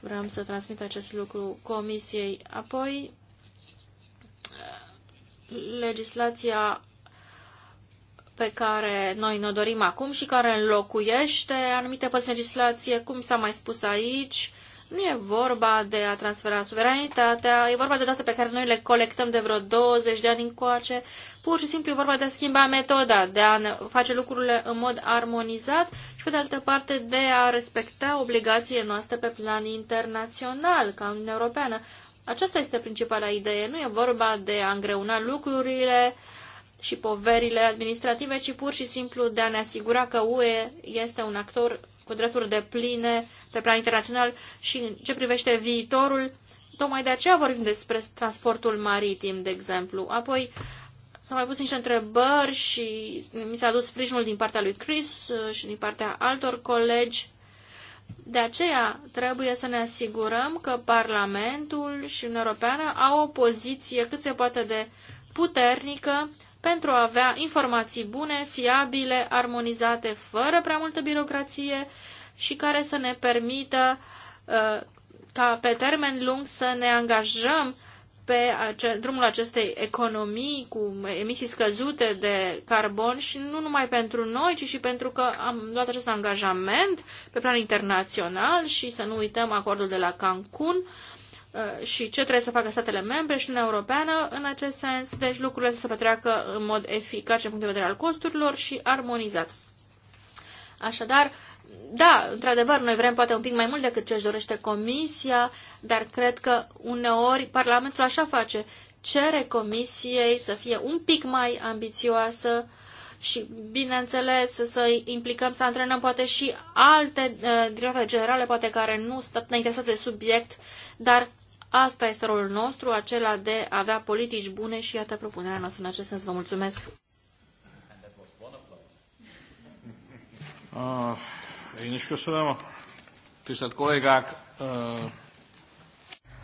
Vreau să transmit acest lucru comisiei. Apoi, legislația pe care noi ne dorim acum și care înlocuiește anumite părți legislație, cum s-a mai spus aici, nu e vorba de a transfera suveranitatea, e vorba de date pe care noi le colectăm de vreo 20 de ani încoace. Pur și simplu e vorba de a schimba metoda, de a face lucrurile în mod armonizat și, pe de altă parte, de a respecta obligațiile noastre pe plan internațional, ca Uniunea Europeană. Aceasta este principala idee. Nu e vorba de a îngreuna lucrurile și poverile administrative, ci pur și simplu de a ne asigura că UE este un actor cu drepturi de pline pe plan internațional și în ce privește viitorul. Tocmai de aceea vorbim despre transportul maritim, de exemplu. Apoi s-au mai pus niște întrebări și mi s-a dus sprijinul din partea lui Chris uh, și din partea altor colegi. De aceea trebuie să ne asigurăm că Parlamentul și Uniunea Europeană au o poziție cât se poate de puternică pentru a avea informații bune, fiabile, armonizate, fără prea multă birocrație și care să ne permită uh, ca pe termen lung să ne angajăm pe drumul acestei economii cu emisii scăzute de carbon și nu numai pentru noi, ci și pentru că am luat acest angajament pe plan internațional și să nu uităm acordul de la Cancun. Uh, și ce trebuie să facă statele membre și Uniunea Europeană în acest sens, deci lucrurile să se petreacă în mod eficace în punct de vedere al costurilor și armonizat. Așadar, da, într-adevăr, noi vrem poate un pic mai mult decât ce își dorește Comisia, dar cred că uneori Parlamentul așa face, cere Comisiei să fie un pic mai ambițioasă și, bineînțeles, să implicăm, să antrenăm poate și alte uh, directoare generale, poate care nu sunt interesate de subiect, dar Asta este rolul nostru, acela de a avea politici bune și iată propunerea noastră în acest sens. Vă mulțumesc!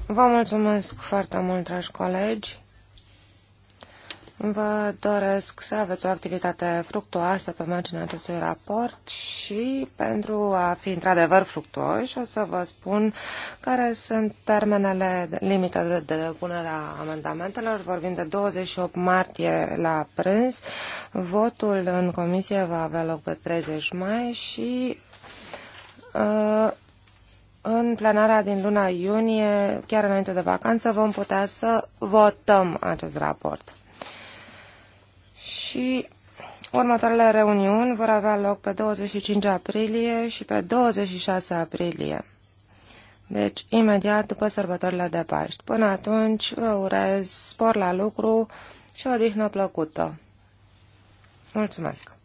Vă mulțumesc foarte mult, dragi colegi! Vă doresc să aveți o activitate fructuoasă pe marginea acestui raport și pentru a fi într-adevăr fructuoși o să vă spun care sunt termenele limite de depunere a amendamentelor. Vorbim de 28 martie la prânz. Votul în comisie va avea loc pe 30 mai și uh, în plenarea din luna iunie, chiar înainte de vacanță, vom putea să votăm acest raport și următoarele reuniuni vor avea loc pe 25 aprilie și pe 26 aprilie. Deci, imediat după sărbătorile de Paști. Până atunci, vă urez spor la lucru și o odihnă plăcută. Mulțumesc!